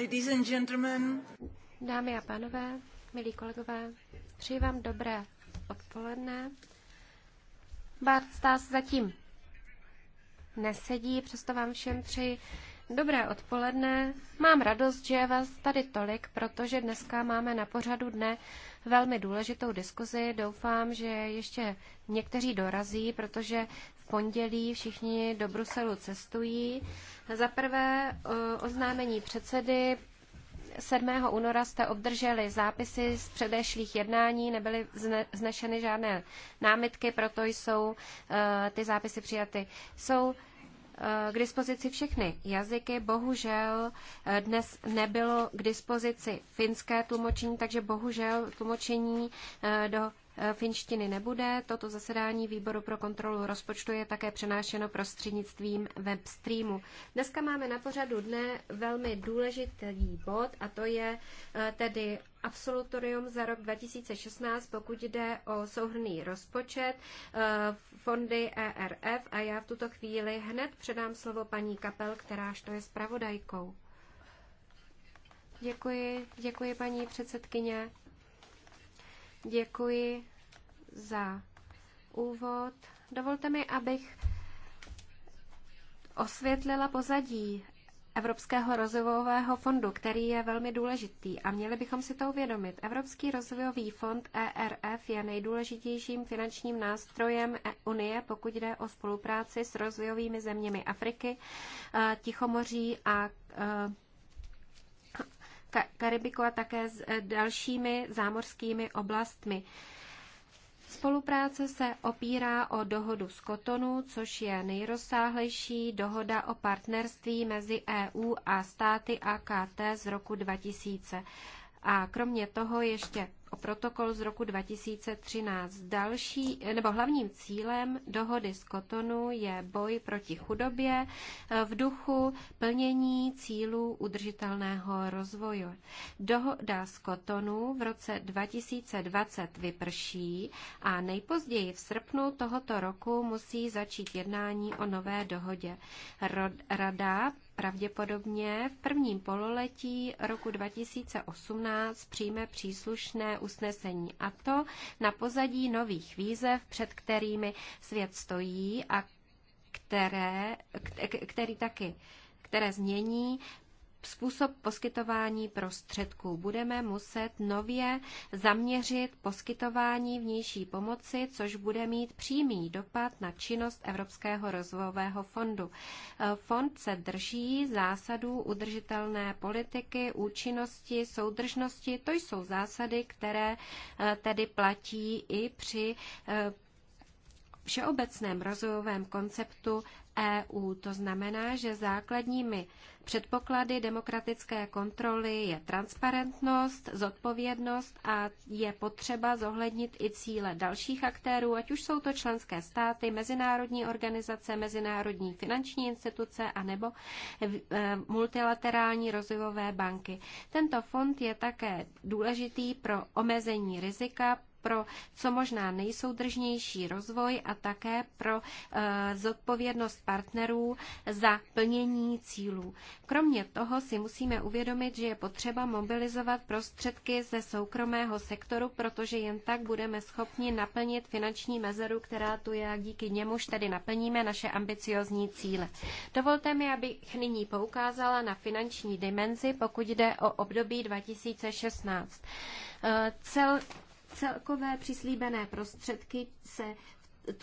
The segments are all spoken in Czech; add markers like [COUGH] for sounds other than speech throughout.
Ladies and gentlemen. Dámy a pánové, milí kolegové, přeji vám dobré odpoledne. Bart Stas zatím nesedí, přesto vám všem přeji dobré odpoledne. Mám radost, že je vás tady tolik, protože dneska máme na pořadu dne velmi důležitou diskuzi. Doufám, že ještě někteří dorazí, protože pondělí všichni do Bruselu cestují. Za prvé eh, oznámení předsedy 7. února jste obdrželi zápisy z předešlých jednání, nebyly znešeny žádné námitky, proto jsou eh, ty zápisy přijaty. Jsou eh, k dispozici všechny jazyky. Bohužel dnes nebylo k dispozici finské tlumočení, takže bohužel tlumočení do E, finštiny nebude. Toto zasedání výboru pro kontrolu rozpočtu je také přenášeno prostřednictvím webstreamu. Dneska máme na pořadu dne velmi důležitý bod a to je e, tedy absolutorium za rok 2016, pokud jde o souhrný rozpočet e, fondy ERF a já v tuto chvíli hned předám slovo paní Kapel, kteráž to je zpravodajkou. Děkuji, děkuji paní předsedkyně. Děkuji za úvod. Dovolte mi, abych osvětlila pozadí Evropského rozvojového fondu, který je velmi důležitý a měli bychom si to uvědomit. Evropský rozvojový fond ERF je nejdůležitějším finančním nástrojem e- Unie, pokud jde o spolupráci s rozvojovými zeměmi Afriky, eh, Tichomoří a eh, Karibiku a také s eh, dalšími zámořskými oblastmi. Spolupráce se opírá o dohodu z Kotonu, což je nejrozsáhlejší dohoda o partnerství mezi EU a státy AKT z roku 2000. A kromě toho ještě o protokol z roku 2013. Další, nebo hlavním cílem dohody z Kotonu je boj proti chudobě e, v duchu plnění cílů udržitelného rozvoje. Dohoda z Kotonu v roce 2020 vyprší a nejpozději v srpnu tohoto roku musí začít jednání o nové dohodě. Rada pravděpodobně v prvním pololetí roku 2018 přijme příslušné usnesení a to na pozadí nových výzev, před kterými svět stojí a které, který taky které změní způsob poskytování prostředků. Budeme muset nově zaměřit poskytování vnější pomoci, což bude mít přímý dopad na činnost Evropského rozvojového fondu. E, fond se drží zásadů udržitelné politiky, účinnosti, soudržnosti. To jsou zásady, které e, tedy platí i při e, všeobecném rozvojovém konceptu EU. To znamená, že základními předpoklady demokratické kontroly je transparentnost, zodpovědnost a je potřeba zohlednit i cíle dalších aktérů, ať už jsou to členské státy, mezinárodní organizace, mezinárodní finanční instituce a nebo e, multilaterální rozvojové banky. Tento fond je také důležitý pro omezení rizika, pro co možná nejsoudržnější rozvoj a také pro eh, zodpovědnost partnerů za plnění cílů. Kromě toho si musíme uvědomit, že je potřeba mobilizovat prostředky ze soukromého sektoru, protože jen tak budeme schopni naplnit finanční mezeru, která tu je a díky němuž tedy naplníme naše ambiciozní cíle. Dovolte mi, abych nyní poukázala na finanční dimenzi, pokud jde o období 2016. Eh, cel, Celkové přislíbené prostředky se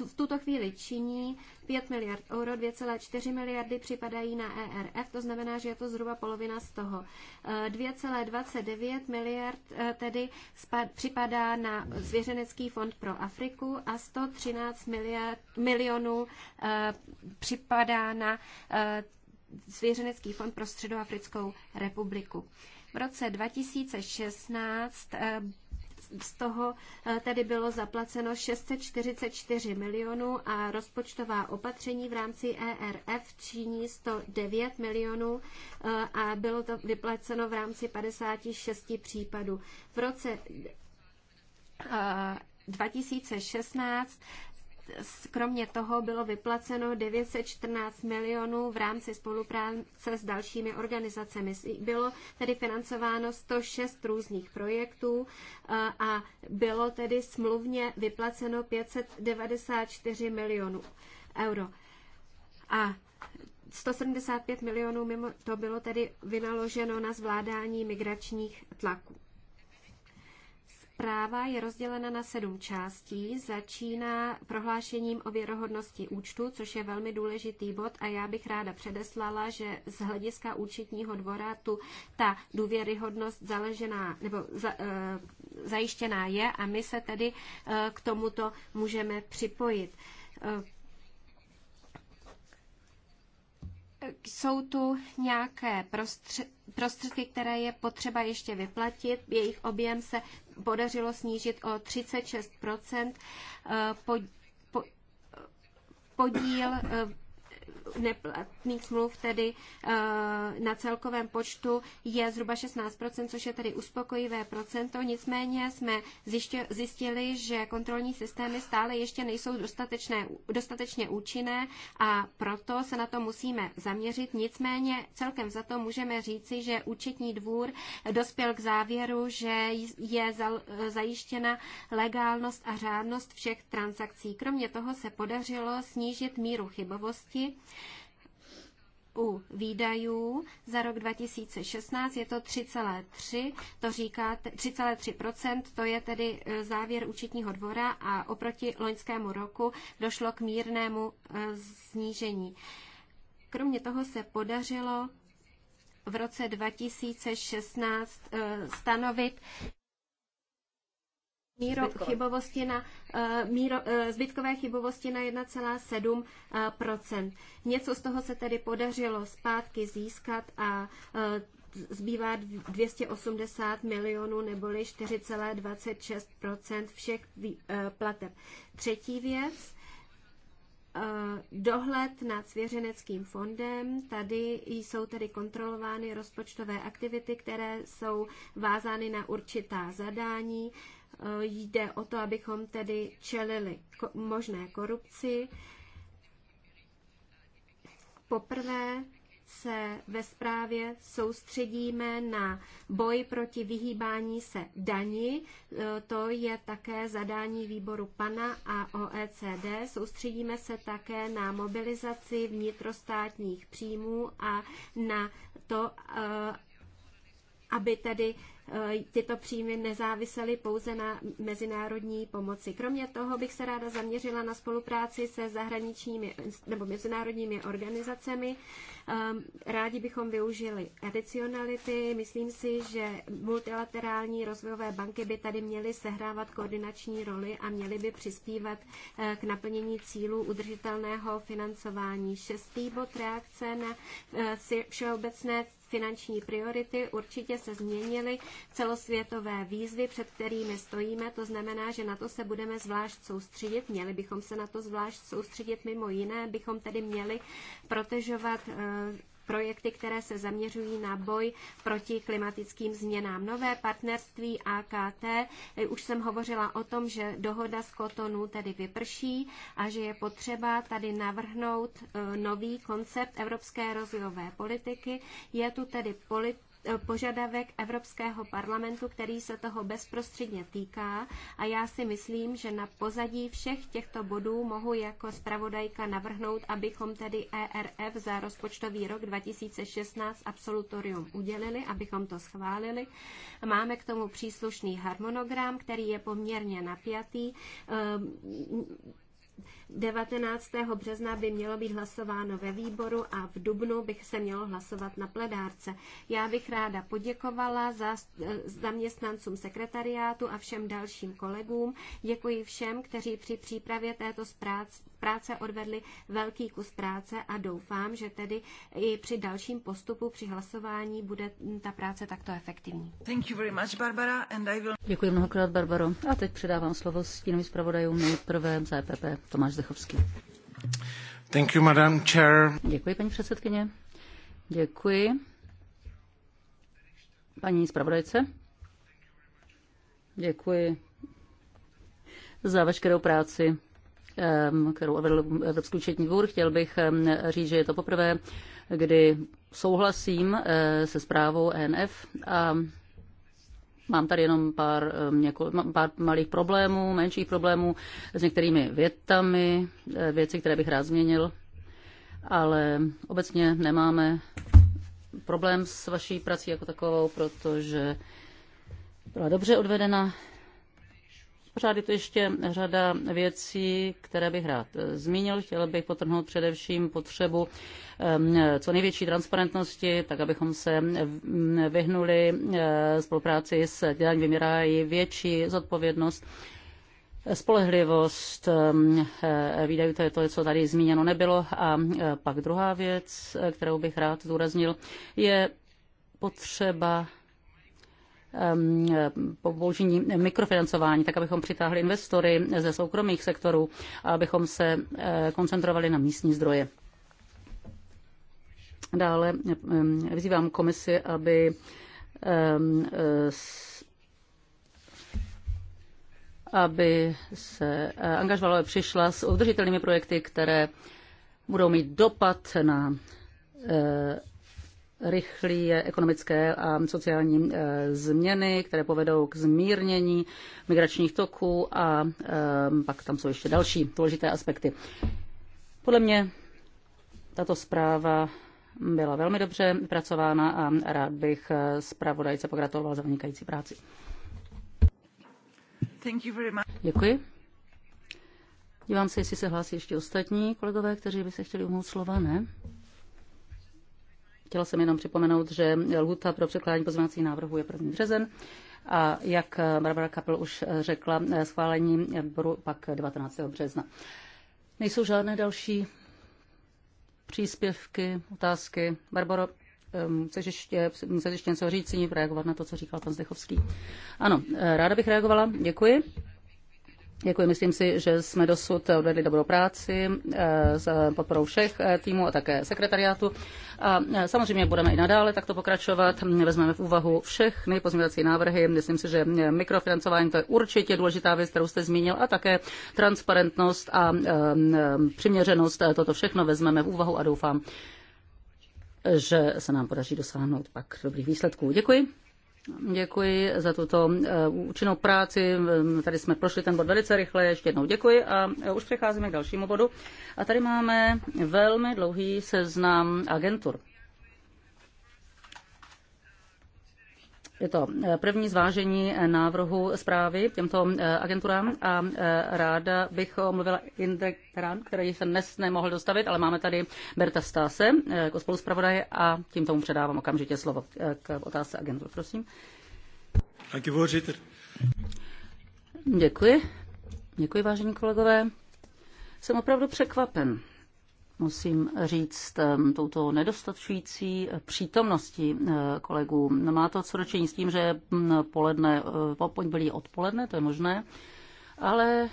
v tuto chvíli činí 5 miliard euro, 2,4 miliardy připadají na ERF, to znamená, že je to zhruba polovina z toho. 2,29 eh, miliard eh, tedy připadá na Svěřenecký fond pro Afriku a 113 miliard, milionů eh, připadá na Svěřenecký fond pro Středoafrickou republiku. V roce 2016 z toho eh, tedy bylo zaplaceno 644 milionů a rozpočtová opatření v rámci ERF činí 109 milionů eh, a bylo to vyplaceno v rámci 56 případů. V roce 2016 eh, kromě toho bylo vyplaceno 914 milionů v rámci spolupráce s dalšími organizacemi. Bylo tedy financováno 106 různých projektů eh, a bylo tedy smluvně vyplaceno 594 milionů euro. A 175 milionů mimo to bylo tedy vynaloženo na zvládání migračních tlaků práva je rozdělena na sedm částí. Začíná prohlášením o věrohodnosti účtu, což je velmi důležitý bod a já bych ráda předeslala, že z hlediska účetního dvora tu ta důvěryhodnost zaležená, nebo za, e, zajištěná je a my se tedy e, k tomuto můžeme připojit. E, jsou tu nějaké prostředky, které je potřeba ještě vyplatit. Jejich objem se podařilo snížit o 36 eh, podíl eh, neplatných smluv, tedy eh, na celkovém počtu, je zhruba 16 což je tedy uspokojivé procento. Nicméně jsme zjistili, že kontrolní systémy stále ještě nejsou dostatečné, dostatečně účinné a proto se na to musíme zaměřit. Nicméně celkem za to můžeme říci, že účetní dvůr dospěl k závěru, že je zajištěna legálnost a řádnost všech transakcí. Kromě toho se podařilo snížit míru chybovosti u výdajů za rok 2016 je to 3,3, to říká 3,3%, to je tedy e, závěr účetního dvora a oproti loňskému roku došlo k mírnému snížení. E, Kromě toho se podařilo v roce 2016 e, stanovit Míro Zbytkové. chybovosti na, eh, míro, eh, zbytkové chybovosti na 1,7 Něco z toho se tedy podařilo zpátky získat a eh, zbývá 280 milionů neboli 4,26 všech plateb. Třetí věc, dohled nad svěřeneckým fondem. Tady jsou tedy kontrolovány rozpočtové aktivity, které jsou vázány na určitá zadání. Eh, jde o to, abychom tedy čelili možné korupci. Poprvé se ve zprávě soustředíme na boj proti vyhýbání se daní. Eh, to je také zadání výboru PANA a OECD. Soustředíme se také na mobilizaci vnitrostátních příjmů a na to, eh, aby tedy Eh, tyto příjmy nezávisely pouze na mezinárodní pomoci. Kromě toho bych se ráda zaměřila na spolupráci se zahraničními nebo mezinárodními organizacemi, Ehm, rádi bychom využili adicionality. Myslím si, že multilaterální rozvojové banky by tady měly sehrávat koordinační roli a měly by přispívat eh, k naplnění cílů udržitelného financování. Šestý bod reakce na eh, všeobecné finanční priority určitě se změnily celosvětové výzvy, před kterými stojíme. To znamená, že na to se budeme zvlášť soustředit. Měli bychom se na to zvlášť soustředit. Mimo jiné bychom tedy měli protežovat eh, projekty, které se zaměřují na boj proti klimatickým změnám. Nové partnerství AKT, eh, už jsem hovořila o tom, že dohoda z Kotonu tedy vyprší a že je potřeba tady navrhnout eh, nový koncept evropské rozvojové politiky. Je tu tedy polit požadavek Evropského parlamentu, který se toho bezprostředně týká a já si myslím, že na pozadí všech těchto bodů mohu jako zpravodajka navrhnout, abychom tedy ERF za rozpočtový rok 2016 absolutorium udělili, abychom to schválili. Máme k tomu příslušný harmonogram, který je poměrně napjatý ehm, 19. března by mělo být hlasováno ve výboru a v Dubnu bych se mělo hlasovat na pledárce. Já bych ráda poděkovala za eh, zaměstnancům sekretariátu a všem dalším kolegům. Děkuji všem, kteří při přípravě této práce odvedli velký kus práce a doufám, že tedy i při dalším postupu při hlasování bude ta práce takto efektivní. Thank you very much, Barbara, and I will... Děkuji mnohokrát, Barbaro. A teď předávám slovo stínovým zpravodajům nejprve za EPP Tomáš Zdechovský. Thank you, Madam Chair. Děkuji, paní předsedkyně. Děkuji. Paní zpravodajce. Děkuji za veškerou práci, kterou odvedl Evropský účetní dvůr. Chtěl bych říct, že je to poprvé, kdy souhlasím eh, se zprávou ENF a Mám tady jenom pár, eh, něko, pár malých problémů, menších problémů s některými větami, eh, věci, které bych rád změnil, ale obecně nemáme problém s vaší prací jako takovou, protože byla dobře odvedena. Pořád je to ještě řada věcí, které bych rád eh, zmínil. Chtěl bych potrhnout především potřebu ehm, co největší transparentnosti, tak abychom se ehm, vyhnuli eh, spolupráci s daňovými ráji, větší zodpovědnost spolehlivost ehm, eh, výdajů, to je to, co tady zmíněno nebylo. A pak druhá věc, kterou bych rád zdůraznil, je potřeba Um, použití mikrofinancování, tak abychom přitáhli investory ze soukromých sektorů a abychom se eh, koncentrovali na místní zdroje. Dále um, vyzývám komisi, aby um, aby se eh, angažovala přišla s udržitelnými projekty, které budou mít dopad na eh, rychlé ekonomické a sociální eh, změny, které povedou k zmírnění migračních toků a eh, pak tam jsou ještě další důležité aspekty. Podle mě tato zpráva byla velmi dobře pracována a rád bych eh, zpravodajce pogratuloval za vynikající práci. Děkuji. Dívám se, jestli se hlásí ještě ostatní kolegové, kteří by se chtěli umout slova, ne? Chtěla jsem jenom připomenout, že lhuta pro překládání pozvánacích návrhů je 1. březen a jak Barbara Kapel už řekla, schválení výboru pak 19. března. Nejsou žádné další příspěvky, otázky. Barbaro, chceš ještě, chceš ještě něco říct, reagovat na to, co říkal pan Zdechovský? Ano, eh, ráda bych reagovala. Děkuji. Děkuji, myslím si, že jsme dosud odvedli dobrou práci eh, s podporou všech eh, týmů a také sekretariátu. A eh, samozřejmě budeme i nadále takto pokračovat. Vezmeme v úvahu všechny pozměňovací návrhy. Myslím si, že mikrofinancování to je určitě důležitá věc, kterou jste zmínil, a také transparentnost a přiměřenost. Toto všechno vezmeme v úvahu a doufám, že se nám podaří dosáhnout pak dobrých výsledků. Děkuji. Děkuji za tuto eh, účinnou práci. Tady jsme prošli ten bod velice rychle. Ještě jednou děkuji a eh, už přecházíme k dalšímu bodu. A tady máme velmi dlouhý seznam agentur. Je to eh, první zvážení eh, návrhu zprávy těmto eh, agenturám a ráda bych omluvila Indrek který se dnes nemohl dostavit, ale máme tady Berta Stáse jako spoluzpravodaje a tím tomu předávám okamžitě slovo k otázce agentur. Prosím. Děkuji. Děkuji, vážení kolegové. Jsem opravdu překvapen musím říct, touto nedostačující přítomnosti eh, kolegů. Má to co dočení s tím, že mm, poledne, eh, byli odpoledne, to je možné, ale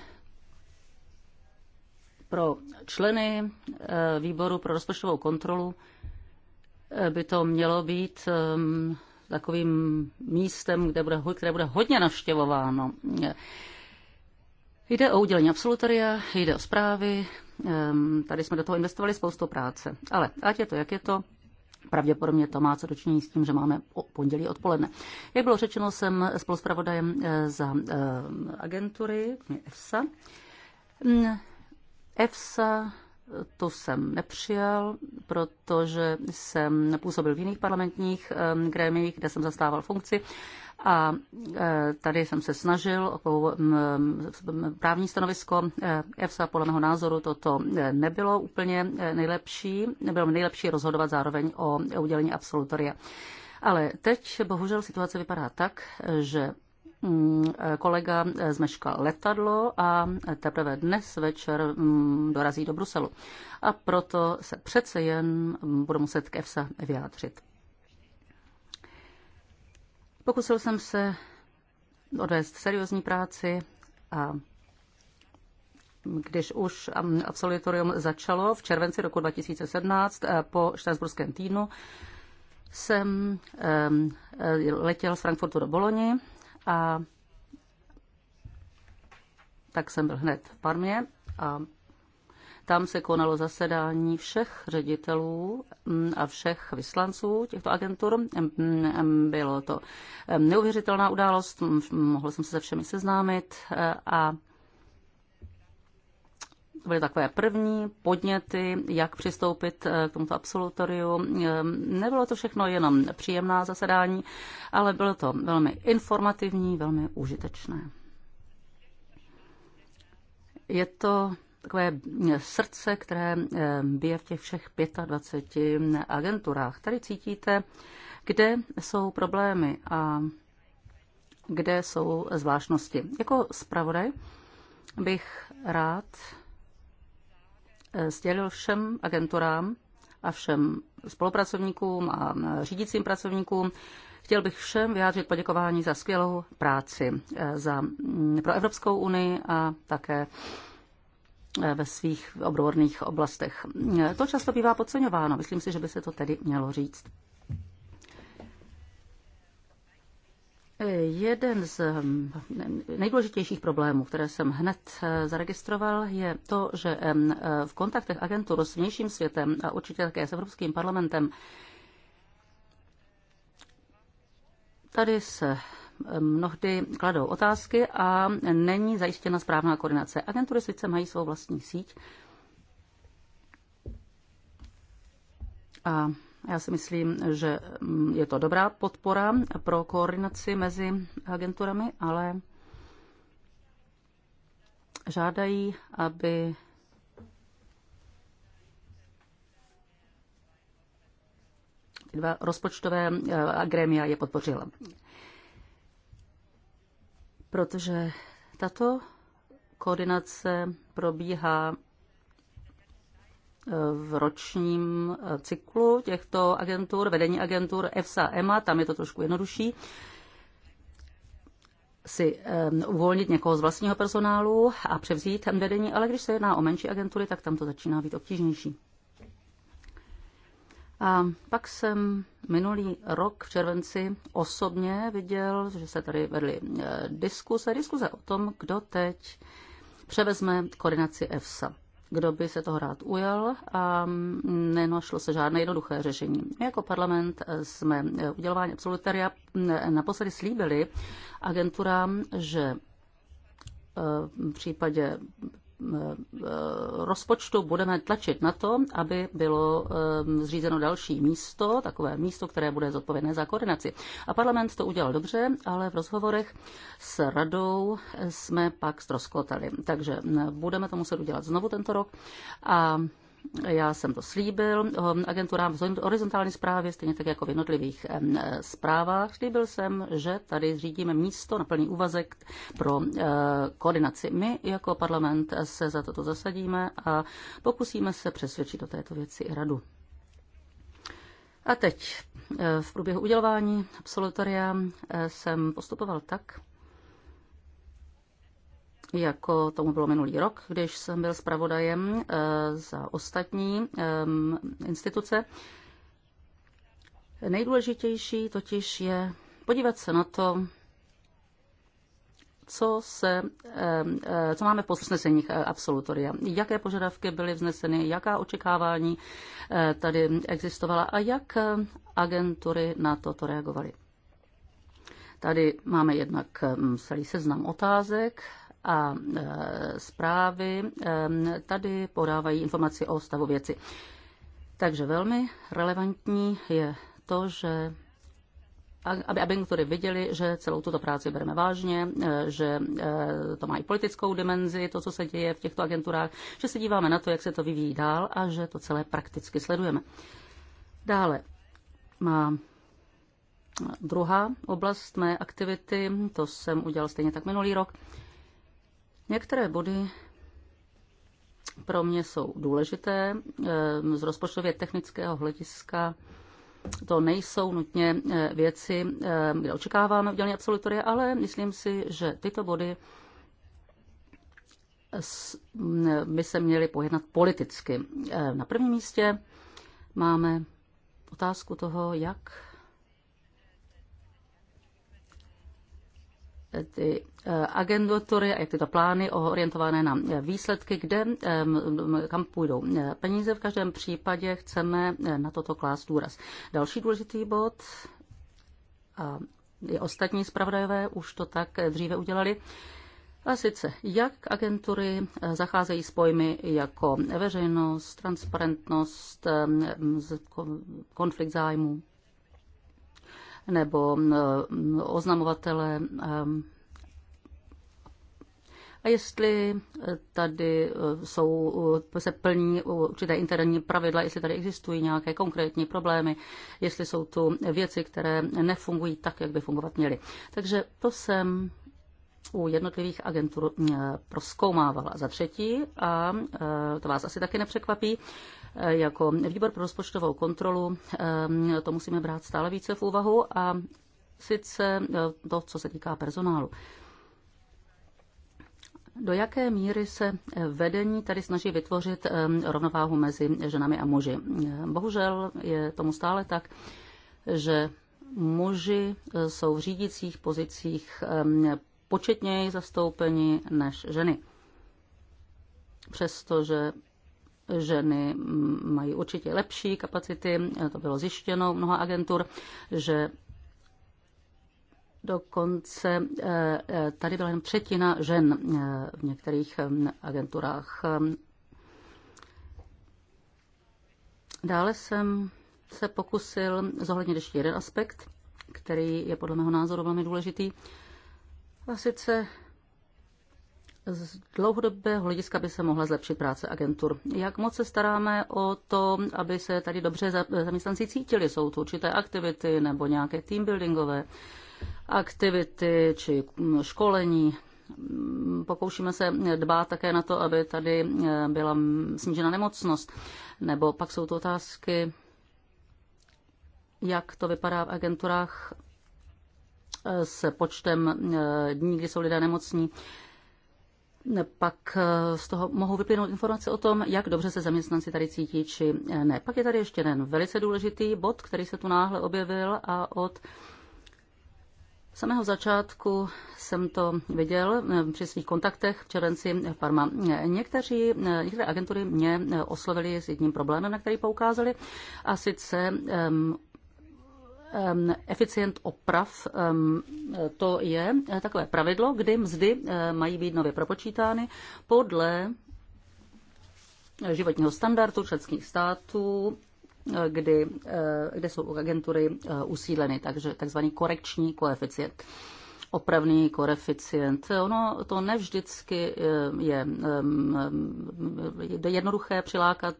pro členy eh, výboru pro rozpočtovou kontrolu by to mělo být takovým místem, kde bude, které bude hodně navštěvováno. Jde o udělení absolutoria, jde o zprávy, Ehm, tady jsme do toho investovali spoustu práce. Ale ať je to, jak je to, Pravděpodobně to má co dočinění s tím, že máme pondělí odpoledne. Jak bylo řečeno, jsem spoluzpravodajem eh, za ehm, agentury EFSA. Mm, EFSA to jsem nepřijal, protože jsem působil v jiných parlamentních grémiích, kde jsem zastával funkci. A e, tady jsem se snažil o právní stanovisko e, EFSA. Podle mého názoru toto e, nebylo úplně nejlepší. Nebylo nejlepší rozhodovat zároveň o udělení absolutoria. Ale teď bohužel situace vypadá tak, že Mm, eh, kolega eh, zmeškal letadlo a teprve dnes večer mm, dorazí do Bruselu. A proto se přece jen mm, budu muset k EFSA vyjádřit. Pokusil jsem se odvést seriózní práci a když už absolutorium začalo v červenci roku 2017 eh, po Štrasburském týdnu, jsem letěl z Frankfurtu do Bolonie. A tak jsem byl hned v Parmě a tam se konalo zasedání všech ředitelů mm, a všech vyslanců těchto agentur. Bylo to neuvěřitelná událost, mohl jsem se se všemi seznámit e, a byly takové první podněty, jak přistoupit eh, k tomuto absolutoriu. Eh, nebylo to všechno jenom příjemná zasedání, ale bylo to velmi informativní, velmi užitečné. Je to takové srdce, které eh, bije v těch všech 25 agenturách. Tady cítíte, kde jsou problémy a kde jsou zvláštnosti. Jako zpravodaj bych rád Eh, sdělil všem agenturám a všem spolupracovníkům a eh, řídícím pracovníkům, Chtěl bych všem vyjádřit poděkování za skvělou práci eh, za, mm, pro Evropskou unii a také ve svých obrovorných oblastech. To často bývá podceňováno, myslím si, že by se to tedy mělo říct. Jeden z nejdůležitějších problémů, které jsem hned eh, zaregistroval, je to, že eh, v kontaktech agentur s vnějším světem a určitě také s Evropským parlamentem tady se mnohdy kladou otázky a není zajištěna správná koordinace. Agentury sice mají svou vlastní síť a já si myslím, že mm, je to dobrá podpora pro koordinaci mezi agenturami, ale žádají, aby dva rozpočtové agremia eh, je podpořila. Protože tato koordinace probíhá v ročním eh, cyklu těchto agentur, vedení agentur EFSA, EMA, tam je to trošku jednodušší, si uvolnit někoho z vlastního personálu a převzít ten vedení, ale když se jedná o menší agentury, tak tam to začíná být obtížnější. A pak jsem minulý rok v červenci osobně viděl, že se tady vedly eh, diskuse, diskuse o tom, kdo teď převezme koordinaci EFSA kdo by se toho rád ujel a nenašlo se žádné jednoduché řešení. My jako parlament jsme udělování absolutaria naposledy slíbili agenturám, že v případě rozpočtu budeme tlačit na to, aby bylo eh, zřízeno další místo, takové místo, které bude zodpovědné za koordinaci. A parlament to udělal dobře, ale v rozhovorech s radou jsme pak ztroskotali. Takže eh, budeme to muset udělat znovu tento rok a já jsem to slíbil ehm, agenturám v horizontální zprávě, stejně tak jako v jednotlivých zprávách. Ehm, eh, slíbil jsem, že tady zřídíme místo na plný úvazek pro eh, koordinaci. My jako parlament se za toto zasadíme a pokusíme se přesvědčit o této věci i radu. A teď eh, v průběhu udělování absolutoria jsem postupoval tak, jako tomu bylo minulý rok, když jsem byl zpravodajem eh, za ostatní eh, instituce. Nejdůležitější totiž je podívat se na to, co, se, eh, co máme v usneseních absolutoria. Jaké požadavky byly vzneseny, jaká očekávání tady existovala a jak agentury na toto reagovaly. Tady máme jednak hm, celý seznam otázek, a e, zprávy e, tady podávají informaci o stavu věci. Takže velmi relevantní je to, že aby agentury viděli, že celou tuto práci bereme vážně, e, že to má i politickou dimenzi, to, co se děje v těchto agenturách, že se díváme na to, jak se to vyvíjí dál a že to celé prakticky sledujeme. Dále má druhá oblast mé aktivity, to jsem udělal stejně tak minulý rok, Některé body pro mě jsou důležité. Ehm, z rozpočtově technického hlediska to nejsou nutně eh, věci, ehm, kde očekáváme udělení absolutoria, ale myslím si, že tyto body by se měly pojednat politicky. Ehm, na prvním místě máme otázku toho, jak ty eh, agendotury a jak tyto plány orientované na eh, výsledky, kde eh, kam půjdou peníze. V každém případě chceme na toto klást důraz. Další důležitý bod, a i ostatní zpravodajové už to tak dříve udělali, a sice, jak agentury zacházejí s pojmy jako veřejnost, transparentnost, konflikt zájmů? nebo mm, mm, oznamovatele. Mm, a jestli eh, tady eh, jsou, eh, se plní určité interní pravidla, jestli tady existují nějaké konkrétní problémy, jestli jsou tu věci, které nefungují tak, jak by fungovat měly. Takže to jsem u jednotlivých agentur proskoumávala. Za třetí, a to vás asi taky nepřekvapí, jako výbor pro rozpočtovou kontrolu eh, to musíme brát stále více v úvahu a sice eh, to, co se týká personálu. Do jaké míry se vedení tady snaží vytvořit eh, rovnováhu mezi ženami a muži? Bohužel je tomu stále tak, že muži jsou v řídících pozicích početněji zastoupeni než ženy. Přestože ženy mají určitě lepší kapacity, to bylo zjištěno mnoha agentur, že dokonce eh, tady byla jen třetina žen eh, v některých mm, agenturách. Dále jsem se pokusil zohlednit ještě jeden aspekt, který je podle mého názoru velmi důležitý. A sice z dlouhodobého hlediska by se mohla zlepšit práce agentur. Jak moc se staráme o to, aby se tady dobře zaměstnanci cítili? Jsou tu určité aktivity nebo nějaké team buildingové aktivity či školení? Pokoušíme se dbát také na to, aby tady eh, byla snížena nemocnost. Nebo pak jsou to otázky, jak to vypadá v agenturách eh, s počtem eh, dní, kdy jsou lidé nemocní pak eh, z toho mohou vyplynout informace o tom, jak dobře se zaměstnanci tady cítí či eh, ne. Pak je tady ještě jeden velice důležitý bod, který se tu náhle objevil a od samého začátku jsem to viděl eh, při svých kontaktech v červenci v Parma. Někteří, některé agentury mě oslovili s jedním problémem, na který poukázali, a sice ehm, eficient oprav, to je eh, takové pravidlo, kdy mzdy eh, mají být nově propočítány podle životního standardu členských států, eh, kdy, kde jsou agentury usídleny, takže takzvaný korekční koeficient opravný koeficient. Ono to nevždycky eh, je eh, jednoduché přilákat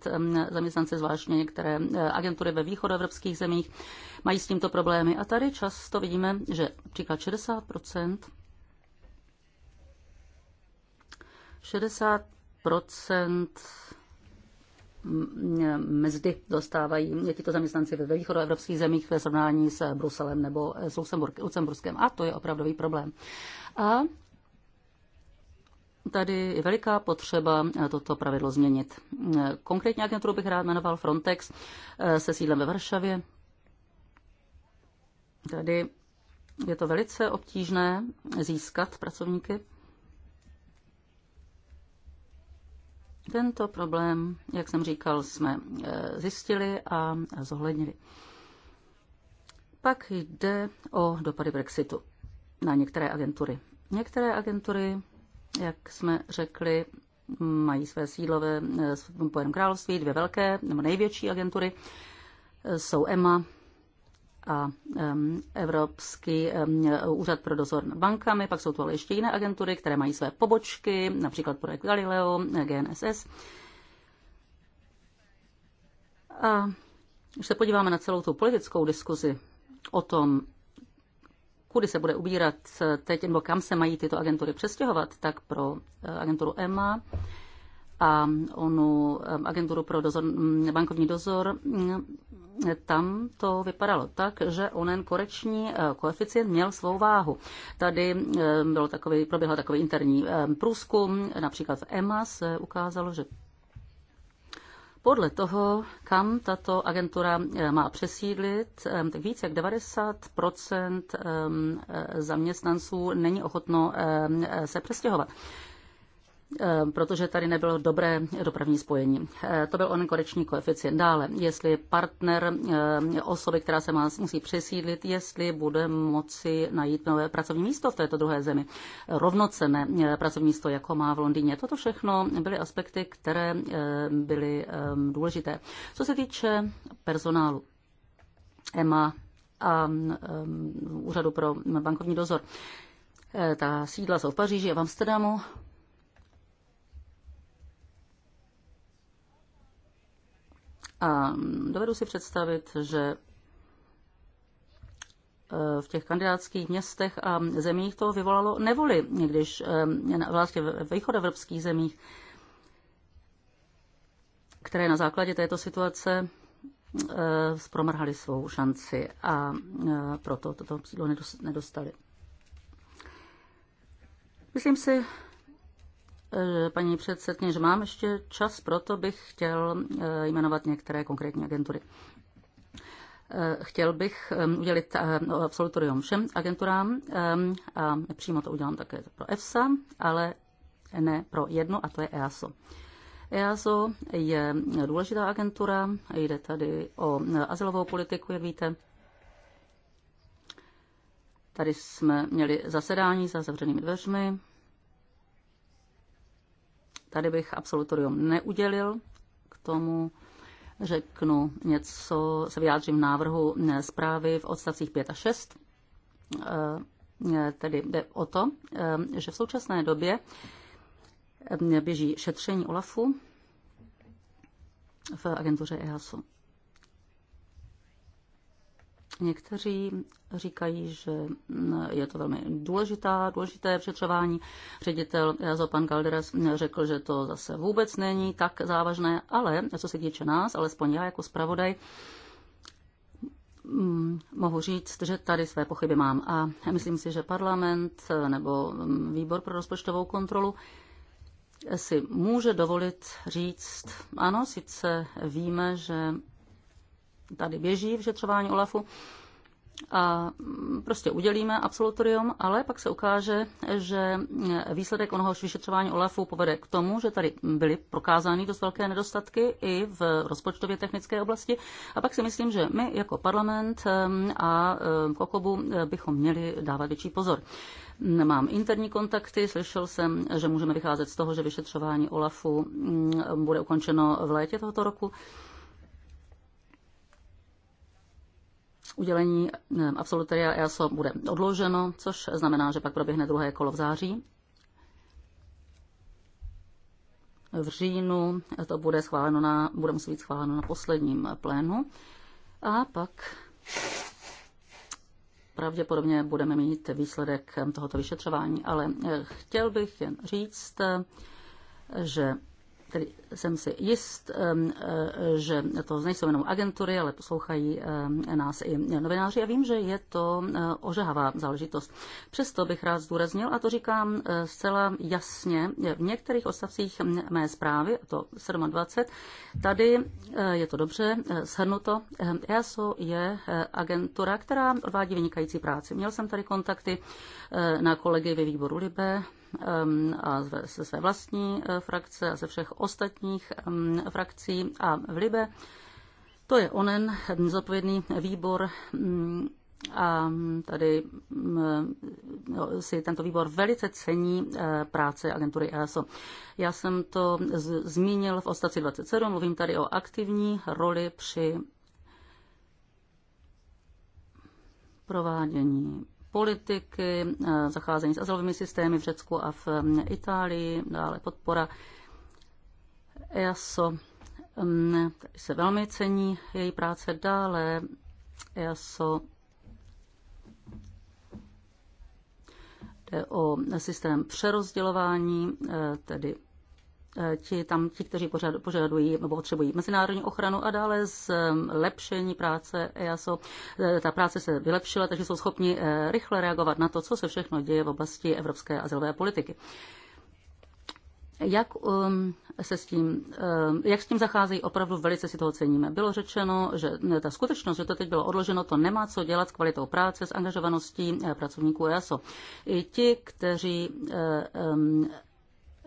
zaměstnance, zvláštně některé eh, agentury ve východoevropských zemích mají s tímto problémy. A tady často vidíme, že například 60 60 mzdy dostávají tyto zaměstnanci ve východoevropských zemích ve srovnání s Bruselem nebo s Lucemburskem. A to je opravdový problém. A tady je veliká potřeba toto pravidlo změnit. Konkrétně agenturu bych rád jmenoval Frontex se sídlem ve Varšavě. Tady je to velice obtížné získat pracovníky. Tento problém, jak jsem říkal, jsme e, zjistili a zohlednili. Pak jde o dopady Brexitu na některé agentury. Některé agentury, jak jsme řekli, mají své sídlové e, v Spojeném království, dvě velké nebo největší agentury e, jsou EMA a Evropský úřad pro dozor nad bankami, pak jsou tu ale ještě jiné agentury, které mají své pobočky, například projekt Galileo, GNSS. A když se podíváme na celou tu politickou diskuzi o tom, kudy se bude ubírat teď, nebo kam se mají tyto agentury přestěhovat, tak pro eh, agenturu EMA a onu eh, agenturu pro dozor, mm, bankovní dozor, mm, tam to vypadalo tak, že onen koreční eh, koeficient měl svou váhu. Tady eh, bylo takový, proběhl takový interní průzkum, například v EMA se ukázalo, že podle toho, kam tato agentura má přesídlit, tak více jak 90 zaměstnanců není ochotno se přestěhovat. Eh, protože tady nebylo dobré dopravní spojení. Eh, to byl onen korekční koeficient. Dále, jestli partner eh, osoby, která se má, musí přesídlit, jestli bude moci najít nové pracovní místo v této druhé zemi, rovnocené pracovní místo, jako má v Londýně. Toto všechno byly aspekty, které byly důležité. Co se týče personálu, EMA a Úřadu pro bankovní dozor, ta sídla jsou v Paříži a v Amsterdamu. A dovedu si představit, že eh, v těch kandidátských městech a zemích to vyvolalo nevoli, když eh, vlastně v východoevropských zemích, které na základě této situace eh, zpromrhali svou šanci a proto toto sídlo nedostali. Myslím si, Eh, paní předsedkyně, že mám ještě čas, proto bych chtěl eh, jmenovat některé konkrétní agentury. Eh, chtěl bych udělit absolutorium všem agenturám a přímo to udělám také pro EFSA, ale ne pro jednu, a to je EASO. EASO je důležitá agentura, jde tady o azylovou politiku, jak víte. Tady jsme měli zasedání za zavřenými dveřmi Tady bych absolutorium neudělil, k tomu řeknu něco, se vyjádřím návrhu eh, zprávy v odstavcích 5 a 6. Eh, eh, tedy jde o to, že v současné době běží šetření OLAFu v agentuře EASO. Někteří říkají, že mm, je to velmi důležitá, důležité přetřování. Ředitel Jazo pan Calderas řekl, že to zase vůbec není tak závažné, ale co se týče nás, alespoň já jako zpravodaj, mm, mohu říct, že tady své pochyby mám. A myslím si, že parlament eh, nebo mm, výbor pro rozpočtovou kontrolu si může dovolit říct, ano, sice víme, že tady běží vyšetřování OLAFu a prostě udělíme absolutorium, ale pak se ukáže, že výsledek onoho vyšetřování OLAFu povede k tomu, že tady byly prokázány dost velké nedostatky i v rozpočtově technické oblasti. A pak si myslím, že my jako parlament a Kokobu bychom měli dávat větší pozor. Mám interní kontakty, slyšel jsem, že můžeme vycházet z toho, že vyšetřování OLAFu bude ukončeno v létě tohoto roku. udělení absolutoria EASO bude odloženo, což znamená, že pak proběhne druhé kolo v září. V říjnu to bude, schváleno na, bude muset být schváleno na posledním plénu. A pak pravděpodobně budeme mít výsledek tohoto vyšetřování. Ale eh, chtěl bych jen říct, eh, že tedy jsem si jist, eh, že to nejsou jenom agentury, ale poslouchají nás i novináři a vím, že je to eh, ožehavá záležitost. Přesto bych rád zdůraznil, a to říkám eh, zcela jasně, v některých odstavcích mé zprávy, a to 27, tady je to dobře shrnuto, ESO e je agentura, která odvádí vynikající práci. Měl jsem tady kontakty na kolegy ve výboru Libe, a ze své vlastní eh, frakce a ze všech ostatních frakcí a v Libe. To je onen zodpovědný výbor mm, a tady mm, eh, no, si tento výbor velice cení eh, práce agentury ESO. Já jsem to zmínil v ostaci 27, mluvím tady o aktivní roli při provádění politiky, eh, zacházení s azylovými systémy v Řecku a v mm, Itálii, dále podpora EASO. Mm, se velmi cení její práce dále. EASO jde o systém přerozdělování, eh, tedy Eh, ti, tam, ti kteří požadují nebo potřebují mezinárodní ochranu a dále zlepšení práce EASO. Eh, ta práce se vylepšila, takže jsou schopni eh, rychle reagovat na to, co se všechno děje v oblasti evropské azylové politiky. Jak um, se s tím, um, jak s tím zacházejí, opravdu velice si toho ceníme. Bylo řečeno, že ta skutečnost, že to teď bylo odloženo, to nemá co dělat s kvalitou práce, s angažovaností pracovníků EASO. I ti, kteří um,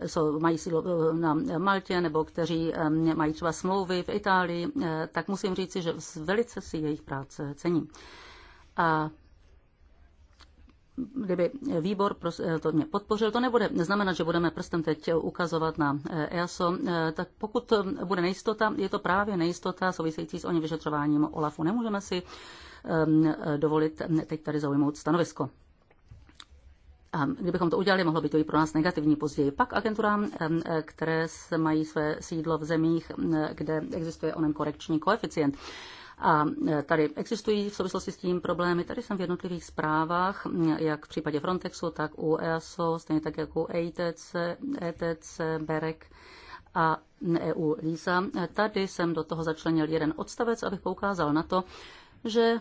jsou, mají sílo eh, na Maltě nebo kteří eh, mají třeba smlouvy v Itálii, eh, tak musím říci, že velice si jejich práce cením. A kdyby výbor to mě podpořil, to nebude znamenat, že budeme prstem teď ukazovat na EASO, tak pokud bude nejistota, je to právě nejistota související s oním vyšetřováním OLAFu. Nemůžeme si ehm, dovolit teď tady zaujmout stanovisko kdybychom to udělali, mohlo by to i pro nás negativní později. Pak agenturám, které mají své sídlo v zemích, kde existuje onen korekční koeficient. A e, tady existují v souvislosti s tím problémy. Tady jsem v jednotlivých zprávách, jak v případě Frontexu, tak u EASO, stejně tak jako u EITC, ETC, BEREC a EU LISA. E, tady jsem do toho začlenil jeden odstavec, abych poukázal na to, že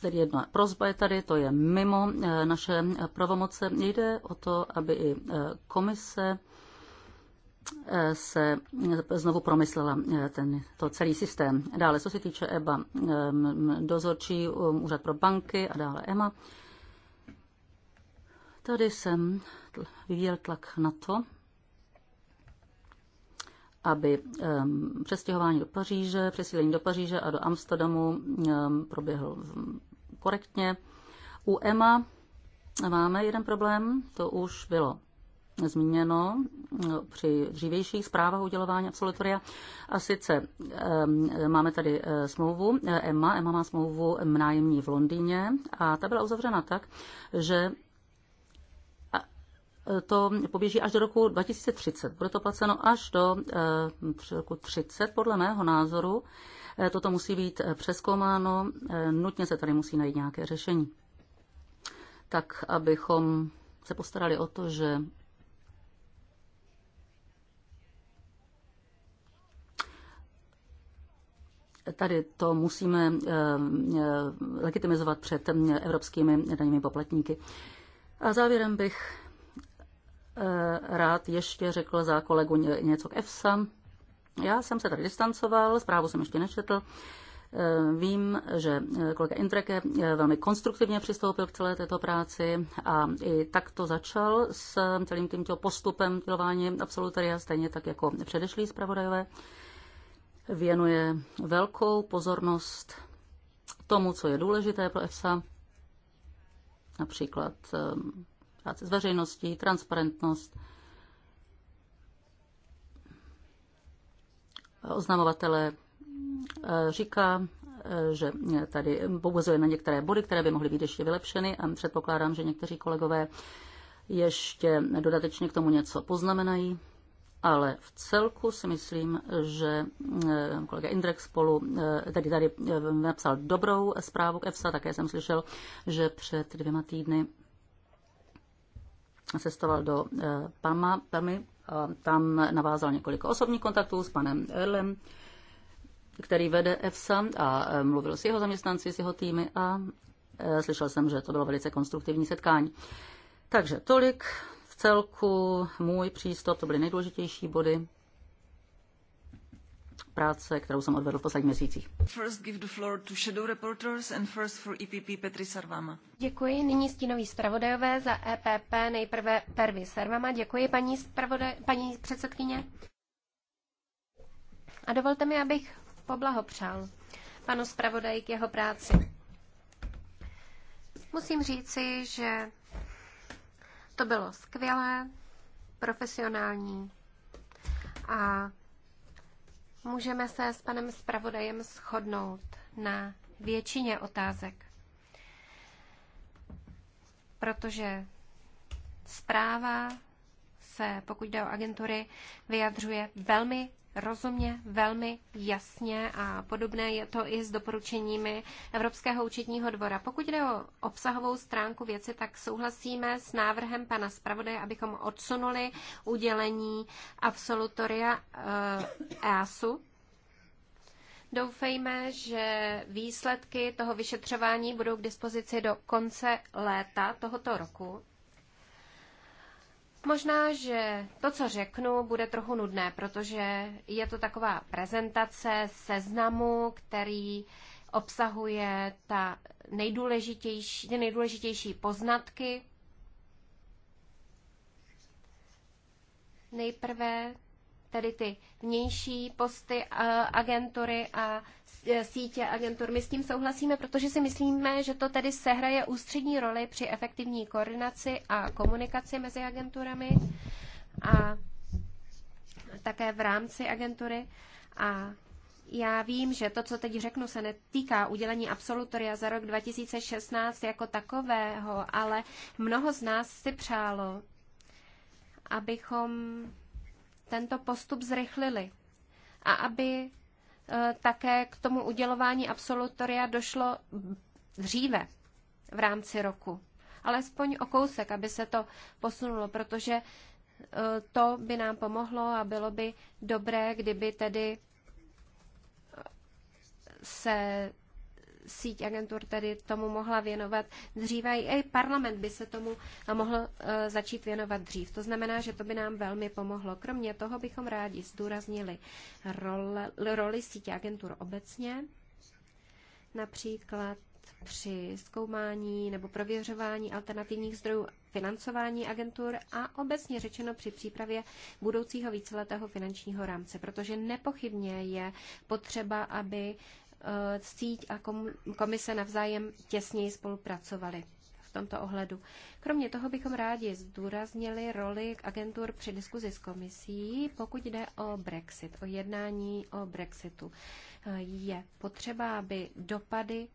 Tedy jedna prozba je tady, to je mimo eh, naše eh, pravomoce. Jde o to, aby i eh, komise se znovu promyslela ten, to celý systém. Dále, co se týče EBA, dozorčí um, úřad pro banky a dále EMA, tady jsem vyvíjel tlak na to, aby přestěhování do Paříže, přesílení do Paříže a do Amsterdamu proběhl korektně. U EMA máme jeden problém, to už bylo zmíněno při dřívějších zprávách udělování absolutoria. A sice máme tady eh, smlouvu EMA. Eh, EMA má smlouvu nájemní v Londýně a ta byla uzavřena tak, že to poběží až do roku 2030. Bude to placeno až do eh, roku 30, podle mého názoru. Eh, toto musí být eh, přeskoumáno, nutně se tady musí najít nějaké řešení. Tak, abychom se postarali o to, že tady to musíme legitimizovat před evropskými daněmi poplatníky. A závěrem bych Eh, rád ještě řekl za kolegu něco k EFSA. Já jsem se tady distancoval, zprávu jsem ještě nečetl. Eh, vím, že eh, kolega Intreke velmi konstruktivně přistoupil k celé této práci a i takto začal s celým tímto postupem dělování absolutaria, stejně tak jako předešlí zpravodajové. Věnuje velkou pozornost tomu, co je důležité pro EFSA, například spolupráce s veřejností, transparentnost, oznamovatele eh, říká, eh, že tady poukazuje na některé body, které by mohly být ještě vylepšeny a předpokládám, že někteří kolegové ještě dodatečně k tomu něco poznamenají, ale v celku si myslím, že eh, kolega Indrek spolu tady, tady napsal dobrou zprávu k EFSA, také jsem slyšel, že před dvěma týdny cestoval do eh, Palma, Palmy, a tam navázal několik osobních kontaktů s panem Erlem, který vede EFSA a eh, mluvil s jeho zaměstnanci, s jeho týmy a eh, slyšel jsem, že to bylo velice konstruktivní setkání. Takže tolik v celku můj přístup, to byly nejdůležitější body práce, kterou jsem odvedl v posledních měsících. E Děkuji. Nyní stínoví zpravodajové za EPP, nejprve Pervi Servama. Děkuji, paní, spravodaj, paní předsedkyně. A dovolte mi, abych poblahopřál panu zpravodaji k jeho práci. Musím říci, že to bylo skvělé, profesionální a Můžeme se s panem zpravodajem shodnout na většině otázek, protože zpráva se, pokud jde o agentury, vyjadřuje velmi rozumně, velmi jasně a podobné je to i s doporučeními Evropského účetního dvora. Pokud jde o obsahovou stránku věci, tak souhlasíme s návrhem pana zpravodaje, abychom odsunuli udělení absolutoria eh, EASu. Doufejme, že výsledky toho vyšetřování budou k dispozici do konce léta tohoto roku. Možná, že to, co řeknu, bude trochu nudné, protože je to taková prezentace seznamu, který obsahuje ta nejdůležitější, ty nejdůležitější poznatky. Nejprve tedy ty vnější posty agentury a e, sítě agentur. My s tím souhlasíme, protože si myslíme, že to tedy sehraje ústřední roli při efektivní koordinaci a komunikaci mezi agenturami a také v rámci agentury. A já vím, že to, co teď řeknu, se netýká udělení absolutoria za rok 2016 jako takového, ale mnoho z nás si přálo, abychom tento postup zrychlili a aby e, také k tomu udělování absolutoria došlo dříve v rámci roku. Alespoň o kousek, aby se to posunulo, protože e, to by nám pomohlo a bylo by dobré, kdyby tedy se síť agentur tedy tomu mohla věnovat dříve. I parlament by se tomu mohl e, začít věnovat dřív. To znamená, že to by nám velmi pomohlo. Kromě toho bychom rádi zdůraznili role, roli sítě agentur obecně, například při zkoumání nebo prověřování alternativních zdrojů financování agentur a obecně řečeno při přípravě budoucího víceletého finančního rámce, protože nepochybně je potřeba, aby Eh, síť a komise navzájem těsněji spolupracovaly v tomto ohledu. Kromě toho bychom rádi zdůraznili roli agentur při diskuzi s komisí, pokud jde o Brexit, o jednání o Brexitu. Eh, je potřeba, aby dopady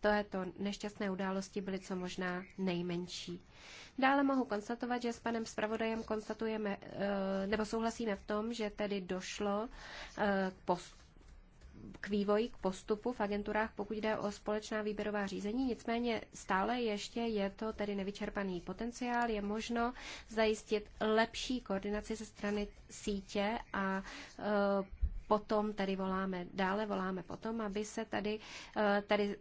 této nešťastné události byly co možná nejmenší. Dále mohu konstatovat, že s panem zpravodajem konstatujeme, eh, nebo souhlasíme v tom, že tedy došlo k postupu k vývoji, k postupu v agenturách, pokud jde o společná výběrová řízení. Nicméně stále ještě je to tedy nevyčerpaný potenciál. Je možno zajistit lepší koordinaci ze strany sítě a e, potom tady voláme, dále voláme potom, aby se tady, e, tady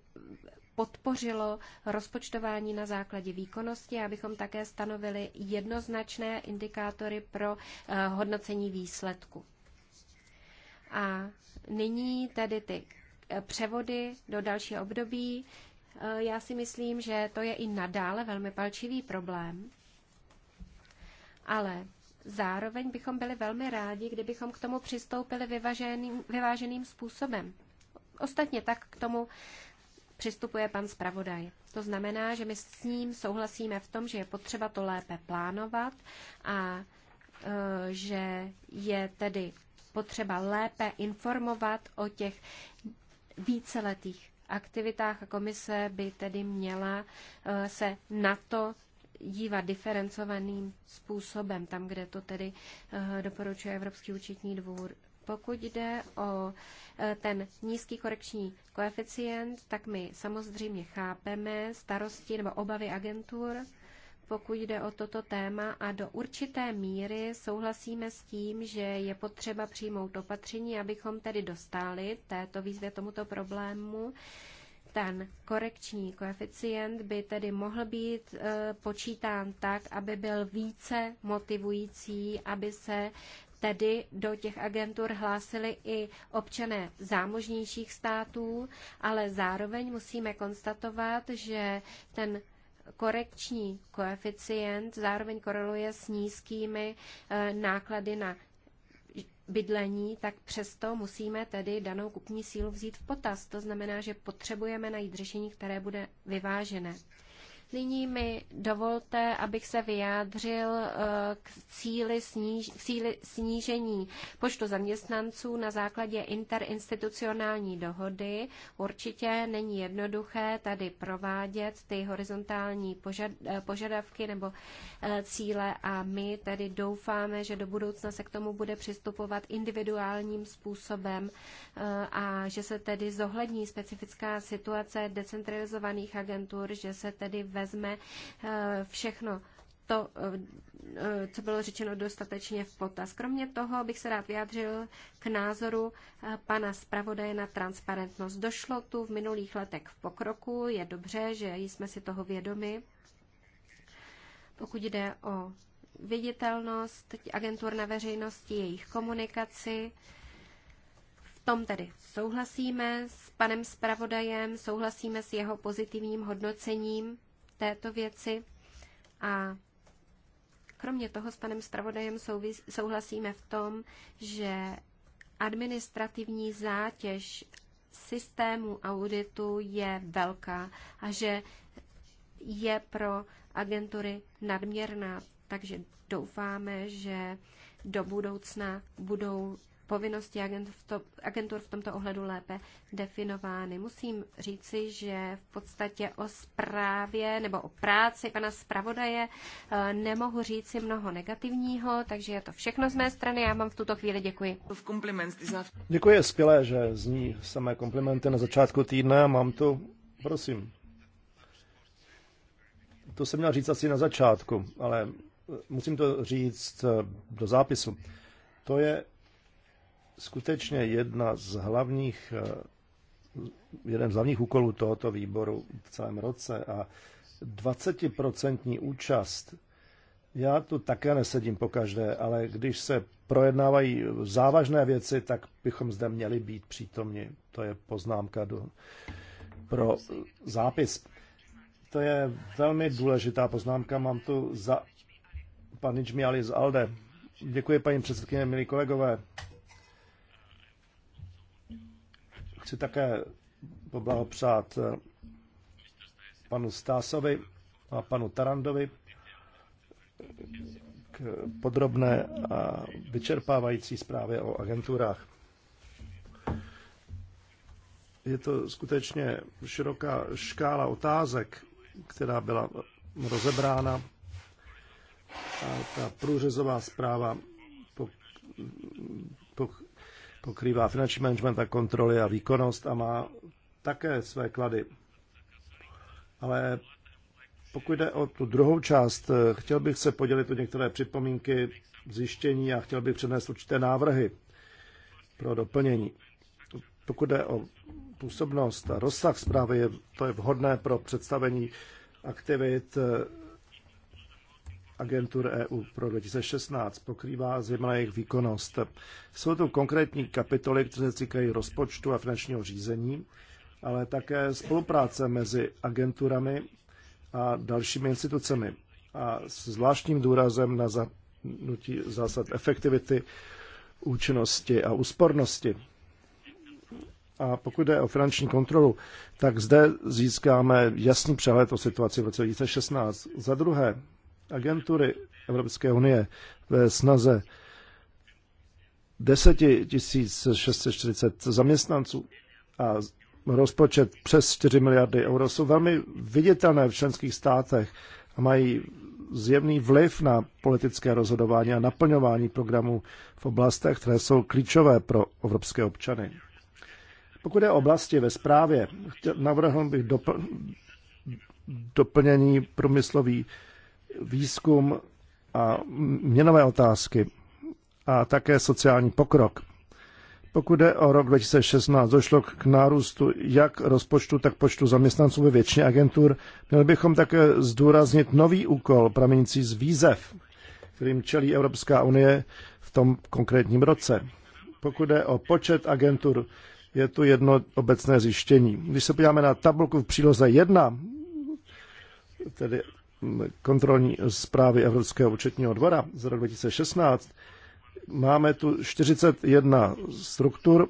podpořilo rozpočtování na základě výkonnosti, abychom také stanovili jednoznačné indikátory pro e, hodnocení výsledku. A nyní tedy ty eh, převody do dalšího období. Eh, já si myslím, že to je i nadále velmi palčivý problém, ale zároveň bychom byli velmi rádi, kdybychom k tomu přistoupili vyváženým, vyváženým způsobem. Ostatně tak k tomu přistupuje pan zpravodaj. To znamená, že my s ním souhlasíme v tom, že je potřeba to lépe plánovat a eh, že je tedy potřeba lépe informovat o těch víceletých aktivitách a komise by tedy měla eh, se na to dívat diferencovaným způsobem, tam, kde to tedy eh, doporučuje Evropský účetní dvůr. Pokud jde o eh, ten nízký korekční koeficient, tak my samozřejmě chápeme starosti nebo obavy agentur pokud jde o toto téma a do určité míry souhlasíme s tím, že je potřeba přijmout opatření, abychom tedy dostali této výzvě tomuto problému. Ten korekční koeficient by tedy mohl být e, počítán tak, aby byl více motivující, aby se tedy do těch agentur hlásili i občané zámožnějších států, ale zároveň musíme konstatovat, že ten korekční koeficient zároveň koreluje s nízkými eh, náklady na bydlení, tak přesto musíme tedy danou kupní sílu vzít v potaz. To znamená, že potřebujeme najít řešení, které bude vyvážené. Nyní mi dovolte, abych se vyjádřil eh, k cíli, sníž, k cíli snížení počtu zaměstnanců na základě interinstitucionální dohody. Určitě není jednoduché tady provádět ty horizontální požad, eh, požadavky nebo eh, cíle a my tedy doufáme, že do budoucna se k tomu bude přistupovat individuálním způsobem a že se tedy zohlední specifická situace decentralizovaných agentur, že se tedy ve vezme eh, všechno to, eh, co bylo řečeno dostatečně v potaz. Kromě toho bych se rád vyjádřil k názoru eh, pana zpravodaje na transparentnost. Došlo tu v minulých letech v pokroku, je dobře, že jsme si toho vědomi. Pokud jde o viditelnost agentur na veřejnosti, jejich komunikaci, v tom tedy souhlasíme s panem zpravodajem, souhlasíme s jeho pozitivním hodnocením této věci a kromě toho s panem zpravodajem souhlasíme v tom, že administrativní zátěž systému auditu je velká a že je pro agentury nadměrná. Takže doufáme, že do budoucna budou povinnosti agentur v tomto ohledu lépe definovány. Musím říci, že v podstatě o zprávě nebo o práci pana zpravodaje eh, nemohu říci mnoho negativního, takže je to všechno z mé strany. Já vám v tuto chvíli děkuji. Děkuji, je skvělé, že zní samé komplimenty na začátku týdne a mám tu, prosím. To jsem měl říct asi na začátku, ale musím to říct eh, do zápisu. To je skutečně jedna z hlavních, eh, jeden z hlavních úkolů tohoto výboru v celém roce a 20% účast. Já tu také nesedím po každé, ale když se projednávají závažné věci, tak bychom zde měli být přítomni. To je poznámka do, pro zápis. To je velmi důležitá poznámka. Mám tu za pan Nijmi z Alde. Děkuji paní předsedkyně, milí kolegové. Chci také poblahopřát eh, panu Stásovi a panu Tarandovi k podrobné a vyčerpávající zprávě o agenturách. Je to skutečně široká škála otázek, která byla rozebrána. A ta průřezová zpráva po, po, pokrývá finanční management a kontroly a výkonnost a má také své klady. Ale pokud jde o tu druhou část, chtěl bych se podělit o některé připomínky, zjištění a chtěl bych přednést určité návrhy pro doplnění. Pokud jde o působnost a rozsah zprávy, to je vhodné pro představení aktivit agentur EU pro 2016 pokrývá zejména jejich výkonnost. Jsou to konkrétní kapitoly, které se týkají rozpočtu a finančního řízení, ale také spolupráce mezi agenturami a dalšími institucemi a s zvláštním důrazem na zahrnutí zásad efektivity, účinnosti a úspornosti. A pokud jde o finanční kontrolu, tak zde získáme jasný přehled o situaci v roce 2016. Za druhé, agentury Evropské unie ve snaze 10 640 zaměstnanců a rozpočet přes 4 miliardy euro jsou velmi viditelné v členských státech a mají zjevný vliv na politické rozhodování a naplňování programů v oblastech, které jsou klíčové pro evropské občany. Pokud je oblasti ve zprávě, navrhl bych dopl- doplnění průmyslový výzkum a měnové otázky a také sociální pokrok. Pokud jde o rok 2016, došlo k nárůstu jak rozpočtu, tak počtu zaměstnanců ve většině agentur. Měli bychom také zdůraznit nový úkol pramenící z výzev, kterým čelí Evropská unie v tom konkrétním roce. Pokud jde o počet agentur, je tu jedno obecné zjištění. Když se podíváme na tabulku v příloze 1, tedy kontrolní zprávy Evropského účetního dvora z roku 2016, máme tu 41 struktur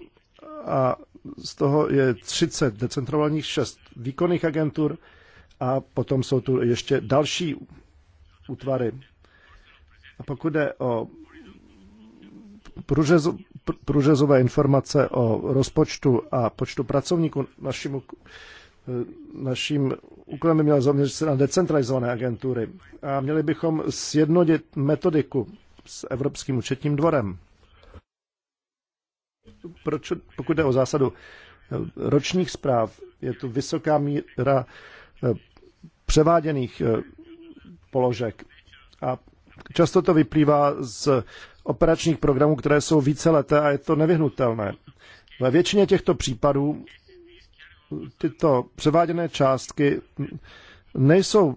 a z toho je 30 decentrovaných, 6 výkonných agentur a potom jsou tu ještě další útvary. A pokud jde o průřez, průřezové informace o rozpočtu a počtu pracovníků našemu Eh, naším úkolem by měla zaměřit se na decentralizované agentury a měli bychom sjednotit metodiku s Evropským účetním dvorem. Proč, pokud jde o zásadu eh, ročních zpráv, je tu vysoká míra eh, převáděných položek a často to vyplývá z operačních programů, které jsou více leté a je to nevyhnutelné. Ve většině těchto případů tyto převáděné částky nejsou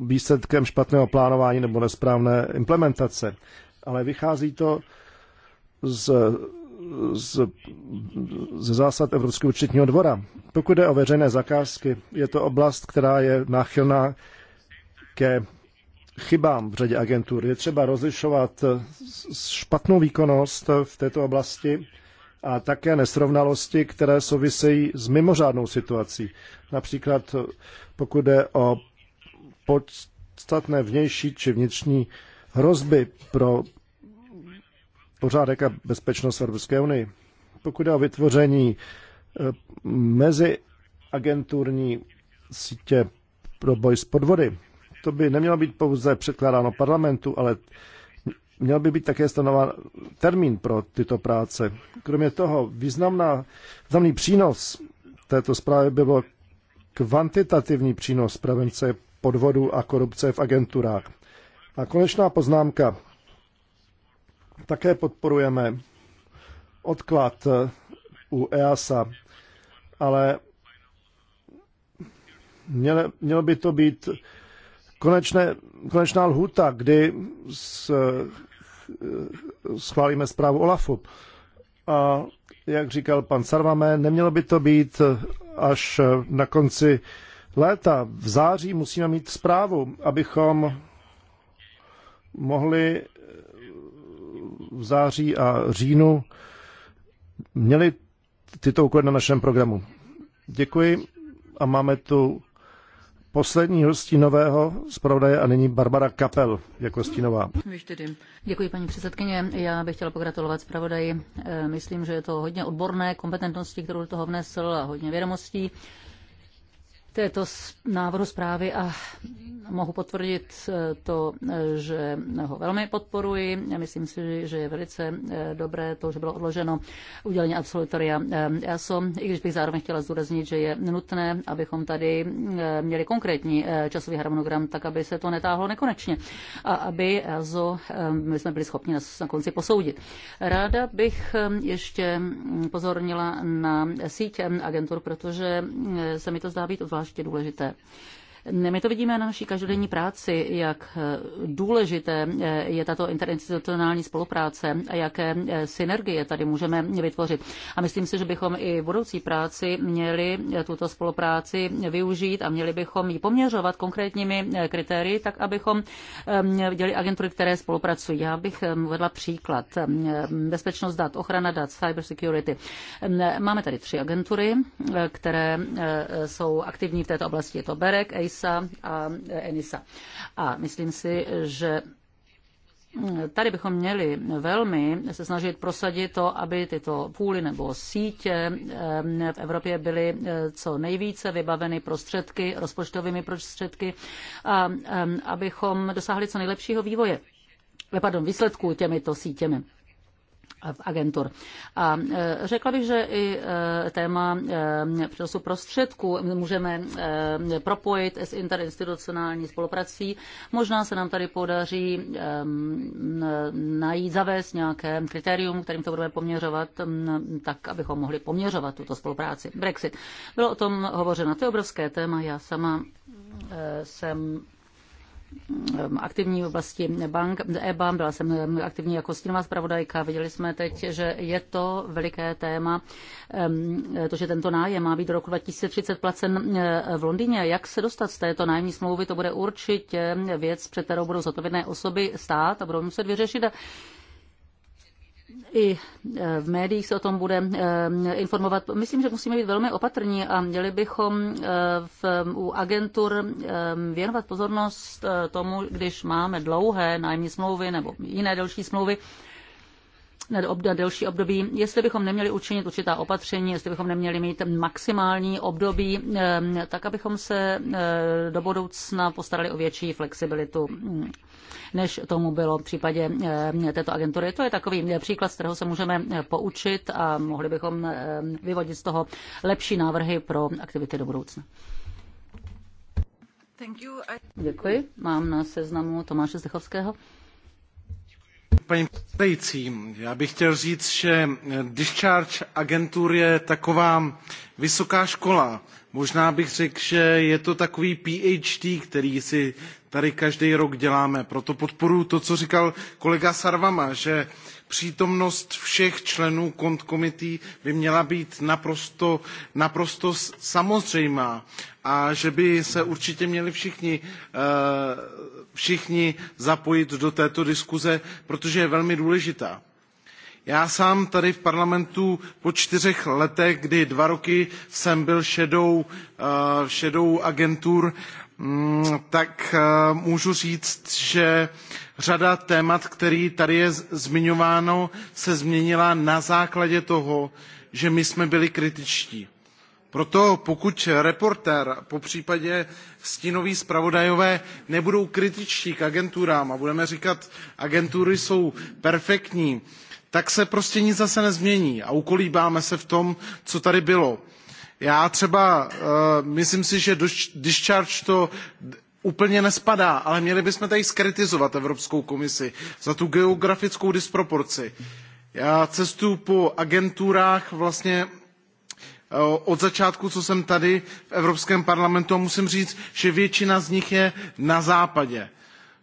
výsledkem špatného plánování nebo nesprávné implementace, ale vychází to z, z, ze zásad Evropského účetního dvora. Pokud jde o veřejné zakázky, je to oblast, která je náchylná ke chybám v řadě agentur. Je třeba rozlišovat špatnou výkonnost v této oblasti a také nesrovnalosti, které souvisejí s mimořádnou situací. Například eh, pokud jde o podstatné vnější či vnitřní hrozby pro pořádek a bezpečnost Evropské unii. Pokud jde o vytvoření eh, mezi agenturní sítě pro boj s podvody, to by nemělo být pouze předkládáno parlamentu, ale Měl by být také stanován termín pro tyto práce. Kromě toho významná, významný přínos této zprávy by byl kvantitativní přínos prevence podvodu a korupce v agenturách. A konečná poznámka. Také podporujeme odklad eh, u EASA, ale mělo, mělo by to být konečné, konečná lhuta, kdy s schválíme zprávu OLAFu. A jak říkal pan Sarvame, nemělo by to být až na konci léta. V září musíme mít zprávu, abychom mohli v září a říjnu měli tyto úkoly na našem programu. Děkuji a máme tu posledního stínového zpravodaje a nyní Barbara Kapel jako stínová. Děkuji paní předsedkyně. Já bych chtěla pogratulovat zpravodaji. Eh, myslím, že je to hodně odborné kompetentnosti, kterou do toho vnesl a hodně vědomostí této návrhu zprávy a mohu potvrdit eh, to, eh, že ho velmi podporuji. Myslím si, že je velice eh, dobré to, že bylo odloženo udělení absolutoria ESO, i když bych zároveň chtěla zdůraznit, že je nutné, abychom tady měli konkrétní časový harmonogram, tak aby se to netáhlo nekonečně a aby ESO my jsme byli schopni na konci posoudit. Ráda bych ještě pozornila na síť agentur, protože se mi to zdá být obzvláště důležité. My to vidíme na naší každodenní práci, jak eh, důležité eh, je tato interinstitucionální spolupráce a jaké eh, synergie tady můžeme vytvořit. A myslím si, že bychom i v budoucí práci měli tuto spolupráci využít a měli bychom ji poměřovat konkrétními kritérii, tak abychom viděli agentury, které spolupracují. Já bych vedla příklad. Bezpečnost dat, ochrana dat, cyber security. Máme tady tři agentury, které jsou aktivní v této oblasti. Je to BEREK, AC Enisa a e, ENISA. A myslím si, že mm, Tady bychom měli velmi se snažit prosadit to, aby tyto půly nebo sítě e, v Evropě byly e, co nejvíce vybaveny prostředky, rozpočtovými prostředky, a abychom dosáhli co nejlepšího vývoje, pardon, výsledků těmito sítěmi agentur. A e, řekla bych, že i e, téma e, přenosu prostředků můžeme propojit s interinstitucionální spoluprací. Možná se nám tady podaří najít, zavést nějaké kritérium, kterým to budeme poměřovat, tak, abychom mohli poměřovat tuto spolupráci. Brexit. Bylo o tom hovořeno. To je obrovské téma. Já sama jsem Um, aktivní v oblasti bank, EBA, byla jsem um, aktivní jako stínová zpravodajka. Viděli jsme teď, že je to veliké téma, um, to, že tento nájem má být do roku 2030 placen uh, v Londýně. Jak se dostat z této nájemní smlouvy, to bude určitě věc, před kterou budou zodpovědné osoby stát a budou muset vyřešit i e, v médiích se o tom bude e, informovat. Myslím, že musíme být velmi opatrní a měli bychom e, v, u agentur věnovat pozornost tomu, když máme dlouhé nájemní smlouvy nebo jiné delší smlouvy, na delší období, jestli bychom neměli učinit určitá opatření, jestli bychom neměli mít maximální období, tak abychom se do budoucna postarali o větší flexibilitu mm, než tomu bylo v případě této agentury. To je takový příklad, z kterého se můžeme poučit a mohli bychom vyvodit z toho lepší návrhy pro aktivity do budoucna. Děkuji. Mám na seznamu Tomáše Zdechovského paní předsedající. Já bych chtěl říct, že discharge agentur je taková vysoká škola. Možná bych řekl, že je to takový PhD, který si tady každý rok děláme. Proto podporuji to, co říkal kolega Sarvama, že přítomnost všech členů kontkomití by měla být naprosto, naprosto samozřejmá a že by se určitě měli všichni uh, všichni zapojit do této diskuze, protože je velmi důležitá. Já sám tady v parlamentu po čtyřech letech, kdy dva roky jsem byl šedou, eh, šedou agentur, mm, tak eh, můžu říct, že řada témat, který tady je zmiňováno, se změnila na základě toho, že my jsme byli kritičtí proto pokud reportér, popřípadě stínoví zpravodajové nebudou kritičtí k agenturám a budeme říkat, agentury jsou perfektní, tak se prostě nic zase nezmění a ukolíbáme se v tom, co tady bylo. Já třeba uh, myslím si, že discharge to úplně nespadá, ale měli bychom tady skritizovat Evropskou komisi za tu geografickou disproporci. Já cestuju po agenturách vlastně Eh, od začátku, co jsem tady v Evropském parlamentu a musím říct, že většina z nich je na západě.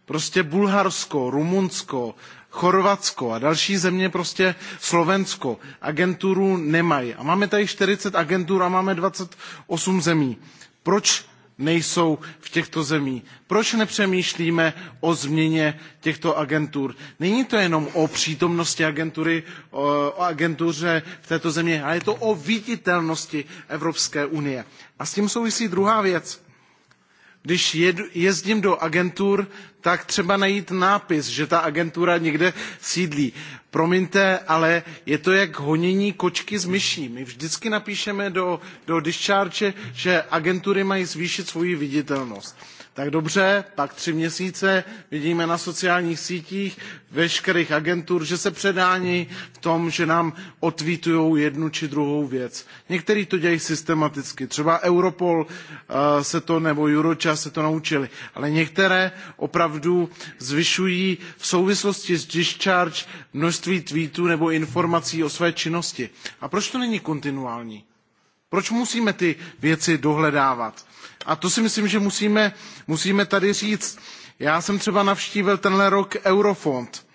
Prostě Bulharsko, Rumunsko, Chorvatsko a další země, prostě Slovensko, agenturu nemají. A máme tady 40 agentur a máme 28 zemí. Proč nejsou v těchto zemích. Proč nepřemýšlíme o změně těchto agentur? Není to jenom o přítomnosti agentury, o agentuře v této zemi, ale je to o viditelnosti Evropské unie. A s tím souvisí druhá věc když jedu, jezdím do agentur, tak třeba najít nápis, že ta agentura někde sídlí. Promiňte, ale je to jak honění kočky s myší. My vždycky napíšeme do, do discharge, že agentury mají zvýšit svoji viditelnost tak dobře, pak tři měsíce vidíme na sociálních sítích veškerých agentur, že se předání v tom, že nám otvítují jednu či druhou věc. Někteří to dělají systematicky, třeba Europol eh, se to nebo Eurojust se to naučili, ale některé opravdu zvyšují v souvislosti s discharge množství tweetů nebo informací o své činnosti. A proč to není kontinuální? Proč musíme ty věci dohledávat? a to si myslím že musíme, musíme tady říct. já jsem třeba navštívil tenhle rok eurofond.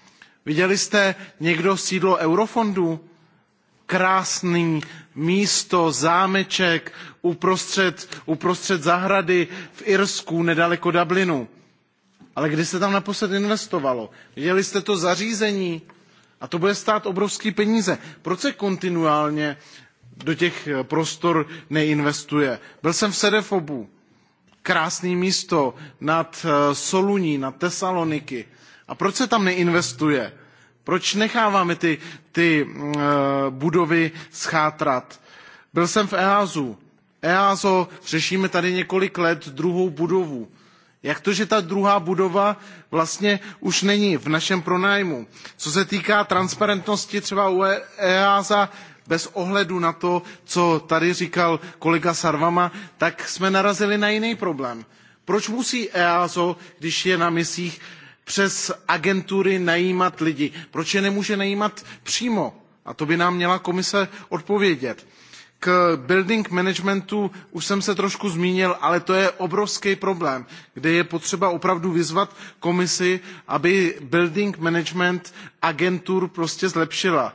viděli jste někdo sídlo eurofondu? krásný místo, zámeček uprostřed, uprostřed zahrady v Irsku, nedaleko Dublinu. Ale kdy se tam naposled investovalo? Viděli jste to zařízení? A to bude stát obrovské peníze. Proč se kontinuálně do těch eh, prostor neinvestuje. Byl jsem v Sedefobu, krásné místo nad eh, Soluní, nad Tesaloniky. A proč se tam neinvestuje? Proč necháváme ty, ty uh, budovy schátrat? Byl jsem v EASu. EASO řešíme tady několik let druhou budovu. Jak to, že ta druhá budova vlastně už není v našem pronájmu? Co se týká transparentnosti třeba u e- EASA, bez ohledu na to, co tady říkal kolega Sarvama, tak jsme narazili na jiný problém. Proč musí EASO, když je na misích, přes agentury najímat lidi? Proč je nemůže najímat přímo? A to by nám měla komise odpovědět. K building managementu už jsem se trošku zmínil, ale to je obrovský problém, kde je potřeba opravdu vyzvat komisi, aby building management agentur prostě zlepšila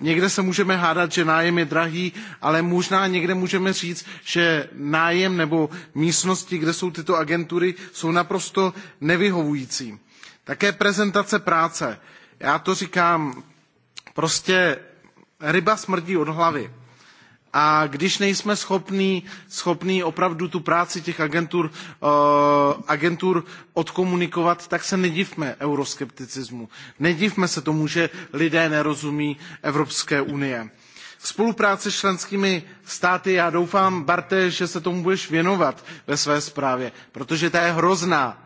Někde se můžeme hádat, že nájem je drahý, ale možná někde můžeme říct, že nájem nebo místnosti, kde jsou tyto agentury, jsou naprosto nevyhovující. Také prezentace práce. Já to říkám, prostě ryba smrdí od hlavy a když nejsme schopní, schopní opravdu tu práci těch agentur, uh, agentur odkomunikovat, tak se nedivme euroskepticismu. Nedivme se tomu, že lidé nerozumí Evropské unie spolupráce s členskými státy já doufám barte že se tomu budeš věnovat ve své zprávě protože ta je hrozná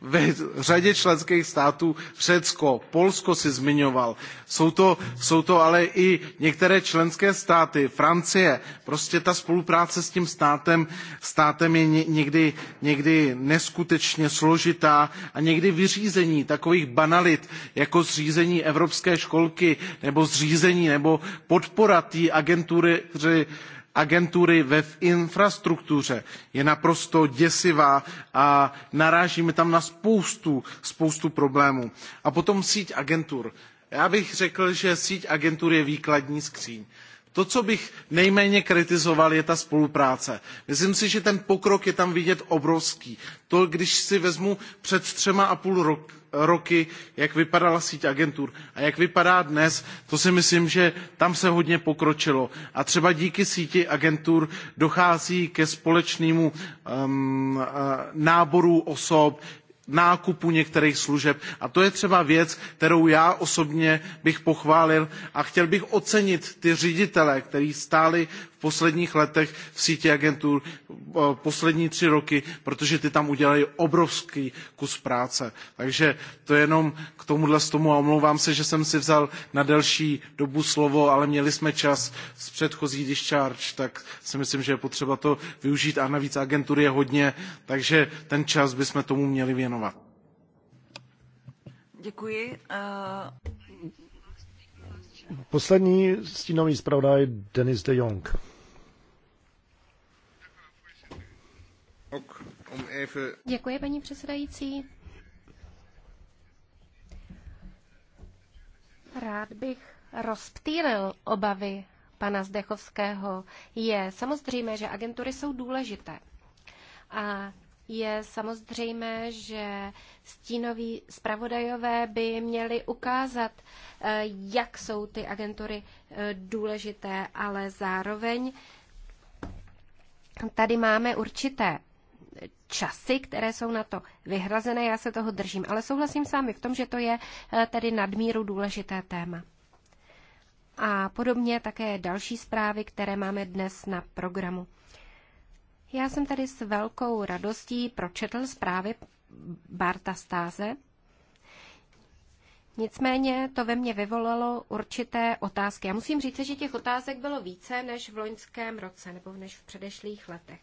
v řadě členských států, Řecko, Polsko si zmiňoval. Jsou to, jsou to ale i některé členské státy, Francie. Prostě ta spolupráce s tím státem, státem je někdy, někdy neskutečně složitá a někdy vyřízení takových banalit, jako zřízení Evropské školky nebo zřízení nebo podpora té agentury agentury ve infrastruktuře je naprosto děsivá a narážíme tam na spoustu, spoustu problémů. A potom síť agentur. Já bych řekl, že síť agentur je výkladní skříň to, co bych nejméně kritizoval, je ta spolupráce. Myslím si, že ten pokrok je tam vidět obrovský. To, když si vezmu před třema a půl rok, roky, jak vypadala síť agentur a jak vypadá dnes, to si myslím, že tam se hodně pokročilo. A třeba díky síti agentur dochází ke společnému um, náboru osob, nákupu některých služeb. A to je třeba věc, kterou já osobně bych pochválil a chtěl bych ocenit ty ředitele, kteří stáli v posledních letech v síti agentur eh, poslední tři roky, protože ty tam udělají obrovský kus práce. Takže to je jenom k tomuhle z tomu a omlouvám se, že jsem si vzal na delší dobu slovo, ale měli jsme čas z předchozí discharge, tak si myslím, že je potřeba to využít a navíc agentur je hodně, takže ten čas bychom tomu měli věnovat. Děkuji. Uh... Poslední stínový zpravodaj Denis de Jong. Děkuji, paní předsedající. Rád bych rozptýlil obavy pana Zdechovského. Je samozřejmé, že agentury jsou důležité. A je samozřejmé, že stínoví zpravodajové by měli ukázat, eh, jak jsou ty agentury eh, důležité, ale zároveň tady máme určité časy, které jsou na to vyhrazené, já se toho držím. Ale souhlasím s vámi v tom, že to je eh, tedy nadmíru důležité téma. A podobně také další zprávy, které máme dnes na programu. Já jsem tady s velkou radostí pročetl zprávy Barta Stáze. Nicméně to ve mně vyvolalo určité otázky. Já musím říct, že těch otázek bylo více než v loňském roce nebo než v předešlých letech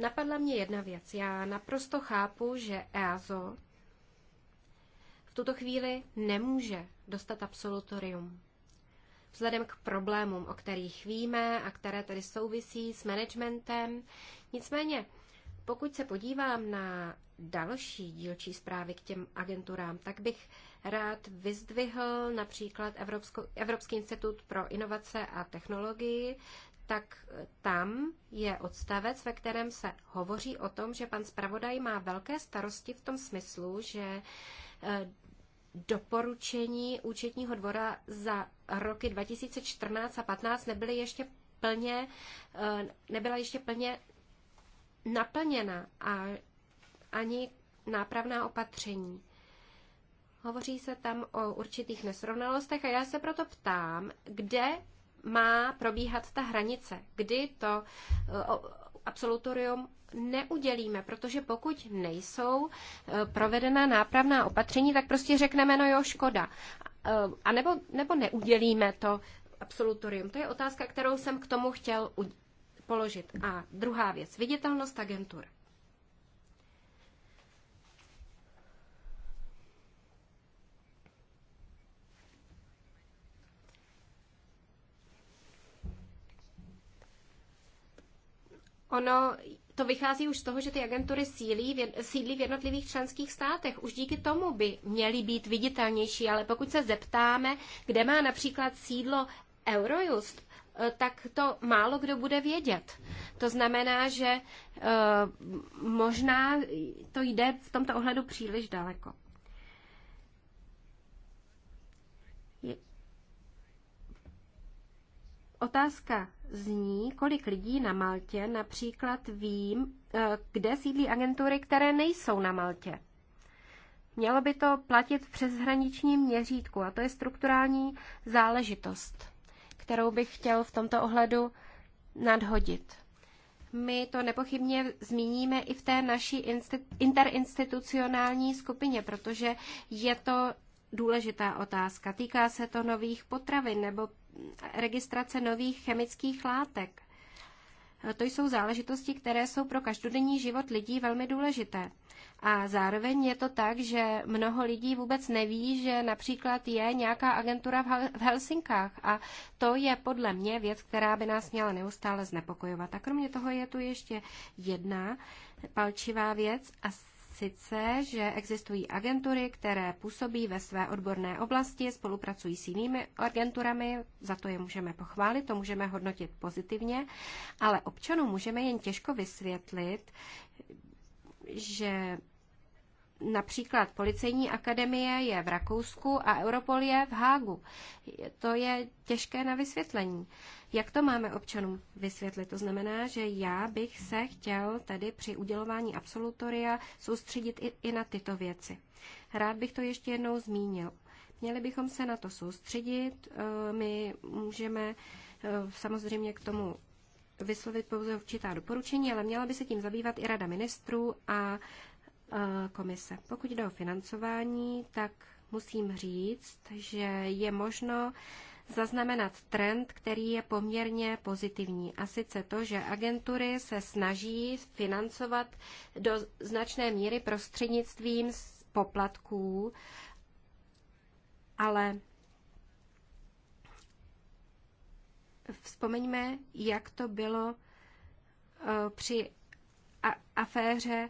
napadla mě jedna věc. Já naprosto chápu, že EASO v tuto chvíli nemůže dostat absolutorium. Vzhledem k problémům, o kterých víme a které tedy souvisí s managementem. Nicméně, pokud se podívám na další dílčí zprávy k těm agenturám, tak bych rád vyzdvihl například Evropskou, Evropský institut pro inovace a technologii, tak tam je odstavec, ve kterém se hovoří o tom, že pan zpravodaj má velké starosti v tom smyslu, že eh, doporučení účetního dvora za roky 2014 a 15 nebyly ještě plně, eh, nebyla ještě plně naplněna a ani nápravná opatření. Hovoří se tam o určitých nesrovnalostech a já se proto ptám, kde má probíhat ta hranice, kdy to eh, absolutorium neudělíme, protože pokud nejsou eh, provedena nápravná opatření, tak prostě řekneme, no jo, škoda. Eh, a nebo, nebo neudělíme to absolutorium. To je otázka, kterou jsem k tomu chtěl položit. A druhá věc, viditelnost agentur. ono to vychází už z toho, že ty agentury sílí, sídlí v jednotlivých členských státech. Už díky tomu by měly být viditelnější, ale pokud se zeptáme, kde má například sídlo Eurojust, eh, tak to málo kdo bude vědět. To znamená, že eh, možná to jde v tomto ohledu příliš daleko. Otázka zní, kolik lidí na Maltě například vím, eh, kde sídlí agentury, které nejsou na Maltě. Mělo by to platit v přeshraničním měřítku a to je strukturální záležitost, kterou bych chtěl v tomto ohledu nadhodit. My to nepochybně zmíníme i v té naší interinstitucionální skupině, protože je to důležitá otázka. Týká se to nových potravin nebo registrace nových chemických látek. To jsou záležitosti, které jsou pro každodenní život lidí velmi důležité. A zároveň je to tak, že mnoho lidí vůbec neví, že například je nějaká agentura v Helsinkách. A to je podle mě věc, která by nás měla neustále znepokojovat. A kromě toho je tu ještě jedna palčivá věc, a sice, že existují agentury, které působí ve své odborné oblasti, spolupracují s jinými agenturami, za to je můžeme pochválit, to můžeme hodnotit pozitivně, ale občanům můžeme jen těžko vysvětlit, že Například Policejní akademie je v Rakousku a Europol je v Hágu. To je těžké na vysvětlení. Jak to máme občanům vysvětlit? To znamená, že já bych se chtěl tady při udělování absolutoria soustředit i, i na tyto věci. Rád bych to ještě jednou zmínil. Měli bychom se na to soustředit. Eh, my můžeme eh, samozřejmě k tomu vyslovit pouze určitá doporučení, ale měla by se tím zabývat i Rada ministrů a komise. Pokud jde o financování, tak musím říct, že je možno zaznamenat trend, který je poměrně pozitivní. A sice to, že agentury se snaží financovat do značné míry prostřednictvím poplatků, ale vzpomeňme, jak to bylo eh, při aféře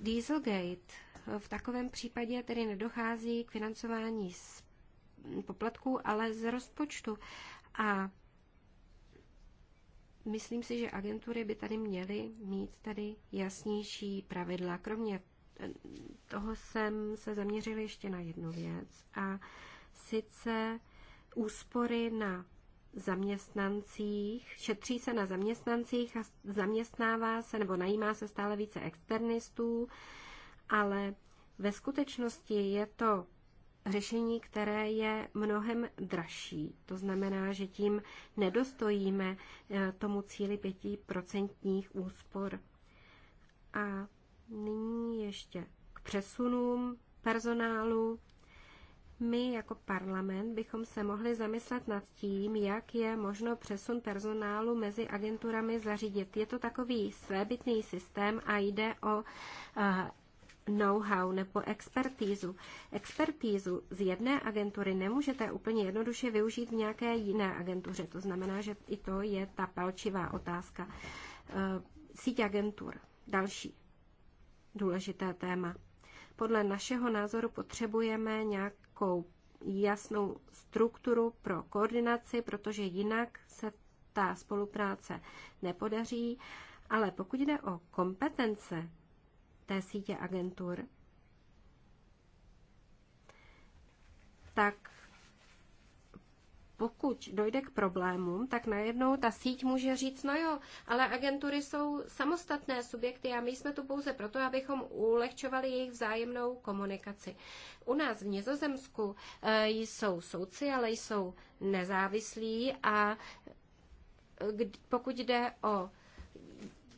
Dieselgate. V takovém případě tedy nedochází k financování z poplatků, ale z rozpočtu. A myslím si, že agentury by tady měly mít tady jasnější pravidla. Kromě eh, toho jsem se zaměřil ještě na jednu věc a sice úspory na zaměstnancích, šetří se na zaměstnancích a zaměstnává se nebo najímá se stále více externistů, ale ve skutečnosti je to řešení, které je mnohem dražší. To znamená, že tím nedostojíme eh, tomu cíli 5% úspor. A nyní ještě k přesunům personálu my jako parlament bychom se mohli zamyslet nad tím, jak je možno přesun personálu mezi agenturami zařídit. Je to takový svébytný systém a jde o eh, know-how nebo expertízu. Expertízu z jedné agentury nemůžete úplně jednoduše využít v nějaké jiné agentuře. To znamená, že i to je ta palčivá otázka. Eh, síť agentur. Další důležité téma. Podle našeho názoru potřebujeme nějakou jasnou strukturu pro koordinaci, protože jinak se ta spolupráce nepodaří. Ale pokud jde o kompetence té sítě agentur, tak pokud dojde k problémům, tak najednou ta síť může říct, no jo, ale agentury jsou samostatné subjekty a my jsme tu pouze proto, abychom ulehčovali jejich vzájemnou komunikaci. U nás v Nizozemsku eh, jsou soudci, ale jsou nezávislí a eh, pokud jde o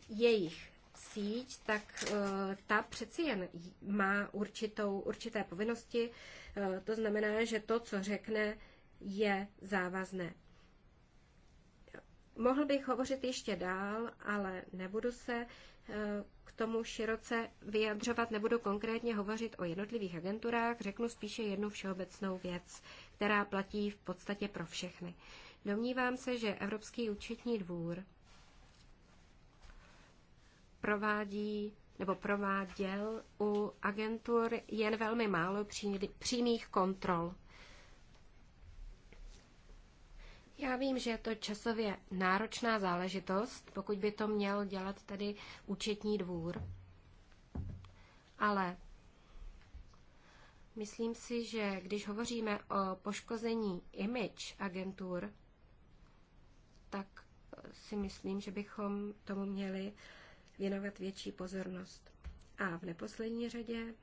jejich síť, tak eh, ta přeci jen má určitou, určité povinnosti. To znamená, že to, co řekne je závazné. Mohl bych hovořit ještě dál, ale nebudu se eh, k tomu široce vyjadřovat, nebudu konkrétně hovořit o jednotlivých agenturách, řeknu spíše jednu všeobecnou věc, která platí v podstatě pro všechny. Domnívám se, že Evropský účetní dvůr provádí nebo prováděl u agentur jen velmi málo přímých kontrol. Já vím, že je to časově náročná záležitost, pokud by to měl dělat tedy účetní dvůr. Ale myslím si, že když hovoříme o poškození image agentur, tak si myslím, že bychom tomu měli věnovat větší pozornost. A v neposlední řadě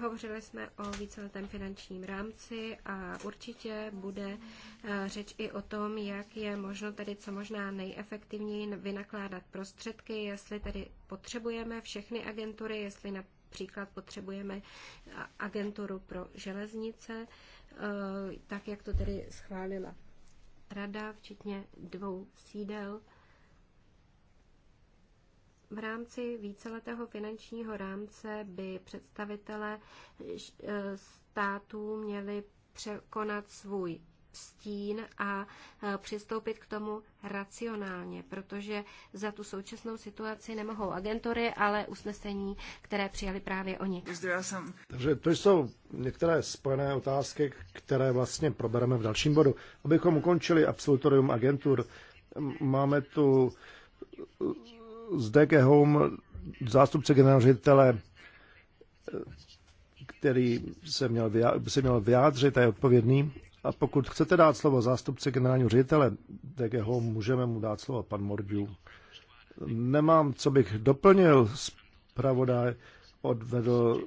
Hovořili jsme o víceletém finančním rámci a určitě bude eh, řeč i o tom, jak je možno tedy co možná nejefektivněji vynakládat prostředky, jestli tedy potřebujeme všechny agentury, jestli například potřebujeme agenturu pro železnice, eh, tak jak to tedy schválila rada, včetně dvou sídel v rámci víceletého finančního rámce by představitelé eh, států měli překonat svůj stín a eh, přistoupit k tomu racionálně, protože za tu současnou situaci nemohou agentury, ale usnesení, které přijali právě oni. Takže to jsou některé spojené otázky, které vlastně probereme v dalším bodu. Abychom ukončili absolutorium agentur, máme tu z DG Home zástupce generálního ředitele, který se měl, se měl vyjádřit a je odpovědný. A pokud chcete dát slovo zástupce generálního ředitele DG Home, můžeme mu dát slovo, pan Mordiu. Nemám, co bych doplnil. Zpravodaj odvedl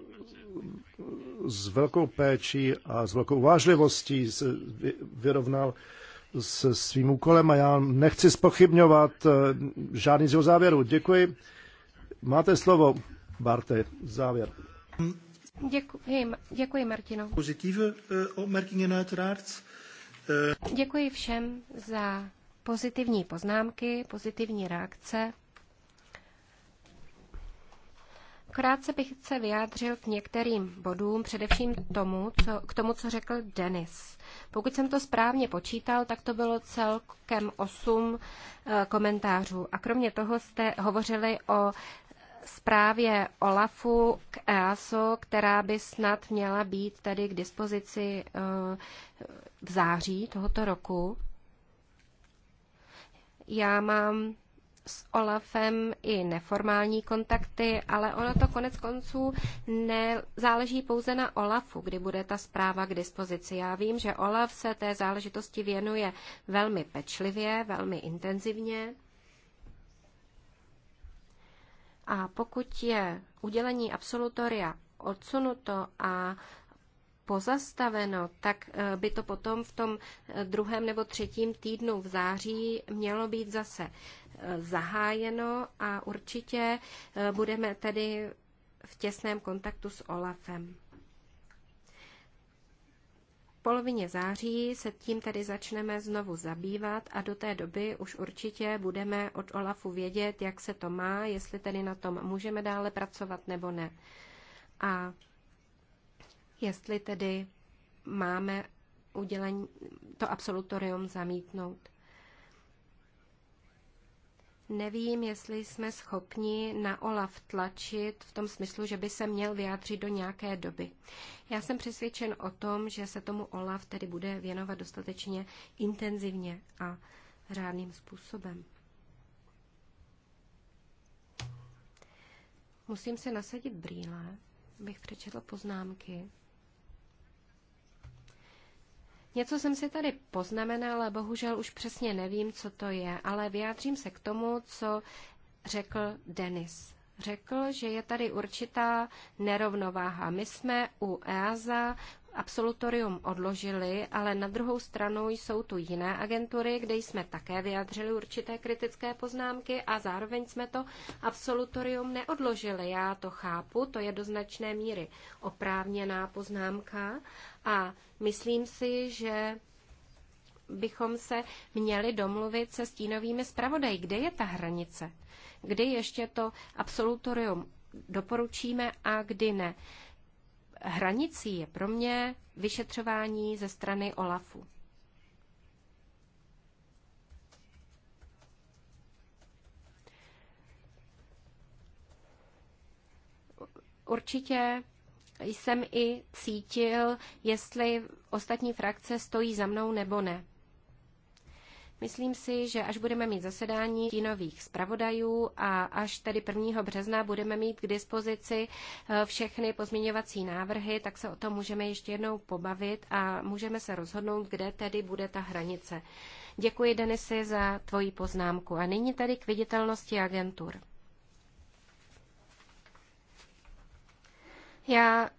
s velkou péčí a s velkou vážlivostí vyrovnal se svým úkolem a já nechci spochybňovat eh, žádný z jeho závěrů. Děkuji. Máte slovo, Barte, závěr. Děkuji, děkuji Martino. Pozitieve eh, opmerkingen uiteraard. Eh, děkuji všem za pozitivní poznámky, pozitivní reakce. Krátce bych se vyjádřil k některým bodům, především tomu, co, k tomu, co řekl Denis. Pokud jsem to správně počítal, tak to bylo celkem 8 eh, komentářů. A kromě toho jste hovořili o zprávě OLAFu k EASO, která by snad měla být tedy k dispozici eh, v září tohoto roku. Já mám s Olafem i neformální kontakty, ale ono to konec konců nezáleží pouze na Olafu, kdy bude ta zpráva k dispozici. Já vím, že Olaf se té záležitosti věnuje velmi pečlivě, velmi intenzivně. A pokud je udělení absolutoria odsunuto a pozastaveno, tak eh, by to potom v tom eh, druhém nebo třetím týdnu v září mělo být zase eh, zahájeno a určitě budeme tedy v těsném kontaktu s OLAFem. V polovině září se tím tady začneme znovu zabývat a do té doby už určitě budeme od OLAFu vědět, jak se to má, jestli tedy na tom můžeme dále pracovat nebo ne. A jestli tedy máme udělení, to absolutorium zamítnout. Nevím, jestli jsme schopni na Olaf tlačit v tom smyslu, že by se měl vyjádřit do nějaké doby. Já jsem přesvědčen o tom, že se tomu Olaf tedy bude věnovat dostatečně intenzivně a řádným způsobem. Musím se nasadit brýle, abych přečetl poznámky. Něco jsem si tady poznamenala, bohužel už přesně nevím, co to je, ale vyjádřím se k tomu, co řekl Denis. Řekl, že je tady určitá nerovnováha. My jsme u EASA absolutorium odložili, ale na druhou stranu jsou tu jiné agentury, kde jsme také vyjadřili určité kritické poznámky a zároveň jsme to absolutorium neodložili. Já to chápu, to je do značné míry oprávněná poznámka a myslím si, že bychom se měli domluvit se stínovými zpravodaji. Kde je ta hranice? Kdy ještě to absolutorium doporučíme a kdy ne? hranicí je pro mě vyšetřování ze strany OLAFu. Určitě jsem i cítil, jestli ostatní frakce stojí za mnou nebo ne. Myslím si, že až budeme mít zasedání tínových zpravodajů a až tedy 1. března budeme mít k dispozici eh, všechny pozměňovací návrhy, tak se o tom můžeme ještě jednou pobavit a můžeme se rozhodnout, kde tedy bude ta hranice. Děkuji, Denisy, za tvoji poznámku. A nyní tady k viditelnosti agentur. Já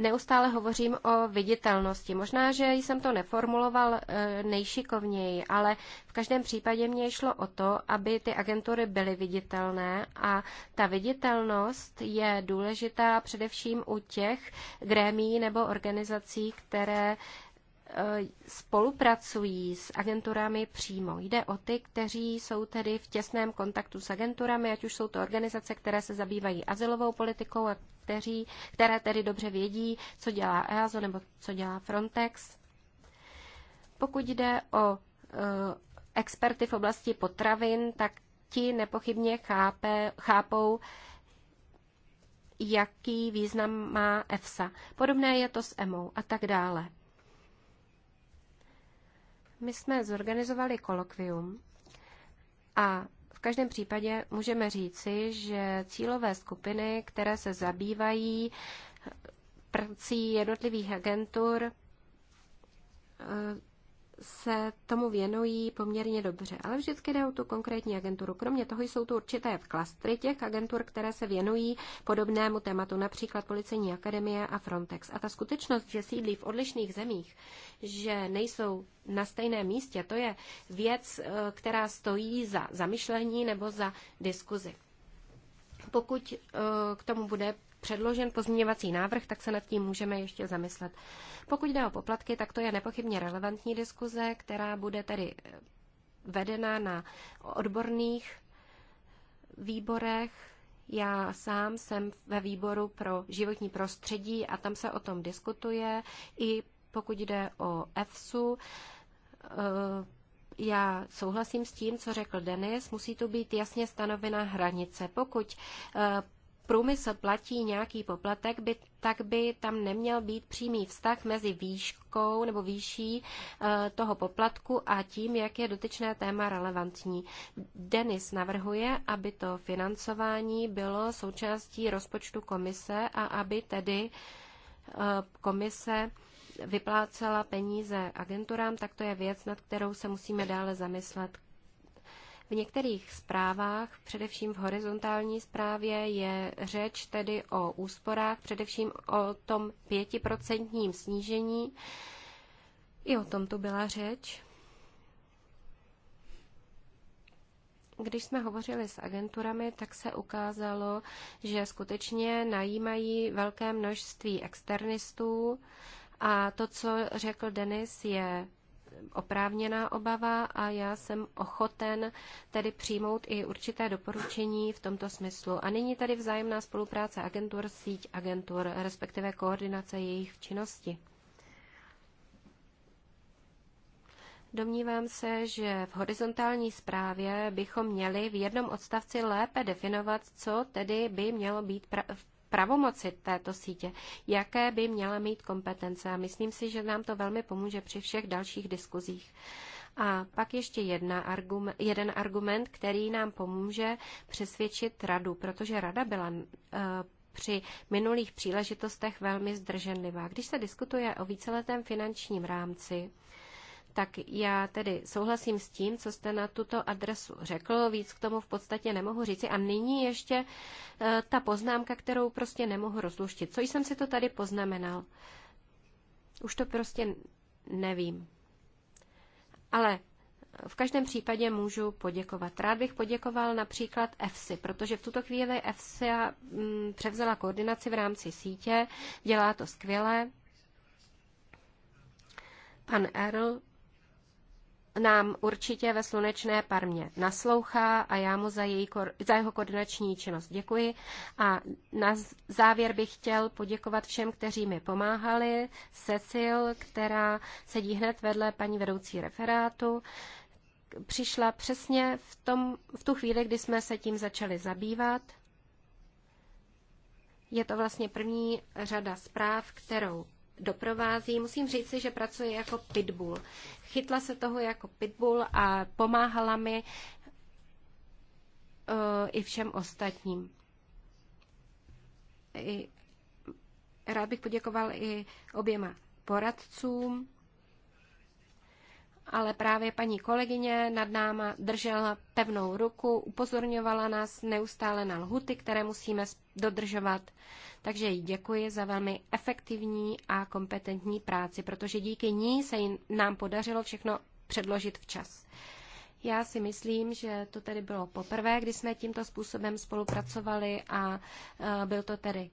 neustále hovořím o viditelnosti. Možná, že jsem to neformuloval eh, nejšikovněji, ale v každém případě mě šlo o to, aby ty agentury byly viditelné a ta viditelnost je důležitá především u těch grémí nebo organizací, které E, spolupracují s agenturami přímo. Jde o ty, kteří jsou tedy v těsném kontaktu s agenturami, ať už jsou to organizace, které se zabývají azylovou politikou a kteří, které tedy dobře vědí, co dělá EASO nebo co dělá Frontex. Pokud jde o e, experty v oblasti potravin, tak ti nepochybně chápe, chápou, jaký význam má EFSA. Podobné je to s EMO a tak dále. My jsme zorganizovali kolokvium a v každém případě můžeme říci, že cílové skupiny, které se zabývají eh, prací jednotlivých agentur, eh, se tomu věnují poměrně dobře, ale vždycky jde o tu konkrétní agenturu. Kromě toho jsou tu určité klastry těch agentur, které se věnují podobnému tématu, například Policejní akademie a Frontex. A ta skutečnost, že sídlí v odlišných zemích, že nejsou na stejném místě, to je věc, eh, která stojí za zamyšlení nebo za diskuzi. Pokud eh, k tomu bude předložen pozměňovací návrh, tak se nad tím můžeme ještě zamyslet. Pokud jde o poplatky, tak to je nepochybně relevantní diskuze, která bude tedy eh, vedena na odborných výborech. Já sám jsem ve výboru pro životní prostředí a tam se o tom diskutuje. I pokud jde o EFSU, eh, já souhlasím s tím, co řekl Denis, musí tu být jasně stanovena hranice. Pokud eh, průmysl platí nějaký poplatek, by, tak by tam neměl být přímý vztah mezi výškou nebo výší e, toho poplatku a tím, jak je dotyčné téma relevantní. Denis navrhuje, aby to financování bylo součástí rozpočtu komise a aby tedy e, komise vyplácela peníze agenturám, tak to je věc, nad kterou se musíme dále zamyslet. V některých zprávách, především v horizontální zprávě, je řeč tedy o úsporách, především o tom pětiprocentním snížení. I o tom tu byla řeč. Když jsme hovořili s agenturami, tak se ukázalo, že skutečně najímají velké množství externistů a to, co řekl Denis, je oprávněná obava a já jsem ochoten tedy přijmout i určité doporučení v tomto smyslu. A nyní tady vzájemná spolupráce agentur, síť agentur, respektive koordinace jejich činnosti. Domnívám se, že v horizontální zprávě bychom měli v jednom odstavci lépe definovat, co tedy by mělo být pravomoci této sítě, jaké by měla mít kompetence. A myslím si, že nám to velmi pomůže při všech dalších diskuzích. A pak ještě jedna argument, jeden argument, který nám pomůže přesvědčit radu, protože rada byla uh, při minulých příležitostech velmi zdrženlivá. Když se diskutuje o víceletém finančním rámci, tak já tedy souhlasím s tím, co jste na tuto adresu řekl, víc k tomu v podstatě nemohu říci. A nyní ještě eh, ta poznámka, kterou prostě nemohu rozluštit. Co jsem si to tady poznamenal? Už to prostě nevím. Ale v každém případě můžu poděkovat. Rád bych poděkoval například EFSI, protože v tuto chvíli EFSI mm, převzala koordinaci v rámci sítě, dělá to skvěle. Pan Erl nám určitě ve slunečné parmě naslouchá a já mu za, její, za jeho koordinační činnost děkuji. A na závěr bych chtěl poděkovat všem, kteří mi pomáhali. Cecil, která sedí hned vedle paní vedoucí referátu, přišla přesně v, tom, v tu chvíli, kdy jsme se tím začali zabývat. Je to vlastně první řada zpráv, kterou doprovází. Musím říct si, že pracuje jako pitbull. Chytla se toho jako pitbull a pomáhala mi uh, i všem ostatním. I, rád bych poděkoval i oběma poradcům, ale právě paní kolegyně nad náma držela pevnou ruku, upozorňovala nás neustále na lhuty, které musíme dodržovat. Takže jí děkuji za velmi efektivní a kompetentní práci, protože díky ní se nám podařilo všechno předložit včas. Já si myslím, že to tedy bylo poprvé, kdy jsme tímto způsobem spolupracovali a e, byl to tedy,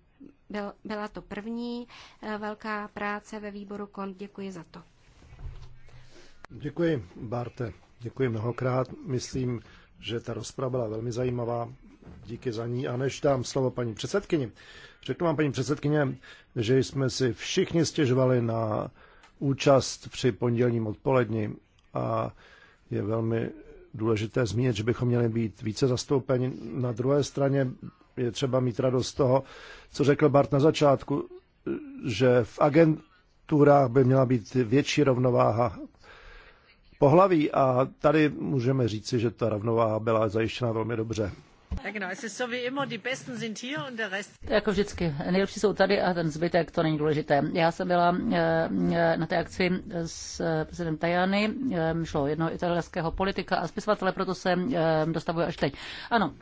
byl, byla to první e, velká práce ve výboru KONT. Děkuji za to. Děkuji, Barte. Děkuji mnohokrát. Myslím, že ta rozprava byla velmi zajímavá. Díky za ní. A než dám slovo paní předsedkyni, řeknu vám, paní předsedkyně, že jsme si všichni stěžovali na účast při pondělním odpoledni a je velmi důležité zmínit, že bychom měli být více zastoupeni. Na druhé straně je třeba mít radost toho, co řekl Bart na začátku, že v agenturách by měla být větší rovnováha pohlaví a tady můžeme říci, že ta rovnováha byla zajištěna velmi dobře. Jako vždycky, nejlepší jsou tady a ten zbytek, to není důležité. Já jsem byla eh, eh, na té akci s eh, prezidentem Tajany, šlo jednoho italského politika a spisovatele, proto se dostavuje až teď. Ano,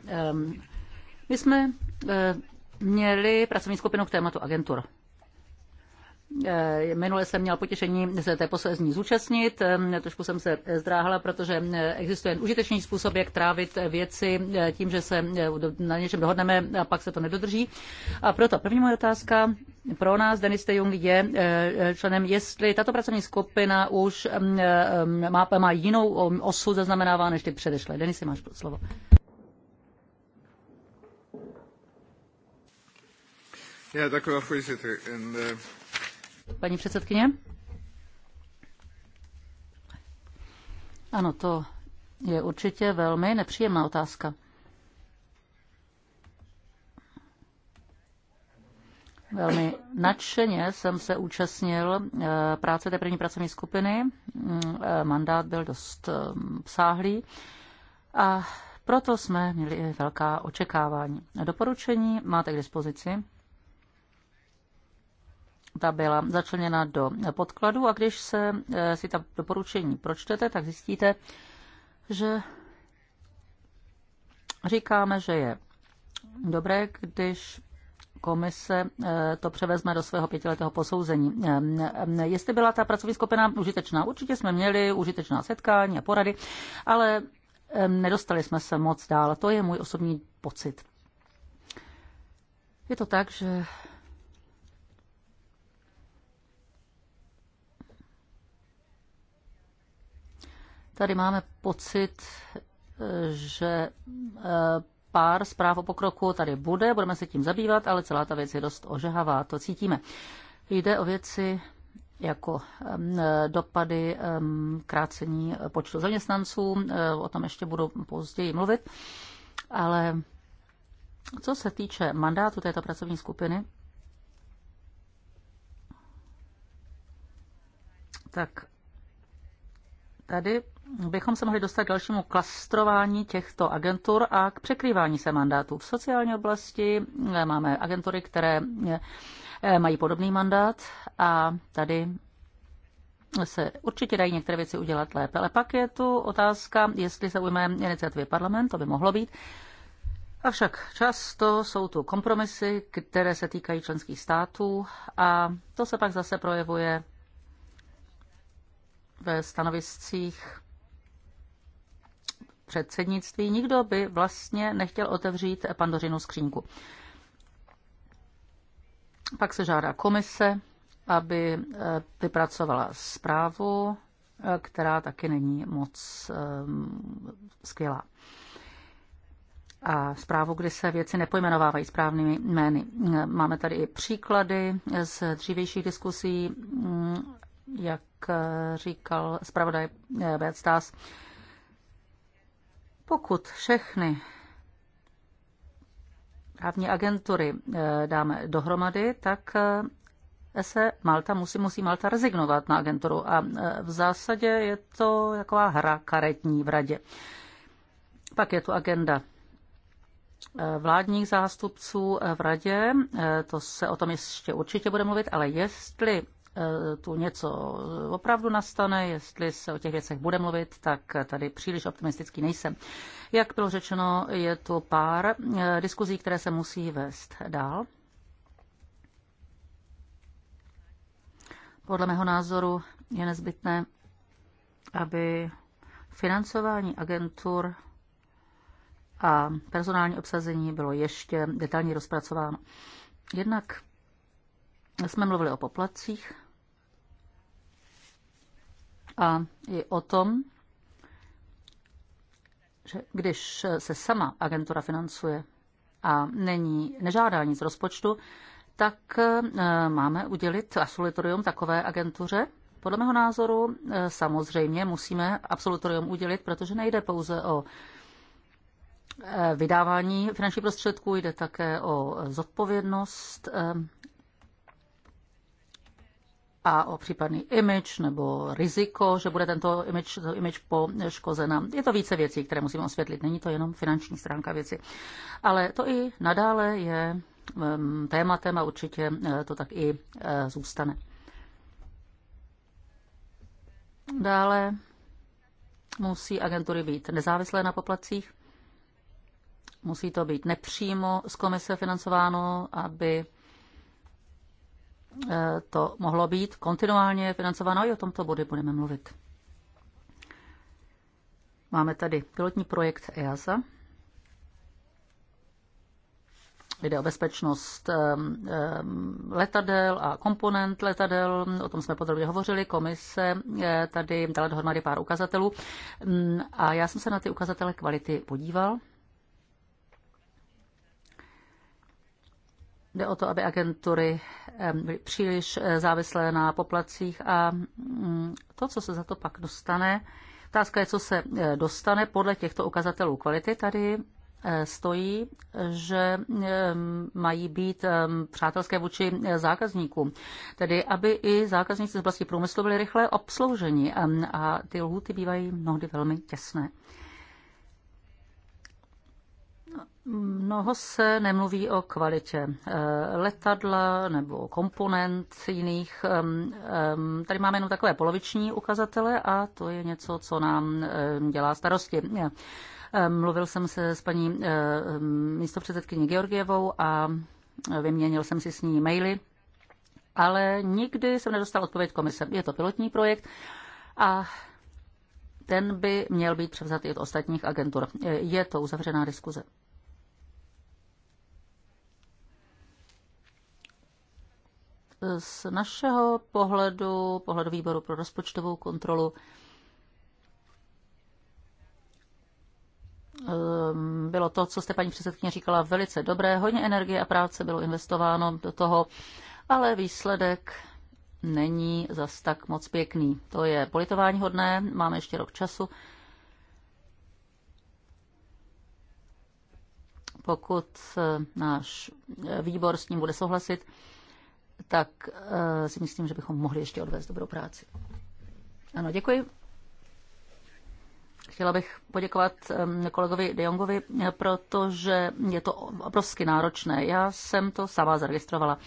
my jsme měli pracovní skupinu k tématu agentur. Eh, minule jsem měl potěšení se té poslední zúčastnit, eh, trošku jsem se zdráhala, protože eh, existuje užitečný způsob, jak trávit věci tím, že se na něčem dohodneme a pak se to nedodrží. A proto první moje otázka pro nás, Denis de Jung je členem, jestli tato pracovní skupina už má, má jinou osu zaznamenává než ty předešlé. Denis, máš slovo. Yeah, thank you, wel, uh... Paní předsedkyně? Ano, to je určitě velmi nepříjemná otázka. Velmi nadšeně jsem se účastnil eh, práce té první pracovní skupiny. Mm, eh, mandát byl dost psáhlý eh, a proto jsme měli velká očekávání. Doporučení máte k dispozici ta byla začleněna do podkladu a když se eh, si ta doporučení pročtete, tak zjistíte, že říkáme, že je dobré, když komise eh, to převezme do svého pětiletého posouzení. Eh, jestli byla ta pracovní skupina užitečná, určitě jsme měli užitečná setkání a porady, ale nedostali jsme se moc dál. To je můj osobní pocit. Je to tak, že Tady máme pocit, že eh, pár zpráv o pokroku tady bude, budeme se tím zabývat, ale celá ta věc je dost ožehavá, to cítíme. Jde o věci jako eh, dopady eh, krácení počtu zaměstnanců, o tom ještě budu později mluvit, ale co se týče mandátu této pracovní skupiny, tak tady bychom se mohli dostat k dalšímu klastrování těchto agentur a k překrývání se mandátů. V sociální oblasti eh, máme agentury, které eh, eh, mají podobný mandát a tady se určitě dají některé věci udělat lépe. Ale pak je tu otázka, jestli se ujme iniciativy parlament, to by mohlo být. Avšak často jsou tu kompromisy, které se týkají členských států a to se pak zase projevuje ve stanoviscích předsednictví, nikdo by vlastně nechtěl otevřít pandořinu skřínku. Pak se žádá komise, aby eh, vypracovala zprávu, eh, která taky není moc eh, skvělá. A zprávu, kdy se věci nepojmenovávají správnými jmény. Máme tady i příklady z dřívějších diskusí jak eh, říkal zpravodaj eh, Bert Stas, pokud všechny právní agentury eh, dáme dohromady, tak se Malta musí, musí Malta rezignovat na agenturu a v zásadě je to taková hra karetní v radě. Pak je tu agenda vládních zástupců v radě, to se o tom ještě určitě bude mluvit, ale jestli Eh, tu něco opravdu nastane, jestli se o těch věcech bude mluvit, tak tady příliš optimistický nejsem. Jak bylo řečeno, je to pár eh, diskuzí, které se musí vést dál. Podle mého názoru je nezbytné, aby financování agentur a personální obsazení bylo ještě detailně rozpracováno. Jednak jsme mluvili o poplatcích, a i o tom, že když se sama agentura financuje a není nežádá nic z rozpočtu, tak e, máme udělit absolutorium takové agentuře. Podle mého názoru e, samozřejmě musíme absolutorium udělit, protože nejde pouze o e, vydávání finančních prostředků, jde také o zodpovědnost a o případný image nebo riziko, že bude tento image, image poškozena. Je to více věcí, které musíme osvětlit. Není to jenom finanční stránka věci. Ale to i nadále je tématem a určitě eh, to tak i eh, zůstane. Dále musí agentury být nezávislé na poplacích. Musí to být nepřímo z komise financováno, aby Eh, to mohlo být kontinuálně financováno. I o tomto body budeme mluvit. Máme tady pilotní projekt EASA. Jde o bezpečnost eh, eh, letadel a komponent letadel, o tom jsme podrobně hovořili, komise tady dala dohromady pár ukazatelů mm, a já jsem se na ty ukazatele kvality podíval. Jde o to, aby agentury byly příliš eh, závislé na poplacích a mm, to, co se za to pak dostane, otázka je, co se eh, dostane podle těchto ukazatelů kvality. Tady eh, stojí, že mají být přátelské vůči zákazníkům. Tedy, aby i zákazníci z oblasti průmyslu byli rychle obslouženi a ty lhuty bývají mnohdy velmi těsné. Mnoho se nemluví o kvalitě eh, letadla nebo komponent jiných. Ehm, ehm, tady máme jenom takové poloviční ukazatele a to je něco, co nám ehm, dělá starosti. Mluvil jsem se s paní eh, místopředsedkyní Georgievou a vyměnil jsem si s ní maily, ale nikdy jsem nedostal odpověď komise. Je to pilotní projekt a ten by měl být převzat i od ostatních agentur. Je to uzavřená diskuze. Z našeho pohledu, pohledu výboru pro rozpočtovou kontrolu, ehm, bylo to, co jste paní předsedkyně říkala, velice dobré. Hodně energie a práce bylo investováno do toho, ale výsledek není zas tak moc pěkný. To je politování hodné, máme ještě rok času. Pokud eh, náš eh, výbor s ním bude souhlasit, tak eh, si myslím, že bychom mohli ještě odvést dobrou práci. Ano, děkuji. Chtěla bych poděkovat kolegovi De Jongovi, protože je to obrovsky náročné. Já jsem to sama zaregistrovala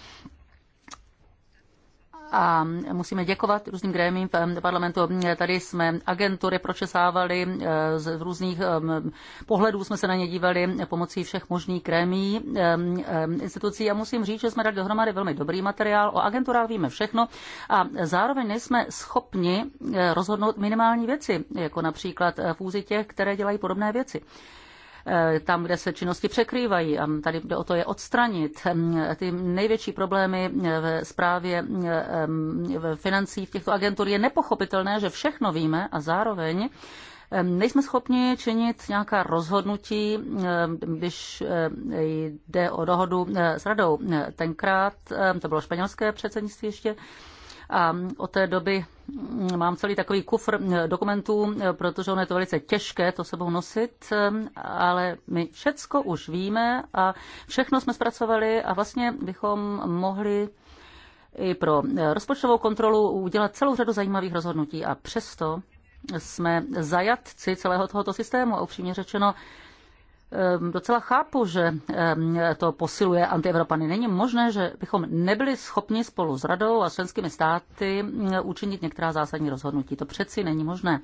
a musíme děkovat různým grémím v eh, parlamentu. Tady jsme agentury pročesávali, eh, z různých eh, pohledů jsme se na ně dívali pomocí všech možných grémí institucí a musím říct, že jsme dali dohromady velmi dobrý materiál. O agenturách víme všechno a zároveň nejsme schopni rozhodnout minimální věci, jako například fúzi těch, které dělají podobné věci. Eh, tam, kde se činnosti překrývají. A tady jde o to je odstranit. Mm, ty největší problémy eh, v správě eh, v financí v těchto agentur je nepochopitelné, že všechno víme a zároveň Nejsme schopni činit nějaká rozhodnutí, když jde o dohodu s radou. Tenkrát, to bylo španělské předsednictví ještě, a od té doby mám celý takový kufr eh, dokumentů, eh, protože ono je to velice těžké to sebou nosit, eh, ale my všecko už víme a všechno jsme zpracovali a vlastně bychom mohli i pro rozpočtovou kontrolu udělat celou řadu zajímavých rozhodnutí a přesto jsme zajatci celého tohoto systému a upřímně řečeno Ehm, docela chápu, že ehm, to posiluje antievropany. Není možné, že bychom nebyli schopni spolu s radou a členskými státy mm, učinit některá zásadní rozhodnutí. To přeci není možné.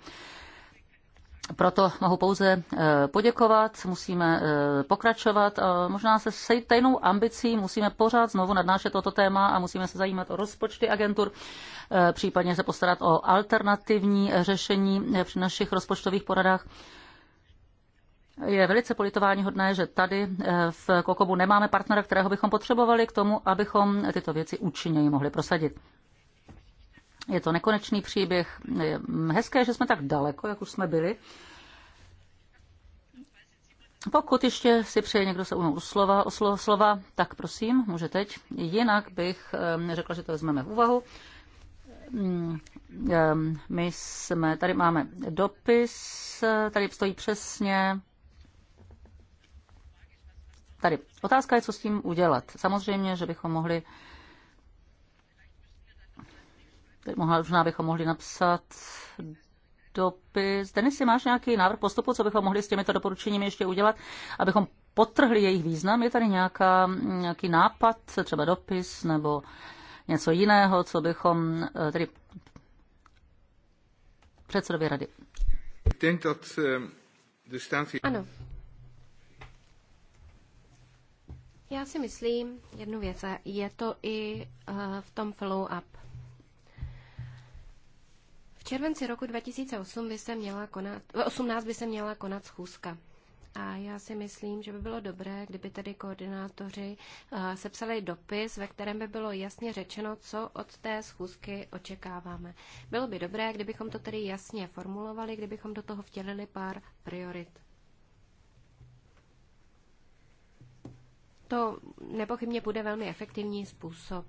Proto mohu pouze eh, poděkovat, musíme eh, pokračovat. Možná se stejnou ambicí musíme pořád znovu nadnášet toto téma a musíme se zajímat o rozpočty agentur, eh, případně se postarat o alternativní řešení při našich rozpočtových poradách. Je velice politování hodné, že tady eh, v Kokobu nemáme partnera, kterého bychom potřebovali k tomu, abychom tyto věci účinněji mohli prosadit. Je to nekonečný příběh. Je hezké, že jsme tak daleko, jak už jsme byli. Pokud ještě si přeje někdo se ujmout slova, oslo, slova, tak prosím, může teď. Jinak bych eh, řekla, že to vezmeme v úvahu. Mm, eh, my jsme, tady máme dopis, tady stojí přesně tady. Otázka je, co s tím udělat. Samozřejmě, že bychom mohli mohla Možná bychom mohli napsat dopis. Denisy, máš nějaký návrh postupu, co bychom mohli s těmito doporučeními ještě udělat, abychom potrhli jejich význam? Je tady nějaká, nějaký nápad, třeba dopis nebo něco jiného, co bychom eh, tedy předsedovi rady? Eh, ano, Já si myslím jednu věc, a je to i eh, v tom follow-up. V červenci roku 2008 by se měla konat, 18 by se měla konat schůzka. A já si myslím, že by bylo dobré, kdyby tedy koordinátoři eh, sepsali dopis, ve kterém by bylo jasně řečeno, co od té schůzky očekáváme. Bylo by dobré, kdybychom to tedy jasně formulovali, kdybychom do toho vtělili pár priorit. to nepochybně bude velmi efektivní způsob.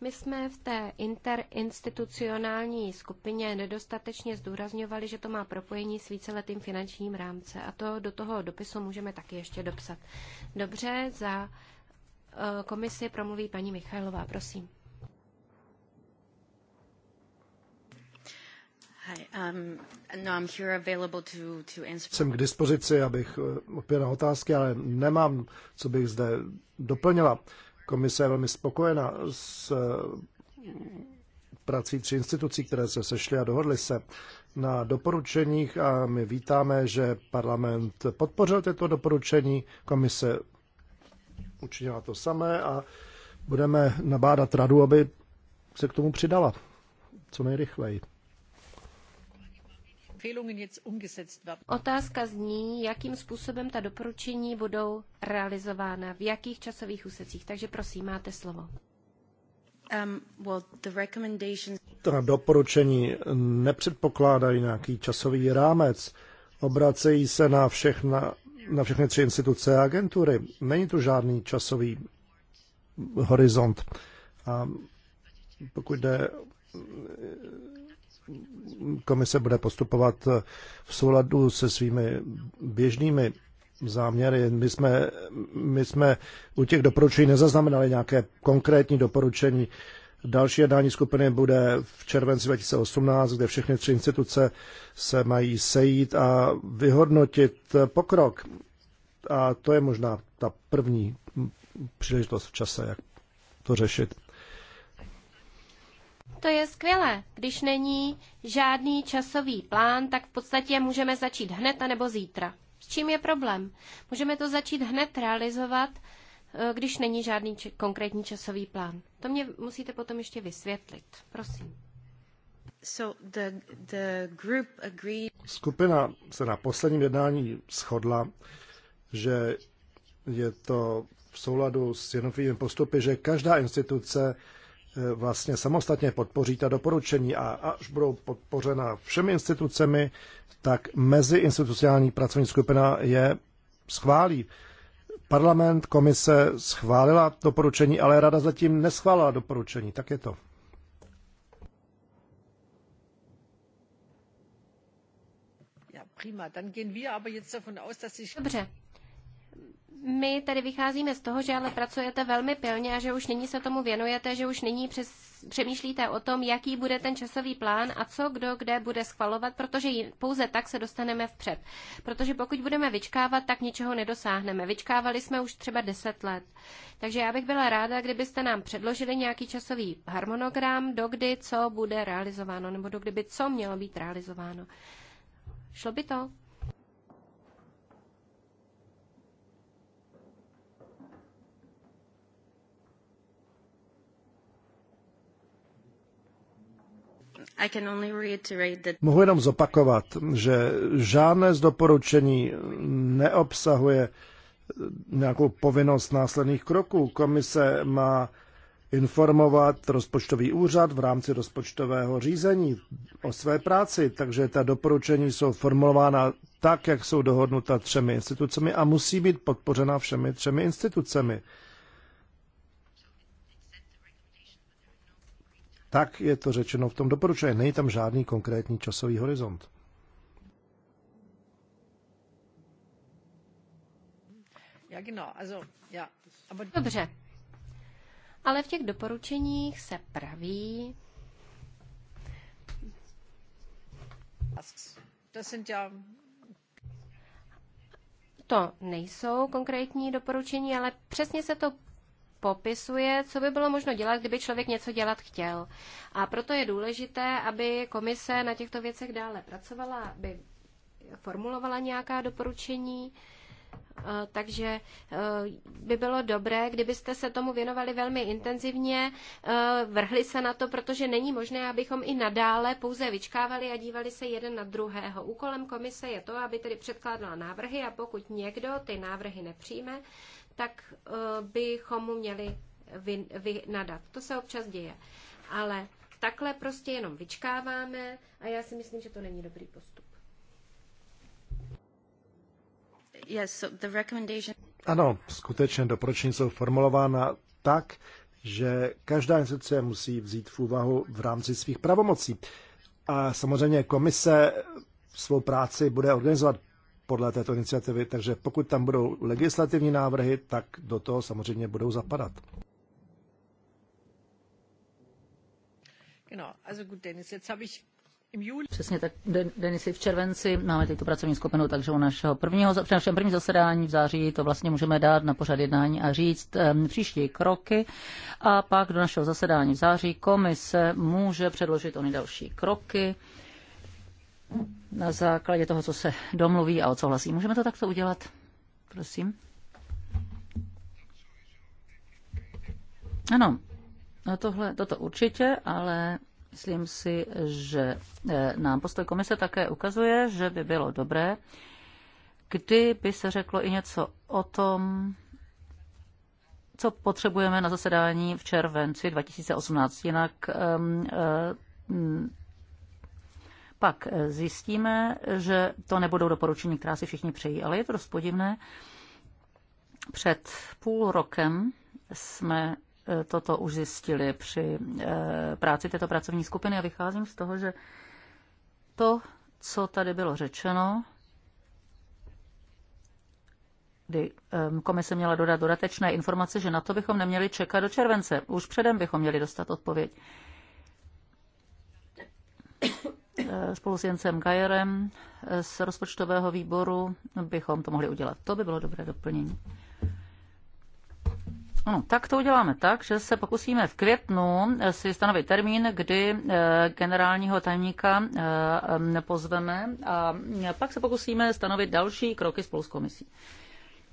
My jsme v té interinstitucionální skupině nedostatečně zdůrazňovali, že to má propojení s víceletým finančním rámce a to do toho dopisu můžeme taky ještě dopsat. Dobře, za eh, komisi promluví paní Michailová, prosím. Um, no, Jsem k dispozici, abych na eh, otázky, ale nemám, co bych zde doplnila. Komise je velmi spokojena s eh, prací tří institucí, které se sešly a dohodly se na doporučeních a my vítáme, že parlament podpořil tyto doporučení, komise učinila to samé a budeme nabádat radu, aby se k tomu přidala co nejrychleji. Otázka zní, jakým způsobem ta doporučení budou realizována, v jakých časových úsecích. Takže prosím, máte slovo. Um, ta doporučení nepředpokládají nějaký časový rámec. Obracejí se na, všechna, na všechny tři instituce a agentury. Není tu žádný časový horizont. A pokud jde komise bude postupovat v souladu se svými běžnými záměry. My jsme, my jsme u těch doporučení nezaznamenali nějaké konkrétní doporučení. Další jednání skupiny bude v červenci 2018, kde všechny tři instituce se mají sejít a vyhodnotit pokrok. A to je možná ta první příležitost v čase, jak to řešit to je skvělé. Když není žádný časový plán, tak v podstatě můžeme začít hned a nebo zítra. S čím je problém? Můžeme to začít hned realizovat, eh, když není žádný či- konkrétní časový plán. To mě musíte potom ještě vysvětlit. Prosím. So the, the group agreed... Skupina se na posledním jednání shodla, že je to v souladu s jednotlivými postupy, že každá instituce Eh, vlastně samostatně podpoří ta doporučení a až budou podpořena všemi institucemi, tak mezi institucionální pracovní skupina je schválí. Parlament, komise schválila doporučení, ale rada zatím neschválila doporučení. Tak je to. Dobře, my tady vycházíme z toho, že ale pracujete velmi pilně a že už nyní se tomu věnujete, že už nyní přes, přemýšlíte o tom, jaký bude ten časový plán a co kdo kde bude schvalovat, protože pouze tak se dostaneme vpřed. Protože pokud budeme vyčkávat, tak ničeho nedosáhneme. Vyčkávali jsme už třeba deset let. Takže já bych byla ráda, kdybyste nám předložili nějaký časový harmonogram, dokdy co bude realizováno, nebo dokdy by co mělo být realizováno. Šlo by to? Mohu jenom zopakovat, že žádné z doporučení neobsahuje nějakou povinnost následných kroků. Komise má informovat rozpočtový úřad v rámci rozpočtového řízení o své práci, takže ta doporučení jsou formulována tak, jak jsou dohodnuta třemi institucemi a musí být podpořena všemi třemi institucemi. Tak je to řečeno v tom doporučení. Není tam žádný konkrétní časový horizont. Dobře. Ale v těch doporučeních se praví, to nejsou konkrétní doporučení, ale přesně se to popisuje, co by bylo možno dělat, kdyby člověk něco dělat chtěl. A proto je důležité, aby komise na těchto věcech dále pracovala, aby formulovala nějaká doporučení. Eh, takže eh, by bylo dobré, kdybyste se tomu věnovali velmi intenzivně, eh, vrhli se na to, protože není možné, abychom i nadále pouze vyčkávali a dívali se jeden na druhého. Úkolem komise je to, aby tedy předkládala návrhy a pokud někdo ty návrhy nepřijme, tak eh, bychom mu měli vy, To se občas děje. Ale takhle prostě jenom vyčkáváme a já si myslím, že to není dobrý postup. Yes, so the recommendation... Ano, skutečně doporučení jsou formulována tak, že každá instituce musí vzít v úvahu v rámci svých pravomocí. A samozřejmě komise svou práci bude organizovat podle této iniciativy, takže pokud tam budou legislativní návrhy, tak do toho samozřejmě budou zapadat. Přesně tak, Denisy, v červenci máme tyto pracovní skupinu, takže u našeho prvního, při našem prvním zasedání v září to vlastně můžeme dát na pořad jednání a říct um, příští kroky a pak do našeho zasedání v září komise může předložit ony další kroky na základě toho, co se domluví a odsouhlasí. Můžeme to takto udělat? Prosím. Ano, no tohle, toto určitě, ale myslím si, že eh, nám postoj komise také ukazuje, že by bylo dobré, kdyby se řeklo i něco o tom, co potřebujeme na zasedání v červenci 2018. Jinak um, pak eh, zjistíme, že to nebudou doporučení, která si všichni přejí. Ale je to dost podivné. Před půl rokem jsme eh, toto už zjistili při eh, práci této pracovní skupiny a vycházím z toho, že to, co tady bylo řečeno, kdy ehm, komise měla dodat dodatečné informace, že na to bychom neměli čekat do července. Už předem bychom měli dostat odpověď. Eh, spolu s Jencem Gajerem eh, z rozpočtového výboru bychom to mohli udělat. To by bylo dobré doplnění. No, tak to uděláme tak, že se pokusíme v květnu eh, si stanovit termín, kdy generálního tajemníka nepozveme, a pak se pokusíme stanovit další kroky spolu s komisí.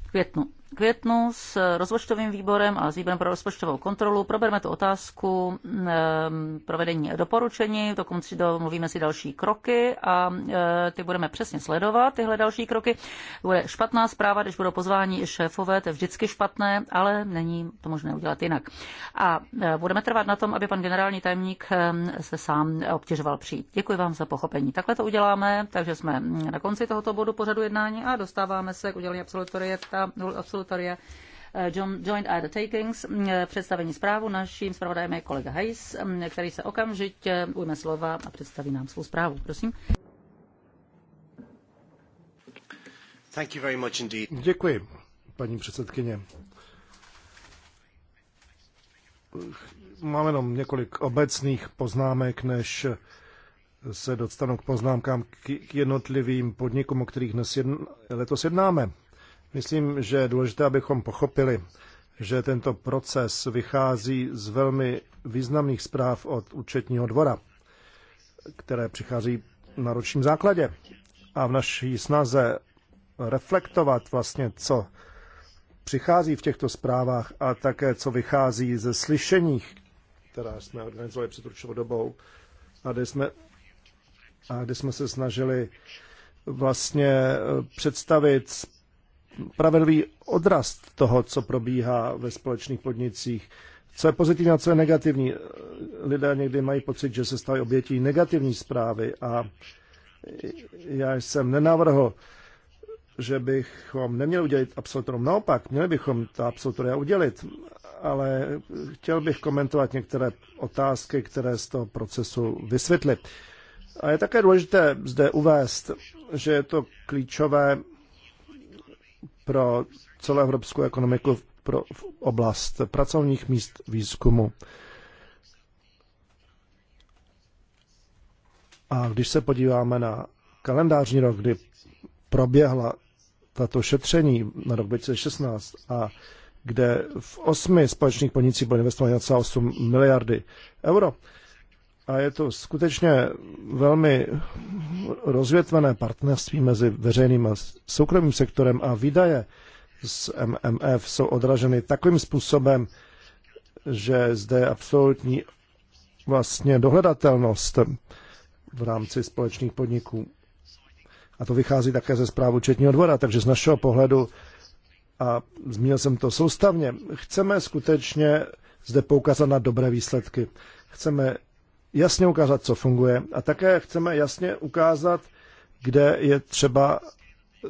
V květnu květnu s rozpočtovým výborem a s výborem pro rozpočtovou kontrolu. Probereme tu otázku ehm, provedení doporučení, dokonce domluvíme si další kroky a eh, ty budeme přesně sledovat, tyhle další kroky. Bude špatná zpráva, když budou pozvání i šéfové, to je vždycky špatné, ale není to možné udělat jinak. A eh, budeme trvat na tom, aby pan generální tajemník ehm, se sám obtěžoval přijít. Děkuji vám za pochopení. Takhle to uděláme, takže jsme na konci tohoto bodu pořadu jednání a dostáváme se k udělení absolutoria. Ta, absolutoria Consultoria eh, Joint Undertakings, mm, eh, představení zprávu. Naším zpravodajem je kolega Hayes, mm, který se okamžitě ujme slova a představí nám svou zprávu. Prosím. Thank you very much indeed. Děkuji, paní předsedkyně. Mám jenom několik obecných poznámek, než se dostanu k poznámkám k jednotlivým podnikům, o kterých dnes jedn... letos jednáme. Myslím, že je důležité, abychom pochopili, že tento proces vychází z velmi významných zpráv od účetního dvora, které přichází na ročním základě. A v naší snaze reflektovat vlastně, co přichází v těchto zprávách a také, co vychází ze slyšeních, která jsme organizovali před určitou dobou, a kde jsme, a kde jsme se snažili vlastně představit spravedlivý odraz toho, co probíhá ve společných podnicích. Co je pozitivní a co je negativní. Lidé někdy mají pocit, že se stávají obětí negativní zprávy a já jsem nenavrhl, že bychom neměli udělit absolutorium. Naopak, měli bychom ta absolutoria udělit, ale chtěl bych komentovat některé otázky, které z toho procesu vysvětlit. A je také důležité zde uvést, že je to klíčové pro celou evropskou ekonomiku pro v oblast pracovních míst výzkumu. A když se podíváme na kalendářní rok, kdy proběhla tato šetření na rok 2016 a kde v osmi společných podnicích bylo investováno 1,8 miliardy euro, a je to skutečně velmi rozvětvené partnerství mezi veřejným a soukromým sektorem a výdaje z MMF jsou odraženy takovým způsobem, že zde je absolutní vlastně dohledatelnost v rámci společných podniků. A to vychází také ze zprávu Četního dvora, takže z našeho pohledu, a zmínil jsem to soustavně, chceme skutečně zde poukázat na dobré výsledky. Chceme jasně ukázat, co funguje a také chceme jasně ukázat, kde je třeba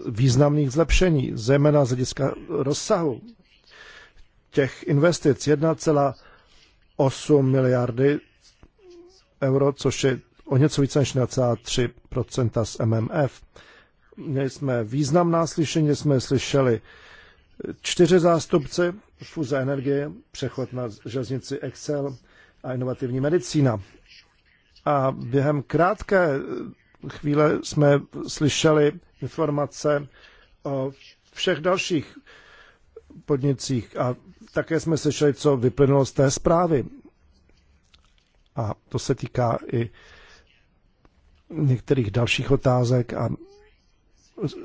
významných zlepšení, zejména z hlediska rozsahu těch investic 1,8 miliardy euro, což je o něco více než 1,3% z MMF. Měli jsme významná slyšení, jsme slyšeli čtyři zástupci fuze energie, přechod na železnici Excel a inovativní medicína. A během krátké chvíle jsme slyšeli informace o všech dalších podnicích a také jsme slyšeli, co vyplynulo z té zprávy. A to se týká i některých dalších otázek a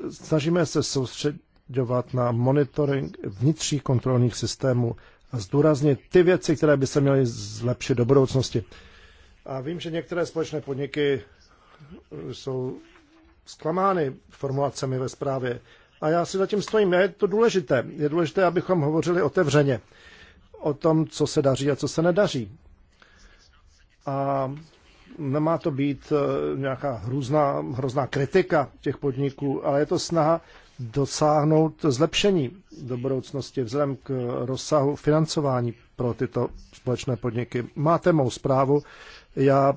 snažíme se soustředovat na monitoring vnitřních kontrolních systémů a zdůraznit ty věci, které by se měly zlepšit do budoucnosti. A vím, že některé společné podniky jsou zklamány formulacemi ve zprávě. A já si zatím stojím. Je to důležité. Je důležité, abychom hovořili otevřeně o tom, co se daří a co se nedaří. A nemá to být eh, nějaká hrůzná, hrozná kritika těch podniků, ale je to snaha dosáhnout zlepšení do budoucnosti vzhledem k rozsahu financování pro tyto společné podniky. Máte mou zprávu já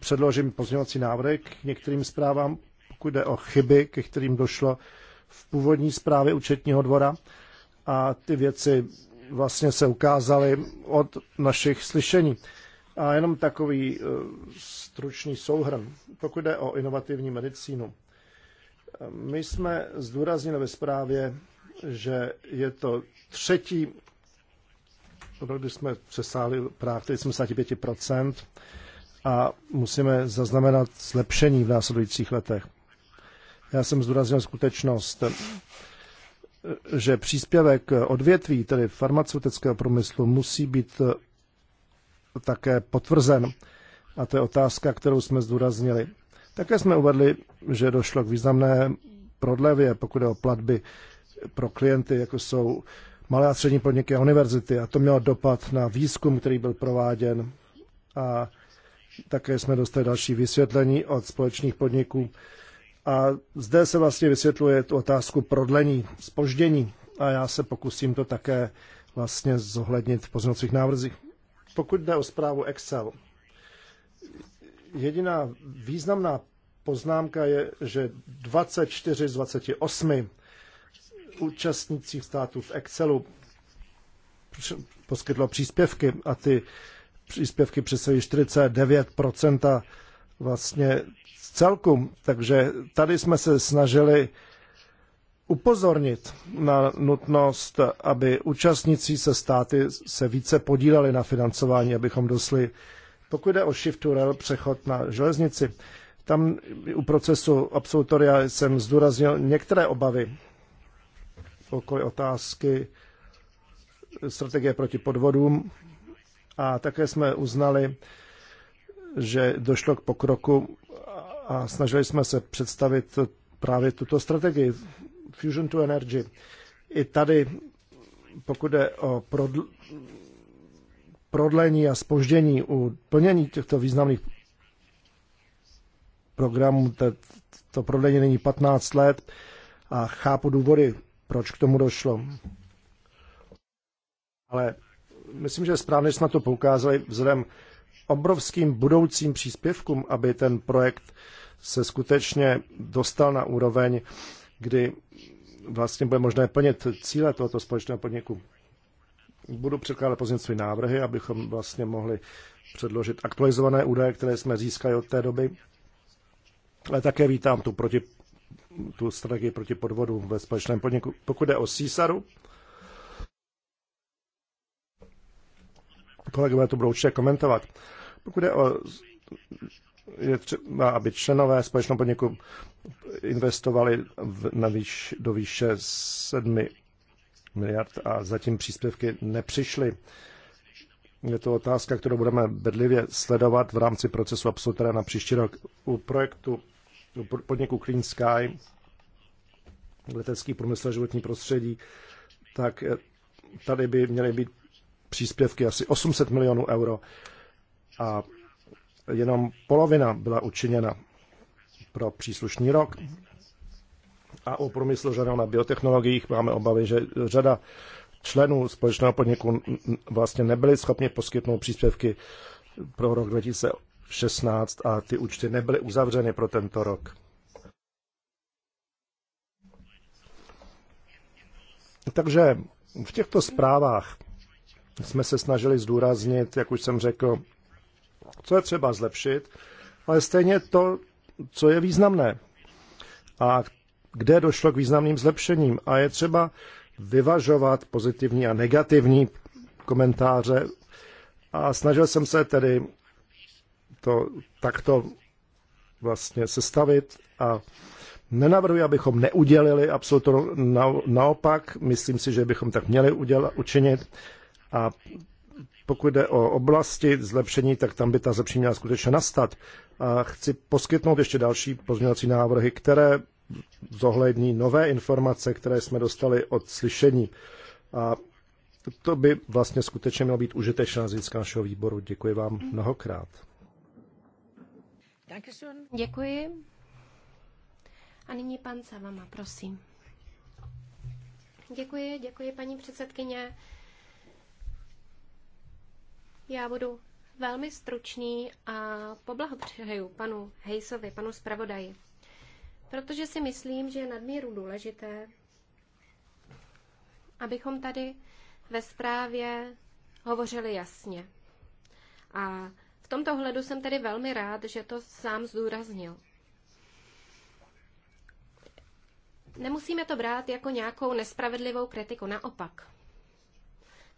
předložím pozměňovací návrh, k některým zprávám, pokud jde o chyby, ke kterým došlo v původní zprávě účetního dvora. A ty věci vlastně se ukázaly od našich slyšení. A jenom takový e, stručný souhrn, pokud jde o inovativní medicínu. E, my jsme zdůraznili ve zprávě, že je to třetí, když jsme přesáhli práv 35 a musíme zaznamenat zlepšení v následujících letech. Já jsem zdůraznil skutečnost, že příspěvek odvětví, tedy farmaceutického průmyslu, musí být také potvrzen. A to je otázka, kterou jsme zdůraznili. Také jsme uvedli, že došlo k významné prodlevě, pokud je o platby pro klienty, jako jsou malé a střední podniky a univerzity. A to mělo dopad na výzkum, který byl prováděn. A také jsme dostali další vysvětlení od společných podniků. A zde se vlastně vysvětluje tu otázku prodlení, spoždění. A já se pokusím to také vlastně zohlednit v pozornocích návrzích. Pokud jde o zprávu Excel, jediná významná poznámka je, že 24 z 28 účastnících států v Excelu poskytlo příspěvky a ty příspěvky přesahují 49% vlastně celku. Takže tady jsme se snažili upozornit na nutnost, aby účastníci se státy se více podíleli na financování, abychom dosli, pokud jde o shift to rail, přechod na železnici, tam u procesu absolutoria jsem zdůraznil některé obavy okolí otázky strategie proti podvodům, a také jsme uznali, že došlo k pokroku a snažili jsme se představit právě tuto strategii Fusion to Energy. I tady, pokud je o prodl- prodlení a spoždění u plnění těchto významných programů, to, to prodlení není 15 let a chápu důvody, proč k tomu došlo. Ale myslím, že je správně, že jsme to poukázali vzhledem obrovským budoucím příspěvkům, aby ten projekt se skutečně dostal na úroveň, kdy vlastně bude možné plnit cíle tohoto společného podniku. Budu předkládat své návrhy, abychom vlastně mohli předložit aktualizované údaje, které jsme získali od té doby. Ale také vítám tu, proti, tu strategii proti podvodům ve společném podniku. Pokud jde o CISARu, kolegové to budou určitě komentovat. Pokud je o je třeba, aby členové společného podniku investovali v, na výš, do výše 7 miliard a zatím příspěvky nepřišly. Je to otázka, kterou budeme bedlivě sledovat v rámci procesu absolutora na příští rok. U projektu u podniku Clean Sky, letecký průmysl a životní prostředí, tak eh, tady by měly být příspěvky asi 800 milionů euro a jenom polovina byla učiněna pro příslušný rok. A o průmyslu řada na biotechnologiích máme obavy, že řada členů společného podniku vlastně nebyli schopni poskytnout příspěvky pro rok 2016 a ty účty nebyly uzavřeny pro tento rok. Takže v těchto zprávách jsme se snažili zdůraznit, jak už jsem řekl, co je třeba zlepšit, ale stejně to, co je významné a kde došlo k významným zlepšením. A je třeba vyvažovat pozitivní a negativní komentáře. A snažil jsem se tedy to takto vlastně sestavit a nenavrhuji, abychom neudělili absolutně naopak. Myslím si, že bychom tak měli udělat, učinit a pokud jde o oblasti zlepšení, tak tam by ta zlepšení měla skutečně nastat. A chci poskytnout ještě další pozměňovací návrhy, které zohlední nové informace, které jsme dostali od slyšení. A to by vlastně skutečně mělo být užitečné z našeho výboru. Děkuji vám mnohokrát. Děkuji. A nyní pan Savama, prosím. Děkuji, děkuji paní předsedkyně. Já budu velmi stručný a poblahopřeju panu Hejsovi, panu zpravodaji, protože si myslím, že je nadmíru důležité, abychom tady ve zprávě hovořili jasně. A v tomto hledu jsem tedy velmi rád, že to sám zdůraznil. Nemusíme to brát jako nějakou nespravedlivou kritiku, naopak.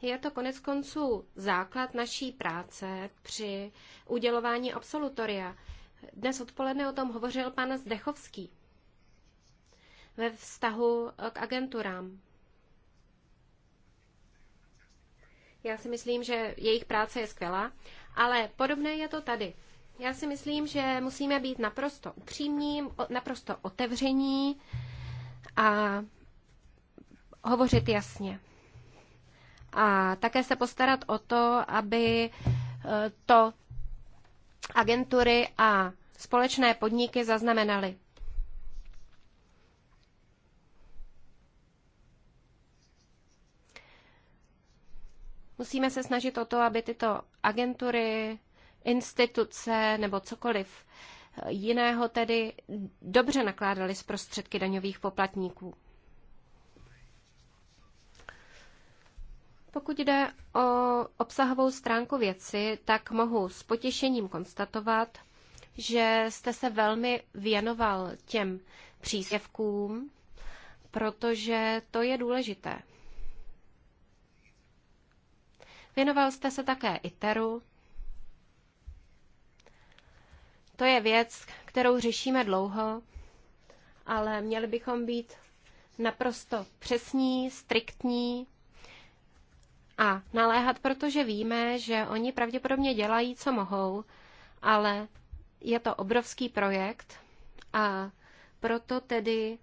Je to konec konců základ naší práce při udělování absolutoria. Dnes odpoledne o tom hovořil pan Zdechovský ve vztahu k agenturám. Já si myslím, že jejich práce je skvělá, ale podobné je to tady. Já si myslím, že musíme být naprosto upřímní, naprosto otevření a hovořit jasně a také se postarat o to, aby eh, to agentury a společné podniky zaznamenaly. Musíme se snažit o to, aby tyto agentury, instituce nebo cokoliv eh, jiného tedy dobře nakládali s prostředky daňových poplatníků. Pokud jde o obsahovou stránku věci, tak mohu s potěšením konstatovat, že jste se velmi věnoval těm příspěvkům, protože to je důležité. Věnoval jste se také ITERu. To je věc, kterou řešíme dlouho, ale měli bychom být naprosto přesní, striktní a naléhat, protože víme, že oni pravděpodobně dělají, co mohou, ale je to obrovský projekt a proto tedy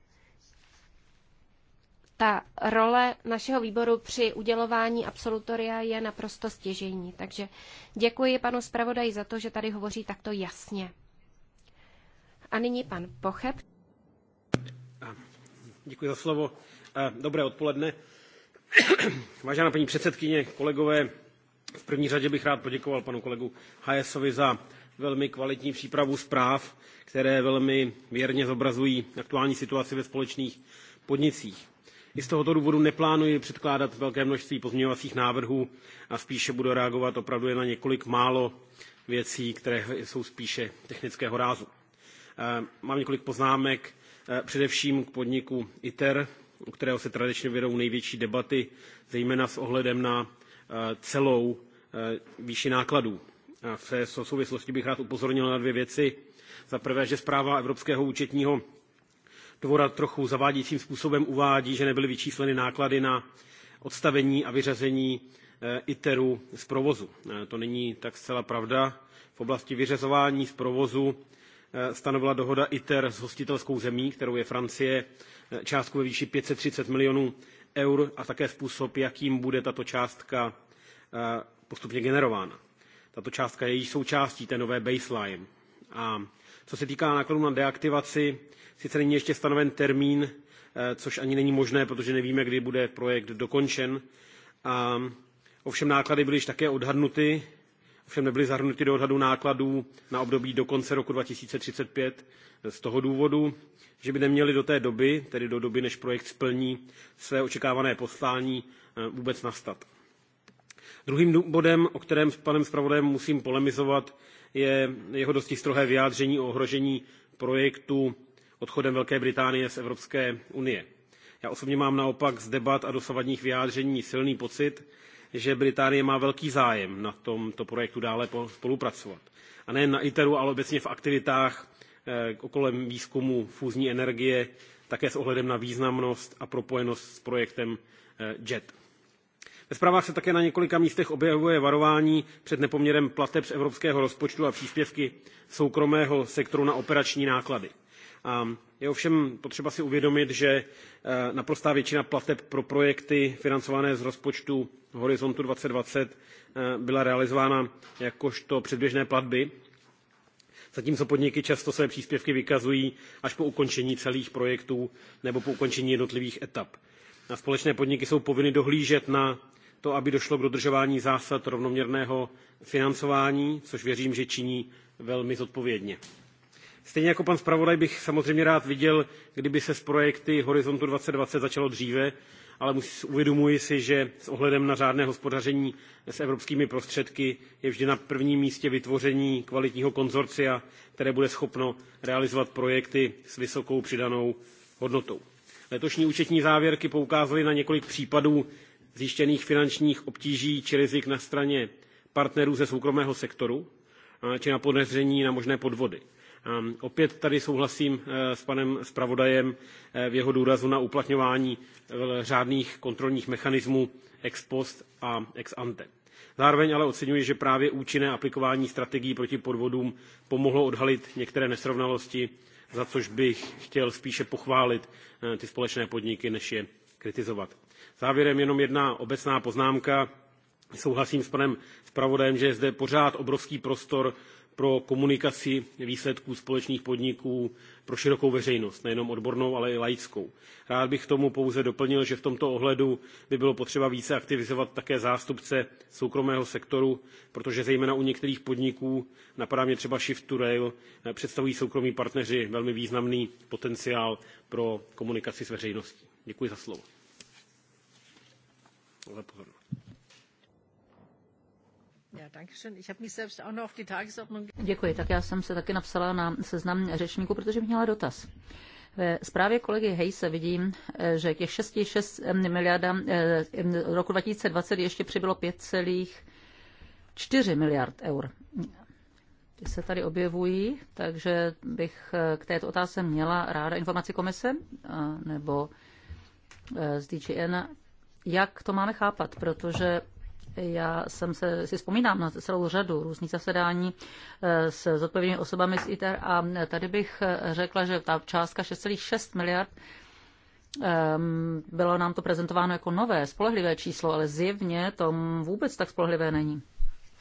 ta role našeho výboru při udělování absolutoria je naprosto stěžení. Takže děkuji panu zpravodaji za to, že tady hovoří takto jasně. A nyní pan Pocheb. Děkuji za slovo. Dobré odpoledne. [COUGHS] Vážená paní předsedkyně, kolegové, v první řadě bych rád poděkoval panu kolegu Hayesovi za velmi kvalitní přípravu zpráv, které velmi věrně zobrazují aktuální situaci ve společných podnicích. I z tohoto důvodu neplánuji předkládat velké množství pozměňovacích návrhů a spíše budu reagovat opravdu jen na několik málo věcí, které jsou spíše technického rázu. Eh, mám několik poznámek eh, především k podniku ITER, u kterého se tradičně vedou největší debaty, zejména s ohledem na eh, celou eh, výši nákladů. V té souvislosti bych rád upozornil na dvě věci. Za prvé, že zpráva Evropského účetního dvora trochu zavádějícím způsobem uvádí, že nebyly vyčísleny náklady na odstavení a vyřazení eh, ITERu z provozu. To není tak zcela pravda. V oblasti vyřazování z provozu Eh, stanovila dohoda ITER s hostitelskou zemí, kterou je Francie, eh, částku ve výši 530 milionů eur a také způsob, jakým bude tato částka eh, postupně generována. Tato částka je již součástí té nové baseline. A co se týká nákladů na deaktivaci, sice není ještě stanoven termín, což ani není možné, protože nevíme, kdy bude projekt dokončen. A ovšem náklady byly již také odhadnuty ovšem nebyly zahrnuty do odhadu nákladů na období do konce roku 2035 z toho důvodu, že by neměly do té doby, tedy do doby, než projekt splní své očekávané poslání, eh, vůbec nastat. Druhým bodem, o kterém s panem zpravodajem musím polemizovat, je jeho dosti strohé vyjádření o ohrožení projektu odchodem Velké Británie z Evropské unie. Já osobně mám naopak z debat a dosavadních vyjádření silný pocit, že Británie má velký zájem na tomto projektu dále spolupracovat. A nejen na ITERu, ale obecně v aktivitách eh, kolem výzkumu fúzní energie, také s ohledem na významnost a propojenost s projektem eh, JET. Ve zprávách se také na několika místech objevuje varování před nepoměrem plateb z evropského rozpočtu a příspěvky soukromého sektoru na operační náklady. Ehm, je ovšem potřeba si uvědomit, že eh, naprostá většina plateb pro projekty financované z rozpočtu Horizontu 2020 eh, byla realizována jakožto předběžné platby, zatímco podniky často své příspěvky vykazují až po ukončení celých projektů nebo po ukončení jednotlivých etap. A společné podniky jsou povinny dohlížet na to, aby došlo k dodržování zásad rovnoměrného financování, což věřím, že činí velmi zodpovědně. Stejně jako pan zpravodaj bych samozřejmě rád viděl, kdyby se s projekty Horizontu 2020 začalo dříve, ale uvědomuji si, že s ohledem na řádné hospodaření s evropskými prostředky je vždy na prvním místě vytvoření kvalitního konzorcia, které bude schopno realizovat projekty s vysokou přidanou hodnotou. Letošní účetní závěrky poukázaly na několik případů zjištěných finančních obtíží či rizik na straně partnerů ze soukromého sektoru či na podezření na možné podvody. Ehm, opět tady souhlasím eh, s panem zpravodajem eh, v jeho důrazu na uplatňování eh, řádných kontrolních mechanismů ex post a ex ante. Zároveň ale oceňuji, že právě účinné aplikování strategií proti podvodům pomohlo odhalit některé nesrovnalosti, za což bych chtěl spíše pochválit ty společné podniky, než je kritizovat. Závěrem jenom jedna obecná poznámka. Souhlasím s panem zpravodajem, že je zde pořád obrovský prostor pro komunikaci výsledků společných podniků pro širokou veřejnost, nejenom odbornou, ale i laickou. Rád bych k tomu pouze doplnil, že v tomto ohledu by bylo potřeba více aktivizovat také zástupce soukromého sektoru, protože zejména u některých podniků, napadá mě třeba Shift to Rail, představují soukromí partneři velmi významný potenciál pro komunikaci s veřejností. Děkuji za slovo. Za pozornost. Děkuji, tak já jsem se taky napsala na seznam řečníků, protože měla dotaz. Ve zprávě kolegy Hejse vidím, eh, že těch 6,6 eh, miliardám eh, roku 2020 ještě přibylo 5,4 miliard eur. Ty se tady objevují, takže bych k této otázce měla ráda informaci komise nebo z DGN. Jak to máme chápat, protože já jsem se, si vzpomínám na celou řadu různých zasedání eh, s zodpovědnými osobami z ITER a tady bych eh, řekla, že ta částka 6,6 miliard ehm, bylo nám to prezentováno jako nové, spolehlivé číslo, ale zjevně to vůbec tak spolehlivé není,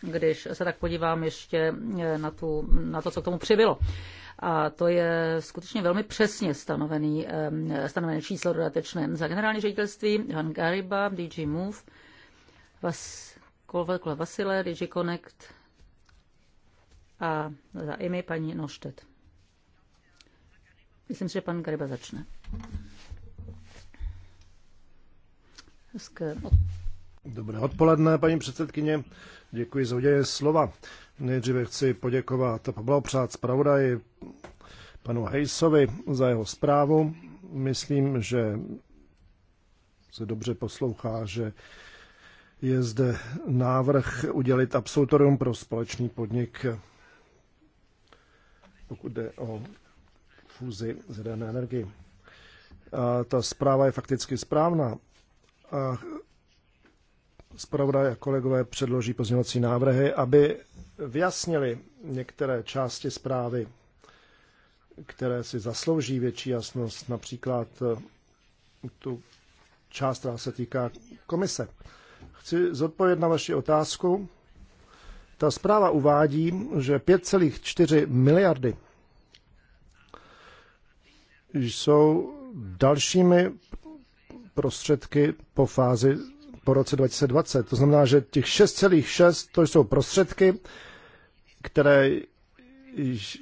když se tak podívám ještě eh, na, tu, na to, co k tomu přibylo. A to je skutečně velmi přesně stanovený, ehm, stanovené číslo dodatečné. Za generální ředitelství Jan Gariba, DG Move, Vas, Kolvekle Vasile, DigiConnect a za IMI paní Noštet. Myslím si, že pan Gariba začne. Hezké. Dobré odpoledne, paní předsedkyně. Děkuji za udělení slova. Nejdříve chci poděkovat a poblahopřát zpravodaji panu Hejsovi za jeho zprávu. Myslím, že se dobře poslouchá, že je zde návrh udělit absolutorium pro společný podnik, pokud jde o fúzi zelené energii. A ta zpráva je fakticky správná. A zpravodaj a kolegové předloží pozměňovací návrhy, aby vyjasnili některé části zprávy, které si zaslouží větší jasnost, například tu část, která se týká komise. Chci zodpovědět na vaši otázku. Ta zpráva uvádí, že 5,4 miliardy jsou dalšími prostředky po fázi po roce 2020. To znamená, že těch 6,6 to jsou prostředky, které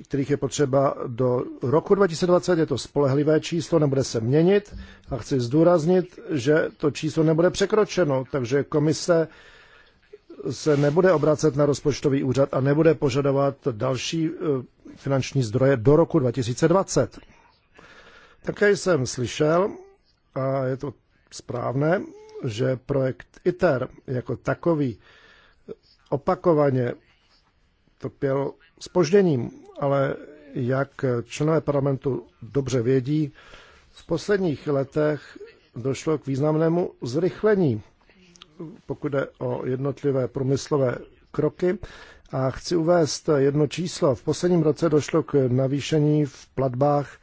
kterých je potřeba do roku 2020. Je to spolehlivé číslo, nebude se měnit a chci zdůraznit, že to číslo nebude překročeno, takže komise se nebude obracet na rozpočtový úřad a nebude požadovat další eh, finanční zdroje do roku 2020. Také jsem slyšel, a je to správné, že projekt ITER jako takový opakovaně trpěl spožděním, ale jak členové parlamentu dobře vědí, v posledních letech došlo k významnému zrychlení, pokud jde o jednotlivé průmyslové kroky. A chci uvést jedno číslo. V posledním roce došlo k navýšení v platbách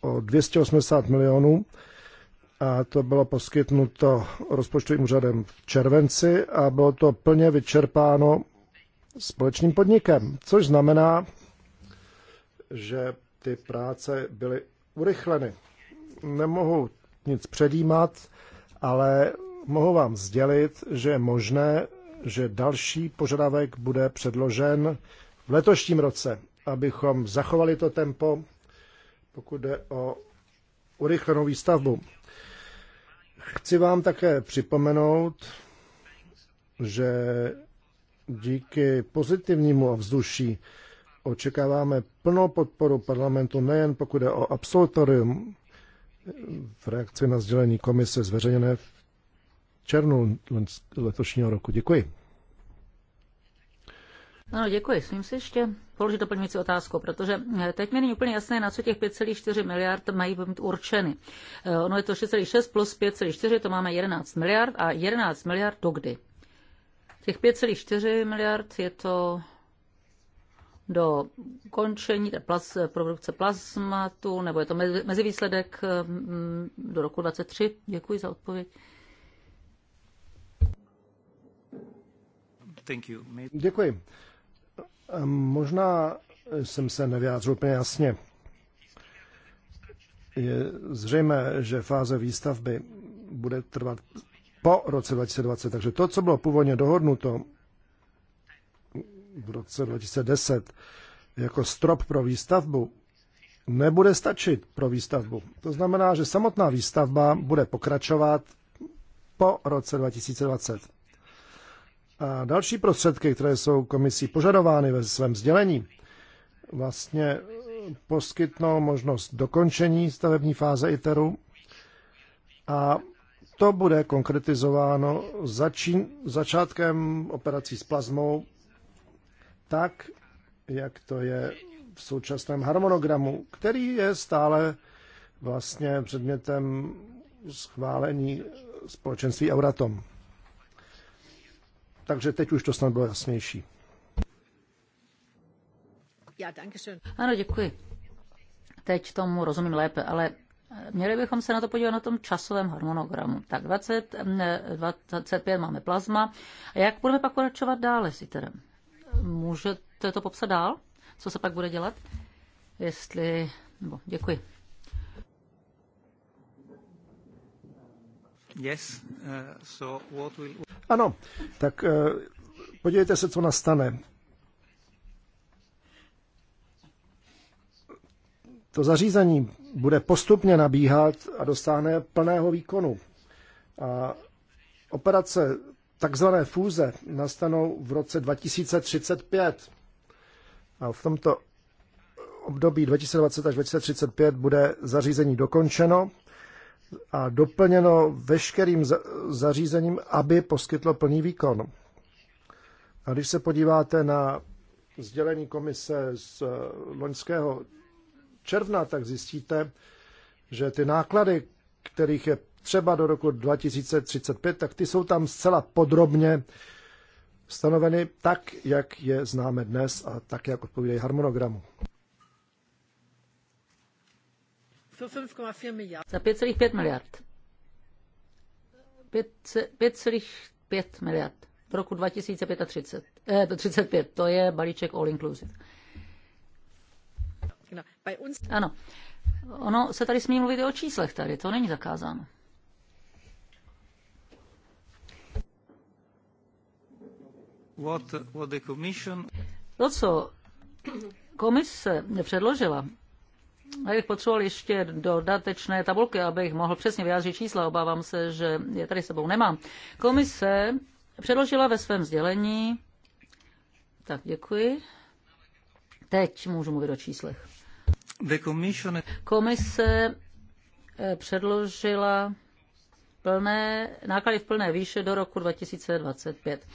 o 280 milionů a to bylo poskytnuto rozpočtovým úřadem v červenci a bylo to plně vyčerpáno společným podnikem, což znamená, že ty práce byly urychleny. Nemohu nic předjímat, ale mohu vám sdělit, že je možné, že další požadavek bude předložen v letošním roce, abychom zachovali to tempo, pokud jde o urychlenou výstavbu. Chci vám také připomenout, že díky pozitivnímu ovzduší očekáváme plnou podporu parlamentu nejen pokud je o absolutorium v reakci na sdělení komise zveřejněné v červnu letošního roku. Děkuji. Ano, děkuji. Smím si ještě položit doplňující otázku, protože eh, teď mi není úplně jasné, na co těch 5,4 miliard mají být určeny. Eh, ono je to 6,6 plus 5,4, to máme 11 miliard a 11 miliard dokdy. Těch 5,4 miliard je to do končení té plas, produkce plazmatu nebo je to mezi výsledek mm, do roku 23? Děkuji za odpověď. Thank you. Děkuji. Ehm, možná jsem se nevyjádřil úplně jasně. Je zřejmé, že fáze výstavby bude trvat po roce 2020. Takže to, co bylo původně dohodnuto v roce 2010 jako strop pro výstavbu, nebude stačit pro výstavbu. To znamená, že samotná výstavba bude pokračovat po roce 2020. A další prostředky, které jsou komisí požadovány ve svém sdělení, vlastně poskytnou možnost dokončení stavební fáze ITERu a to bude konkretizováno začín, začátkem operací s plazmou, tak, jak to je v současném harmonogramu, který je stále vlastně předmětem schválení společenství Euratom. Takže teď už to snad bylo jasnější. Ano, děkuji. Teď tomu rozumím lépe, ale Měli bychom se na to podívat na tom časovém harmonogramu. Tak 20, 25 eh, máme plazma. A jak budeme pak pokračovat dále s ITERem? Můžete to popsat dál? Co se pak bude dělat? Jestli... Nebo, děkuji. Yes, uh, so what will... Ano, tak uh, podívejte se, co nastane. To zařízení bude postupně nabíhat a dostáhne plného výkonu. A operace takzvané fúze nastanou v roce 2035. A v tomto období 2020 až 2035 bude zařízení dokončeno a doplněno veškerým zařízením, aby poskytlo plný výkon. A když se podíváte na sdělení komise z loňského června, tak zjistíte, že ty náklady, kterých je třeba do roku 2035, tak ty jsou tam zcela podrobně stanoveny tak, jak je známe dnes a tak, jak odpovídají harmonogramu. Za 5,5 miliard. 5,5 miliard v roku 2035. Eh, 35, to je balíček all inclusive. No, ano. Ono se tady smí mluvit i o číslech tady, to není zakázáno. What, what the commission... To, co komise předložila, já bych potřeboval ještě dodatečné tabulky, abych mohl přesně vyjádřit čísla. Obávám se, že je tady sebou nemám. Komise předložila ve svém sdělení. Tak, děkuji. Teď můžu mluvit o číslech. Komise eh, předložila plné, náklady v plné výše do roku 2025.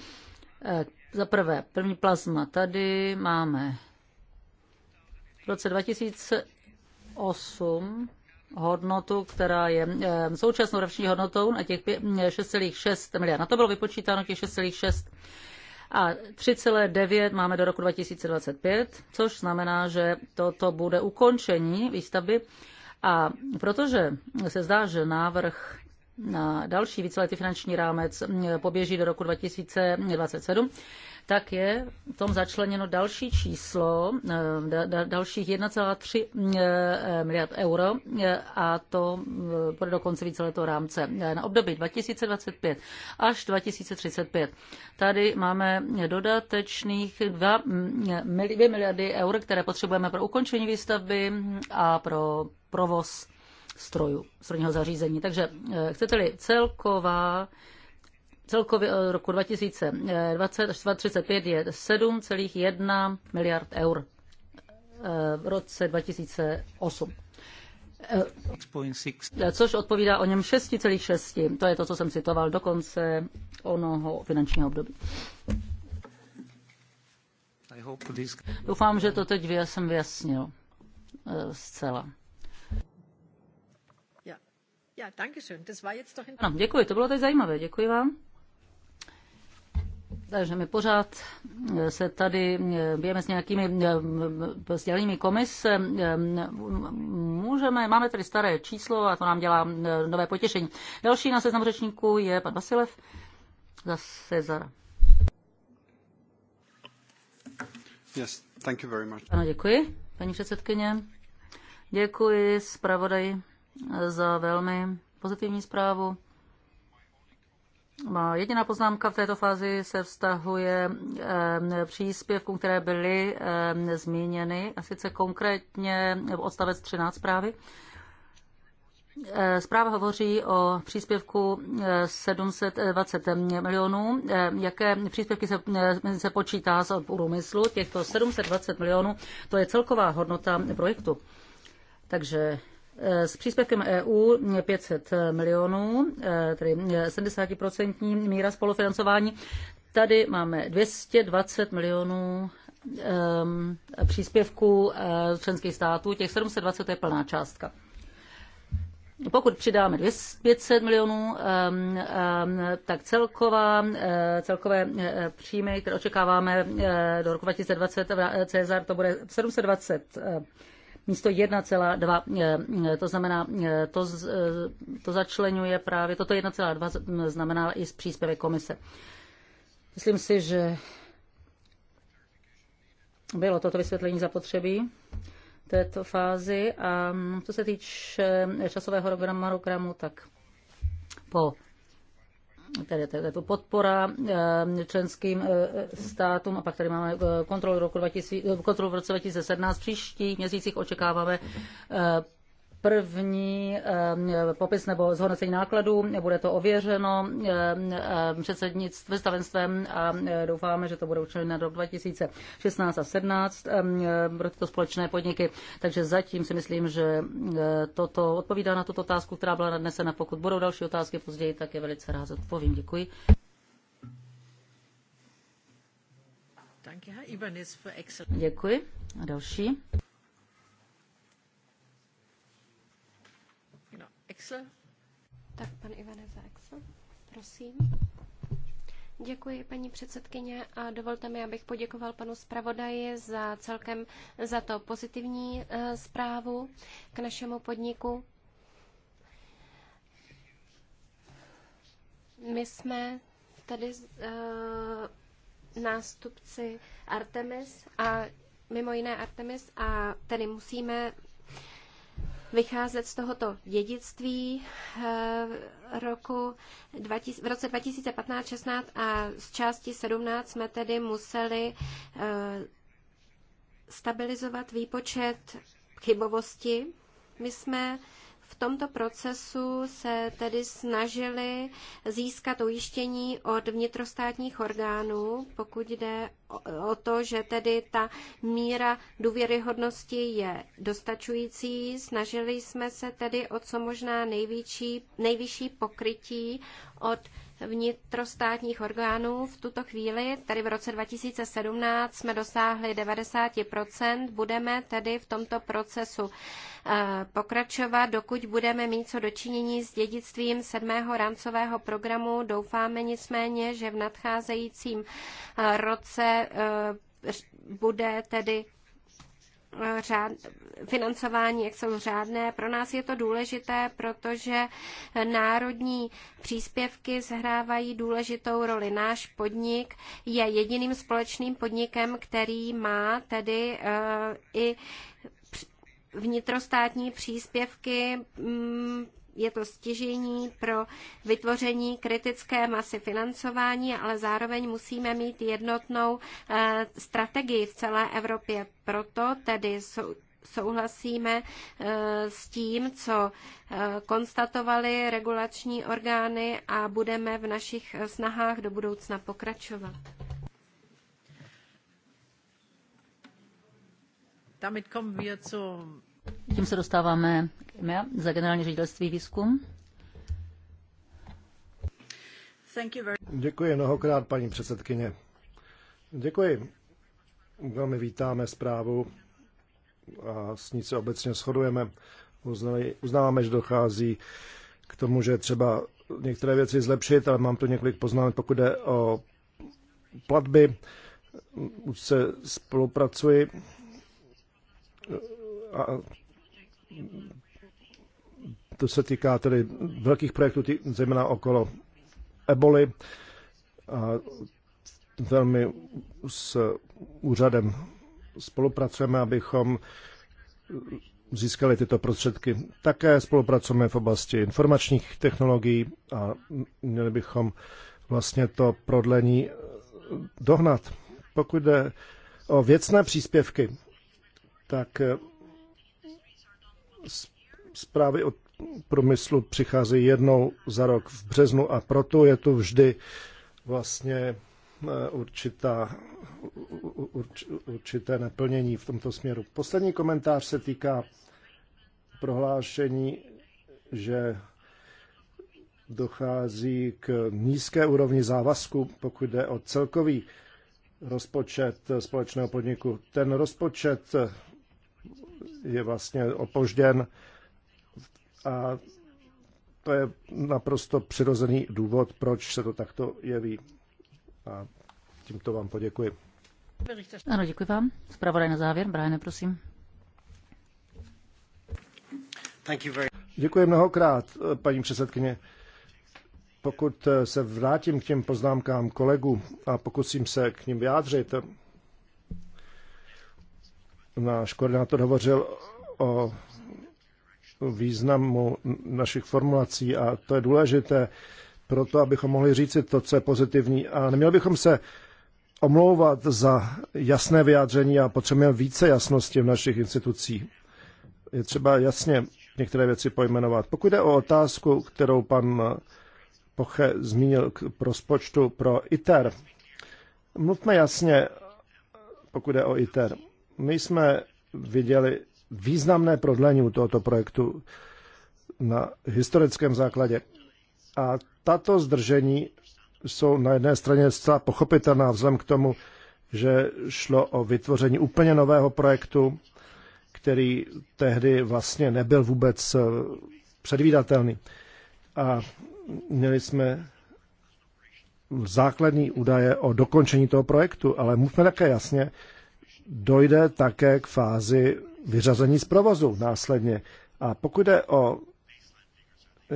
Eh, za prvé, první plazma. Tady máme v roce 2008 hodnotu, která je eh, současnou roční hodnotou na těch 6,6 miliard. Na to bylo vypočítáno těch 6,6 a 3,9 máme do roku 2025, což znamená, že toto bude ukončení výstavby. A protože se zdá, že návrh na další víceletý finanční rámec poběží do roku 2027, tak je v tom začleněno další číslo, eh, dalších 1,3 eh, miliard euro eh, a to bude do konce víceletého rámce na období 2025 až 2035. Tady máme dodatečných 2 mm, miliardy euro, které potřebujeme pro ukončení výstavby a pro provoz strojů, strojního zařízení. Takže chcete-li celková celkově od eh, roku 2020 až 2035 je 7,1 miliard eur eh, v roce 2008. Eh, což odpovídá o něm 6,6. To je to, co jsem citoval do konce onoho finančního období. Doufám, že to teď jsem vyjasnil zcela. Ano, děkuji, to bylo teď zajímavé, děkuji vám. Takže my pořád eh, se tady eh, bijeme s nějakými eh, sdělenými komis. Můžeme, máme tady staré číslo a to nám dělá nové potěšení. Další na seznam řečníků je pan Vasilev za Cezara. Yes, thank you very much. Ano, děkuji, paní předsedkyně. Děkuji zpravodaji za velmi pozitivní zprávu. No, jediná poznámka v této fázi se vztahuje příspěvkům, které byly zmíněny, a sice konkrétně odstavec 13 zprávy. Eh, zpráva hovoří o příspěvku 720 eh, eh, milionů. Jaké příspěvky se, se počítá z průmyslu? Těchto 720 milionů, to je celková hodnota projektu. Takže Eh, s příspěvkem EU 500 milionů, eh, tedy 70% eh, míra spolufinancování. Tady máme 220 milionů ehm, příspěvků členských států, těch 720 je plná částka. Pokud přidáme 500 milionů, ehm, ehm, tak celková, celkové příjmy, které očekáváme do roku 2020, Cezar, to bude 720 místo 1,2. Eh, eh, to znamená, eh, to, to začlenuje právě, toto 1,2 hm, znamená i z příspěvek komise. Myslím si, že bylo toto vysvětlení zapotřebí této fázi. A hm, co se týče časového programu, tak po tedy, tedy podpora eh, členským eh, státům a pak tady máme eh, kontrolu, roku 2000, kontrolu v roce 2017. příštích měsících očekáváme první eh, popis nebo zhodnocení nákladů. Bude to ověřeno eh, eh, předsednictvem, stavenstvem a doufáme, že to bude učeno na rok 2016 a 17 mm, pro tyto společné podniky. Takže zatím si myslím, že toto odpovídá na tuto otázku, která byla nadnesena. Pokud budou další otázky později, tak je velice rád odpovím. Děkuji. Děkuji. A další. Excel. Tak, pan Ivane za Excel, prosím. Děkuji, paní předsedkyně, a dovolte mi, abych poděkoval panu zpravodaji za celkem za to pozitivní eh, zprávu k našemu podniku. My jsme tady eh, nástupci Artemis a mimo jiné Artemis a tedy musíme vycházet z tohoto dědictví eh, roku, v roce 2015-16 a z části 17 jsme tedy museli eh, stabilizovat výpočet chybovosti. My jsme v tomto procesu se tedy snažili získat ujištění od vnitrostátních orgánů, pokud jde o to, že tedy ta míra důvěryhodnosti je dostačující. Snažili jsme se tedy o co možná největší, nejvyšší pokrytí od vnitrostátních orgánů. V tuto chvíli, tedy v roce 2017, jsme dosáhli 90%. Budeme tedy v tomto procesu eh, pokračovat, dokud budeme mít co dočinění s dědictvím sedmého rámcového programu. Doufáme nicméně, že v nadcházejícím eh, roce eh, bude tedy řád, financování, jak jsou řádné. Pro nás je to důležité, protože národní příspěvky zhrávají důležitou roli. Náš podnik je jediným společným podnikem, který má tedy eh, i vnitrostátní příspěvky mm, je to stěžení pro vytvoření kritické masy financování, ale zároveň musíme mít jednotnou eh, strategii v celé Evropě. Proto tedy jsou souhlasíme eh, s tím, co eh, konstatovali regulační orgány a budeme v našich snahách do budoucna pokračovat. Damit kommen wir zum tím se dostáváme já, za generální ředitelství výzkum. Děkuji mnohokrát, paní předsedkyně. Děkuji. Velmi vítáme zprávu a s ní se obecně shodujeme. Uznáváme, že dochází k tomu, že třeba některé věci zlepšit, ale mám tu několik poznámek, pokud jde o platby. Už se spolupracuji a to se týká tedy velkých projektů, tý, zejména okolo eboli a velmi s úřadem spolupracujeme, abychom získali tyto prostředky. Také spolupracujeme v oblasti informačních technologií a měli bychom vlastně to prodlení dohnat. Pokud jde o věcné příspěvky, tak zprávy od průmyslu přicházejí jednou za rok v březnu a proto je tu vždy vlastně eh, určitá, urč, určité neplnění v tomto směru. Poslední komentář se týká prohlášení, že dochází k nízké úrovni závazku, pokud jde o celkový rozpočet společného podniku. Ten rozpočet je vlastně opožděn a to je naprosto přirozený důvod, proč se to takto jeví. A tímto vám poděkuji. Ano, děkuji vám. Zpravodaj na závěr. Brian, prosím. Děkuji mnohokrát, paní předsedkyně. Pokud se vrátím k těm poznámkám kolegů a pokusím se k ním vyjádřit, náš koordinátor hovořil o významu našich formulací a to je důležité pro to, abychom mohli říci to, co je pozitivní. A neměli bychom se omlouvat za jasné vyjádření a potřebujeme více jasnosti v našich institucích. Je třeba jasně některé věci pojmenovat. Pokud jde o otázku, kterou pan Poche zmínil k rozpočtu pro ITER, mluvme jasně, pokud jde o ITER. My jsme viděli významné prodlení u tohoto projektu na historickém základě. A tato zdržení jsou na jedné straně zcela pochopitelná vzhledem k tomu, že šlo o vytvoření úplně nového projektu, který tehdy vlastně nebyl vůbec eh, předvídatelný. A měli jsme základní údaje o dokončení toho projektu, ale musíme také jasně dojde také k fázi vyřazení z provozu následně. A pokud jde o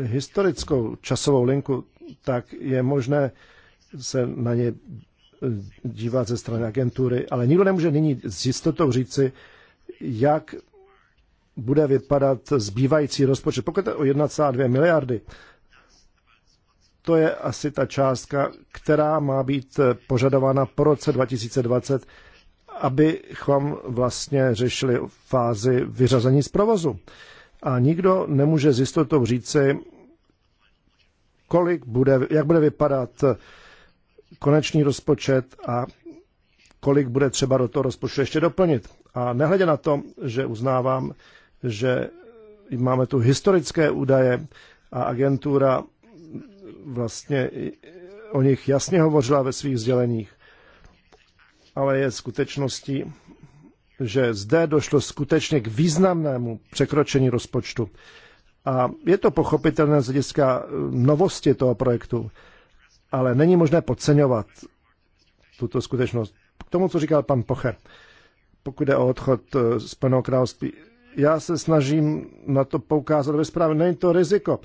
historickou časovou linku, tak je možné se na ně dívat ze strany agentury, ale nikdo nemůže nyní s jistotou říci, jak bude vypadat zbývající rozpočet. Pokud je o 1,2 miliardy, to je asi ta částka, která má být požadována po roce 2020 abychom vlastně řešili fázi vyřazení z provozu. A nikdo nemůže s jistotou říci, kolik bude, jak bude vypadat konečný rozpočet a kolik bude třeba do toho rozpočtu ještě doplnit. A nehledě na to, že uznávám, že máme tu historické údaje a agentura vlastně o nich jasně hovořila ve svých sděleních ale je skutečností, že zde došlo skutečně k významnému překročení rozpočtu. A je to pochopitelné z hlediska e, novosti toho projektu, ale není možné podceňovat tuto skutečnost. K tomu, co říkal pan Poche, pokud jde o odchod z e, Plného království, já se snažím na to poukázat ve zprávě. Není to riziko.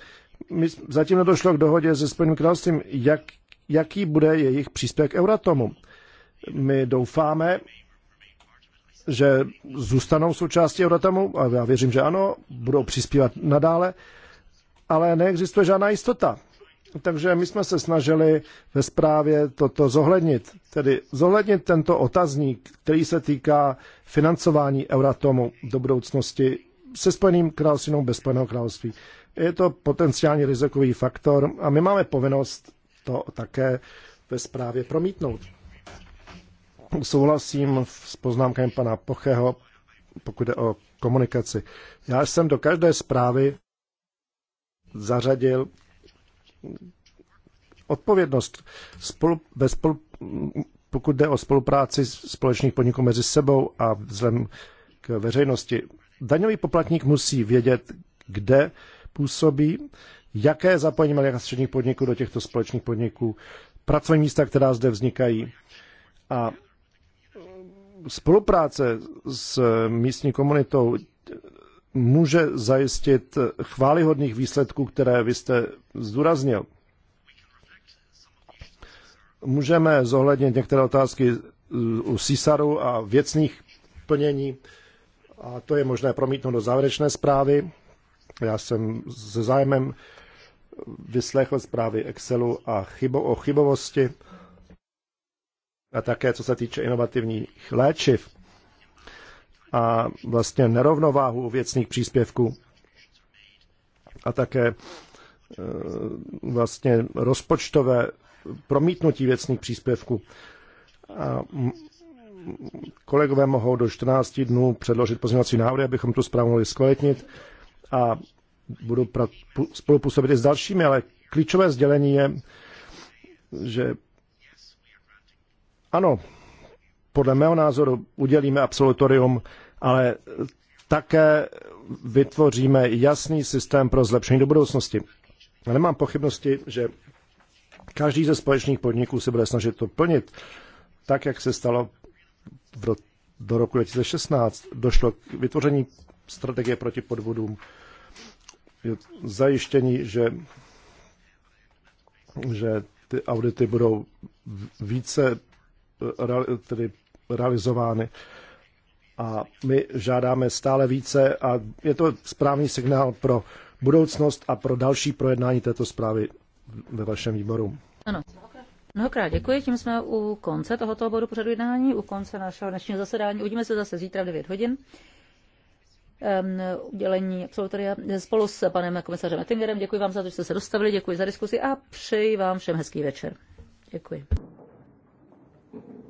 My zatím nedošlo k dohodě se Spojeným královstvím, jak, jaký bude jejich příspěvek Euratomu. My doufáme, že zůstanou součástí Euratomu, a já věřím, že ano, budou přispívat nadále, ale neexistuje žádná jistota. Takže my jsme se snažili ve zprávě toto zohlednit, tedy zohlednit tento otazník, který se týká financování Euratomu do budoucnosti se Spojeným královstvím bez Spojeného království. Je to potenciálně rizikový faktor a my máme povinnost to také ve zprávě promítnout souhlasím s poznámkem pana Pocheho, pokud jde o komunikaci. Já jsem do každé zprávy zařadil odpovědnost, spolu, bez spolu, pokud jde o spolupráci společných podniků mezi sebou a vzhledem k veřejnosti. Daňový poplatník musí vědět, kde působí, jaké zapojení malých a středních podniků do těchto společných podniků, pracovní místa, která zde vznikají. A spolupráce s místní komunitou může zajistit chválihodných výsledků, které vy jste zdůraznil. Můžeme zohlednit některé otázky u CISARu a věcných plnění a to je možné promítnout do závěrečné zprávy. Já jsem se zájmem vyslechl zprávy Excelu a chybo, o chybovosti a také co se týče inovativních léčiv a vlastně nerovnováhu věcných příspěvků a také eh, vlastně rozpočtové promítnutí věcných příspěvků. A kolegové mohou do 14 dnů předložit pozměňovací návrhy, abychom tu zprávu mohli zkvalitnit a budu spolupůsobit i s dalšími, ale klíčové sdělení je, že ano, podle mého názoru udělíme absolutorium, ale také vytvoříme jasný systém pro zlepšení do budoucnosti. Já nemám pochybnosti, že každý ze společných podniků se bude snažit to plnit, tak jak se stalo v ro- do roku 2016. Došlo k vytvoření strategie proti podvodům, zajištění, že, že ty audity budou více tedy realizovány. A my žádáme stále více a je to správný signál pro budoucnost a pro další projednání této zprávy ve vašem výboru. Ano. Mnohokrát děkuji, tím jsme u konce tohoto bodu pořadu jednání, u konce našeho dnešního zasedání. Uvidíme se zase zítra v 9 hodin. udělení absolutoria spolu s panem komisařem Ettingerem. Děkuji vám za to, že jste se dostavili, děkuji za diskusi a přeji vám všem hezký večer. Děkuji. Mm-hmm.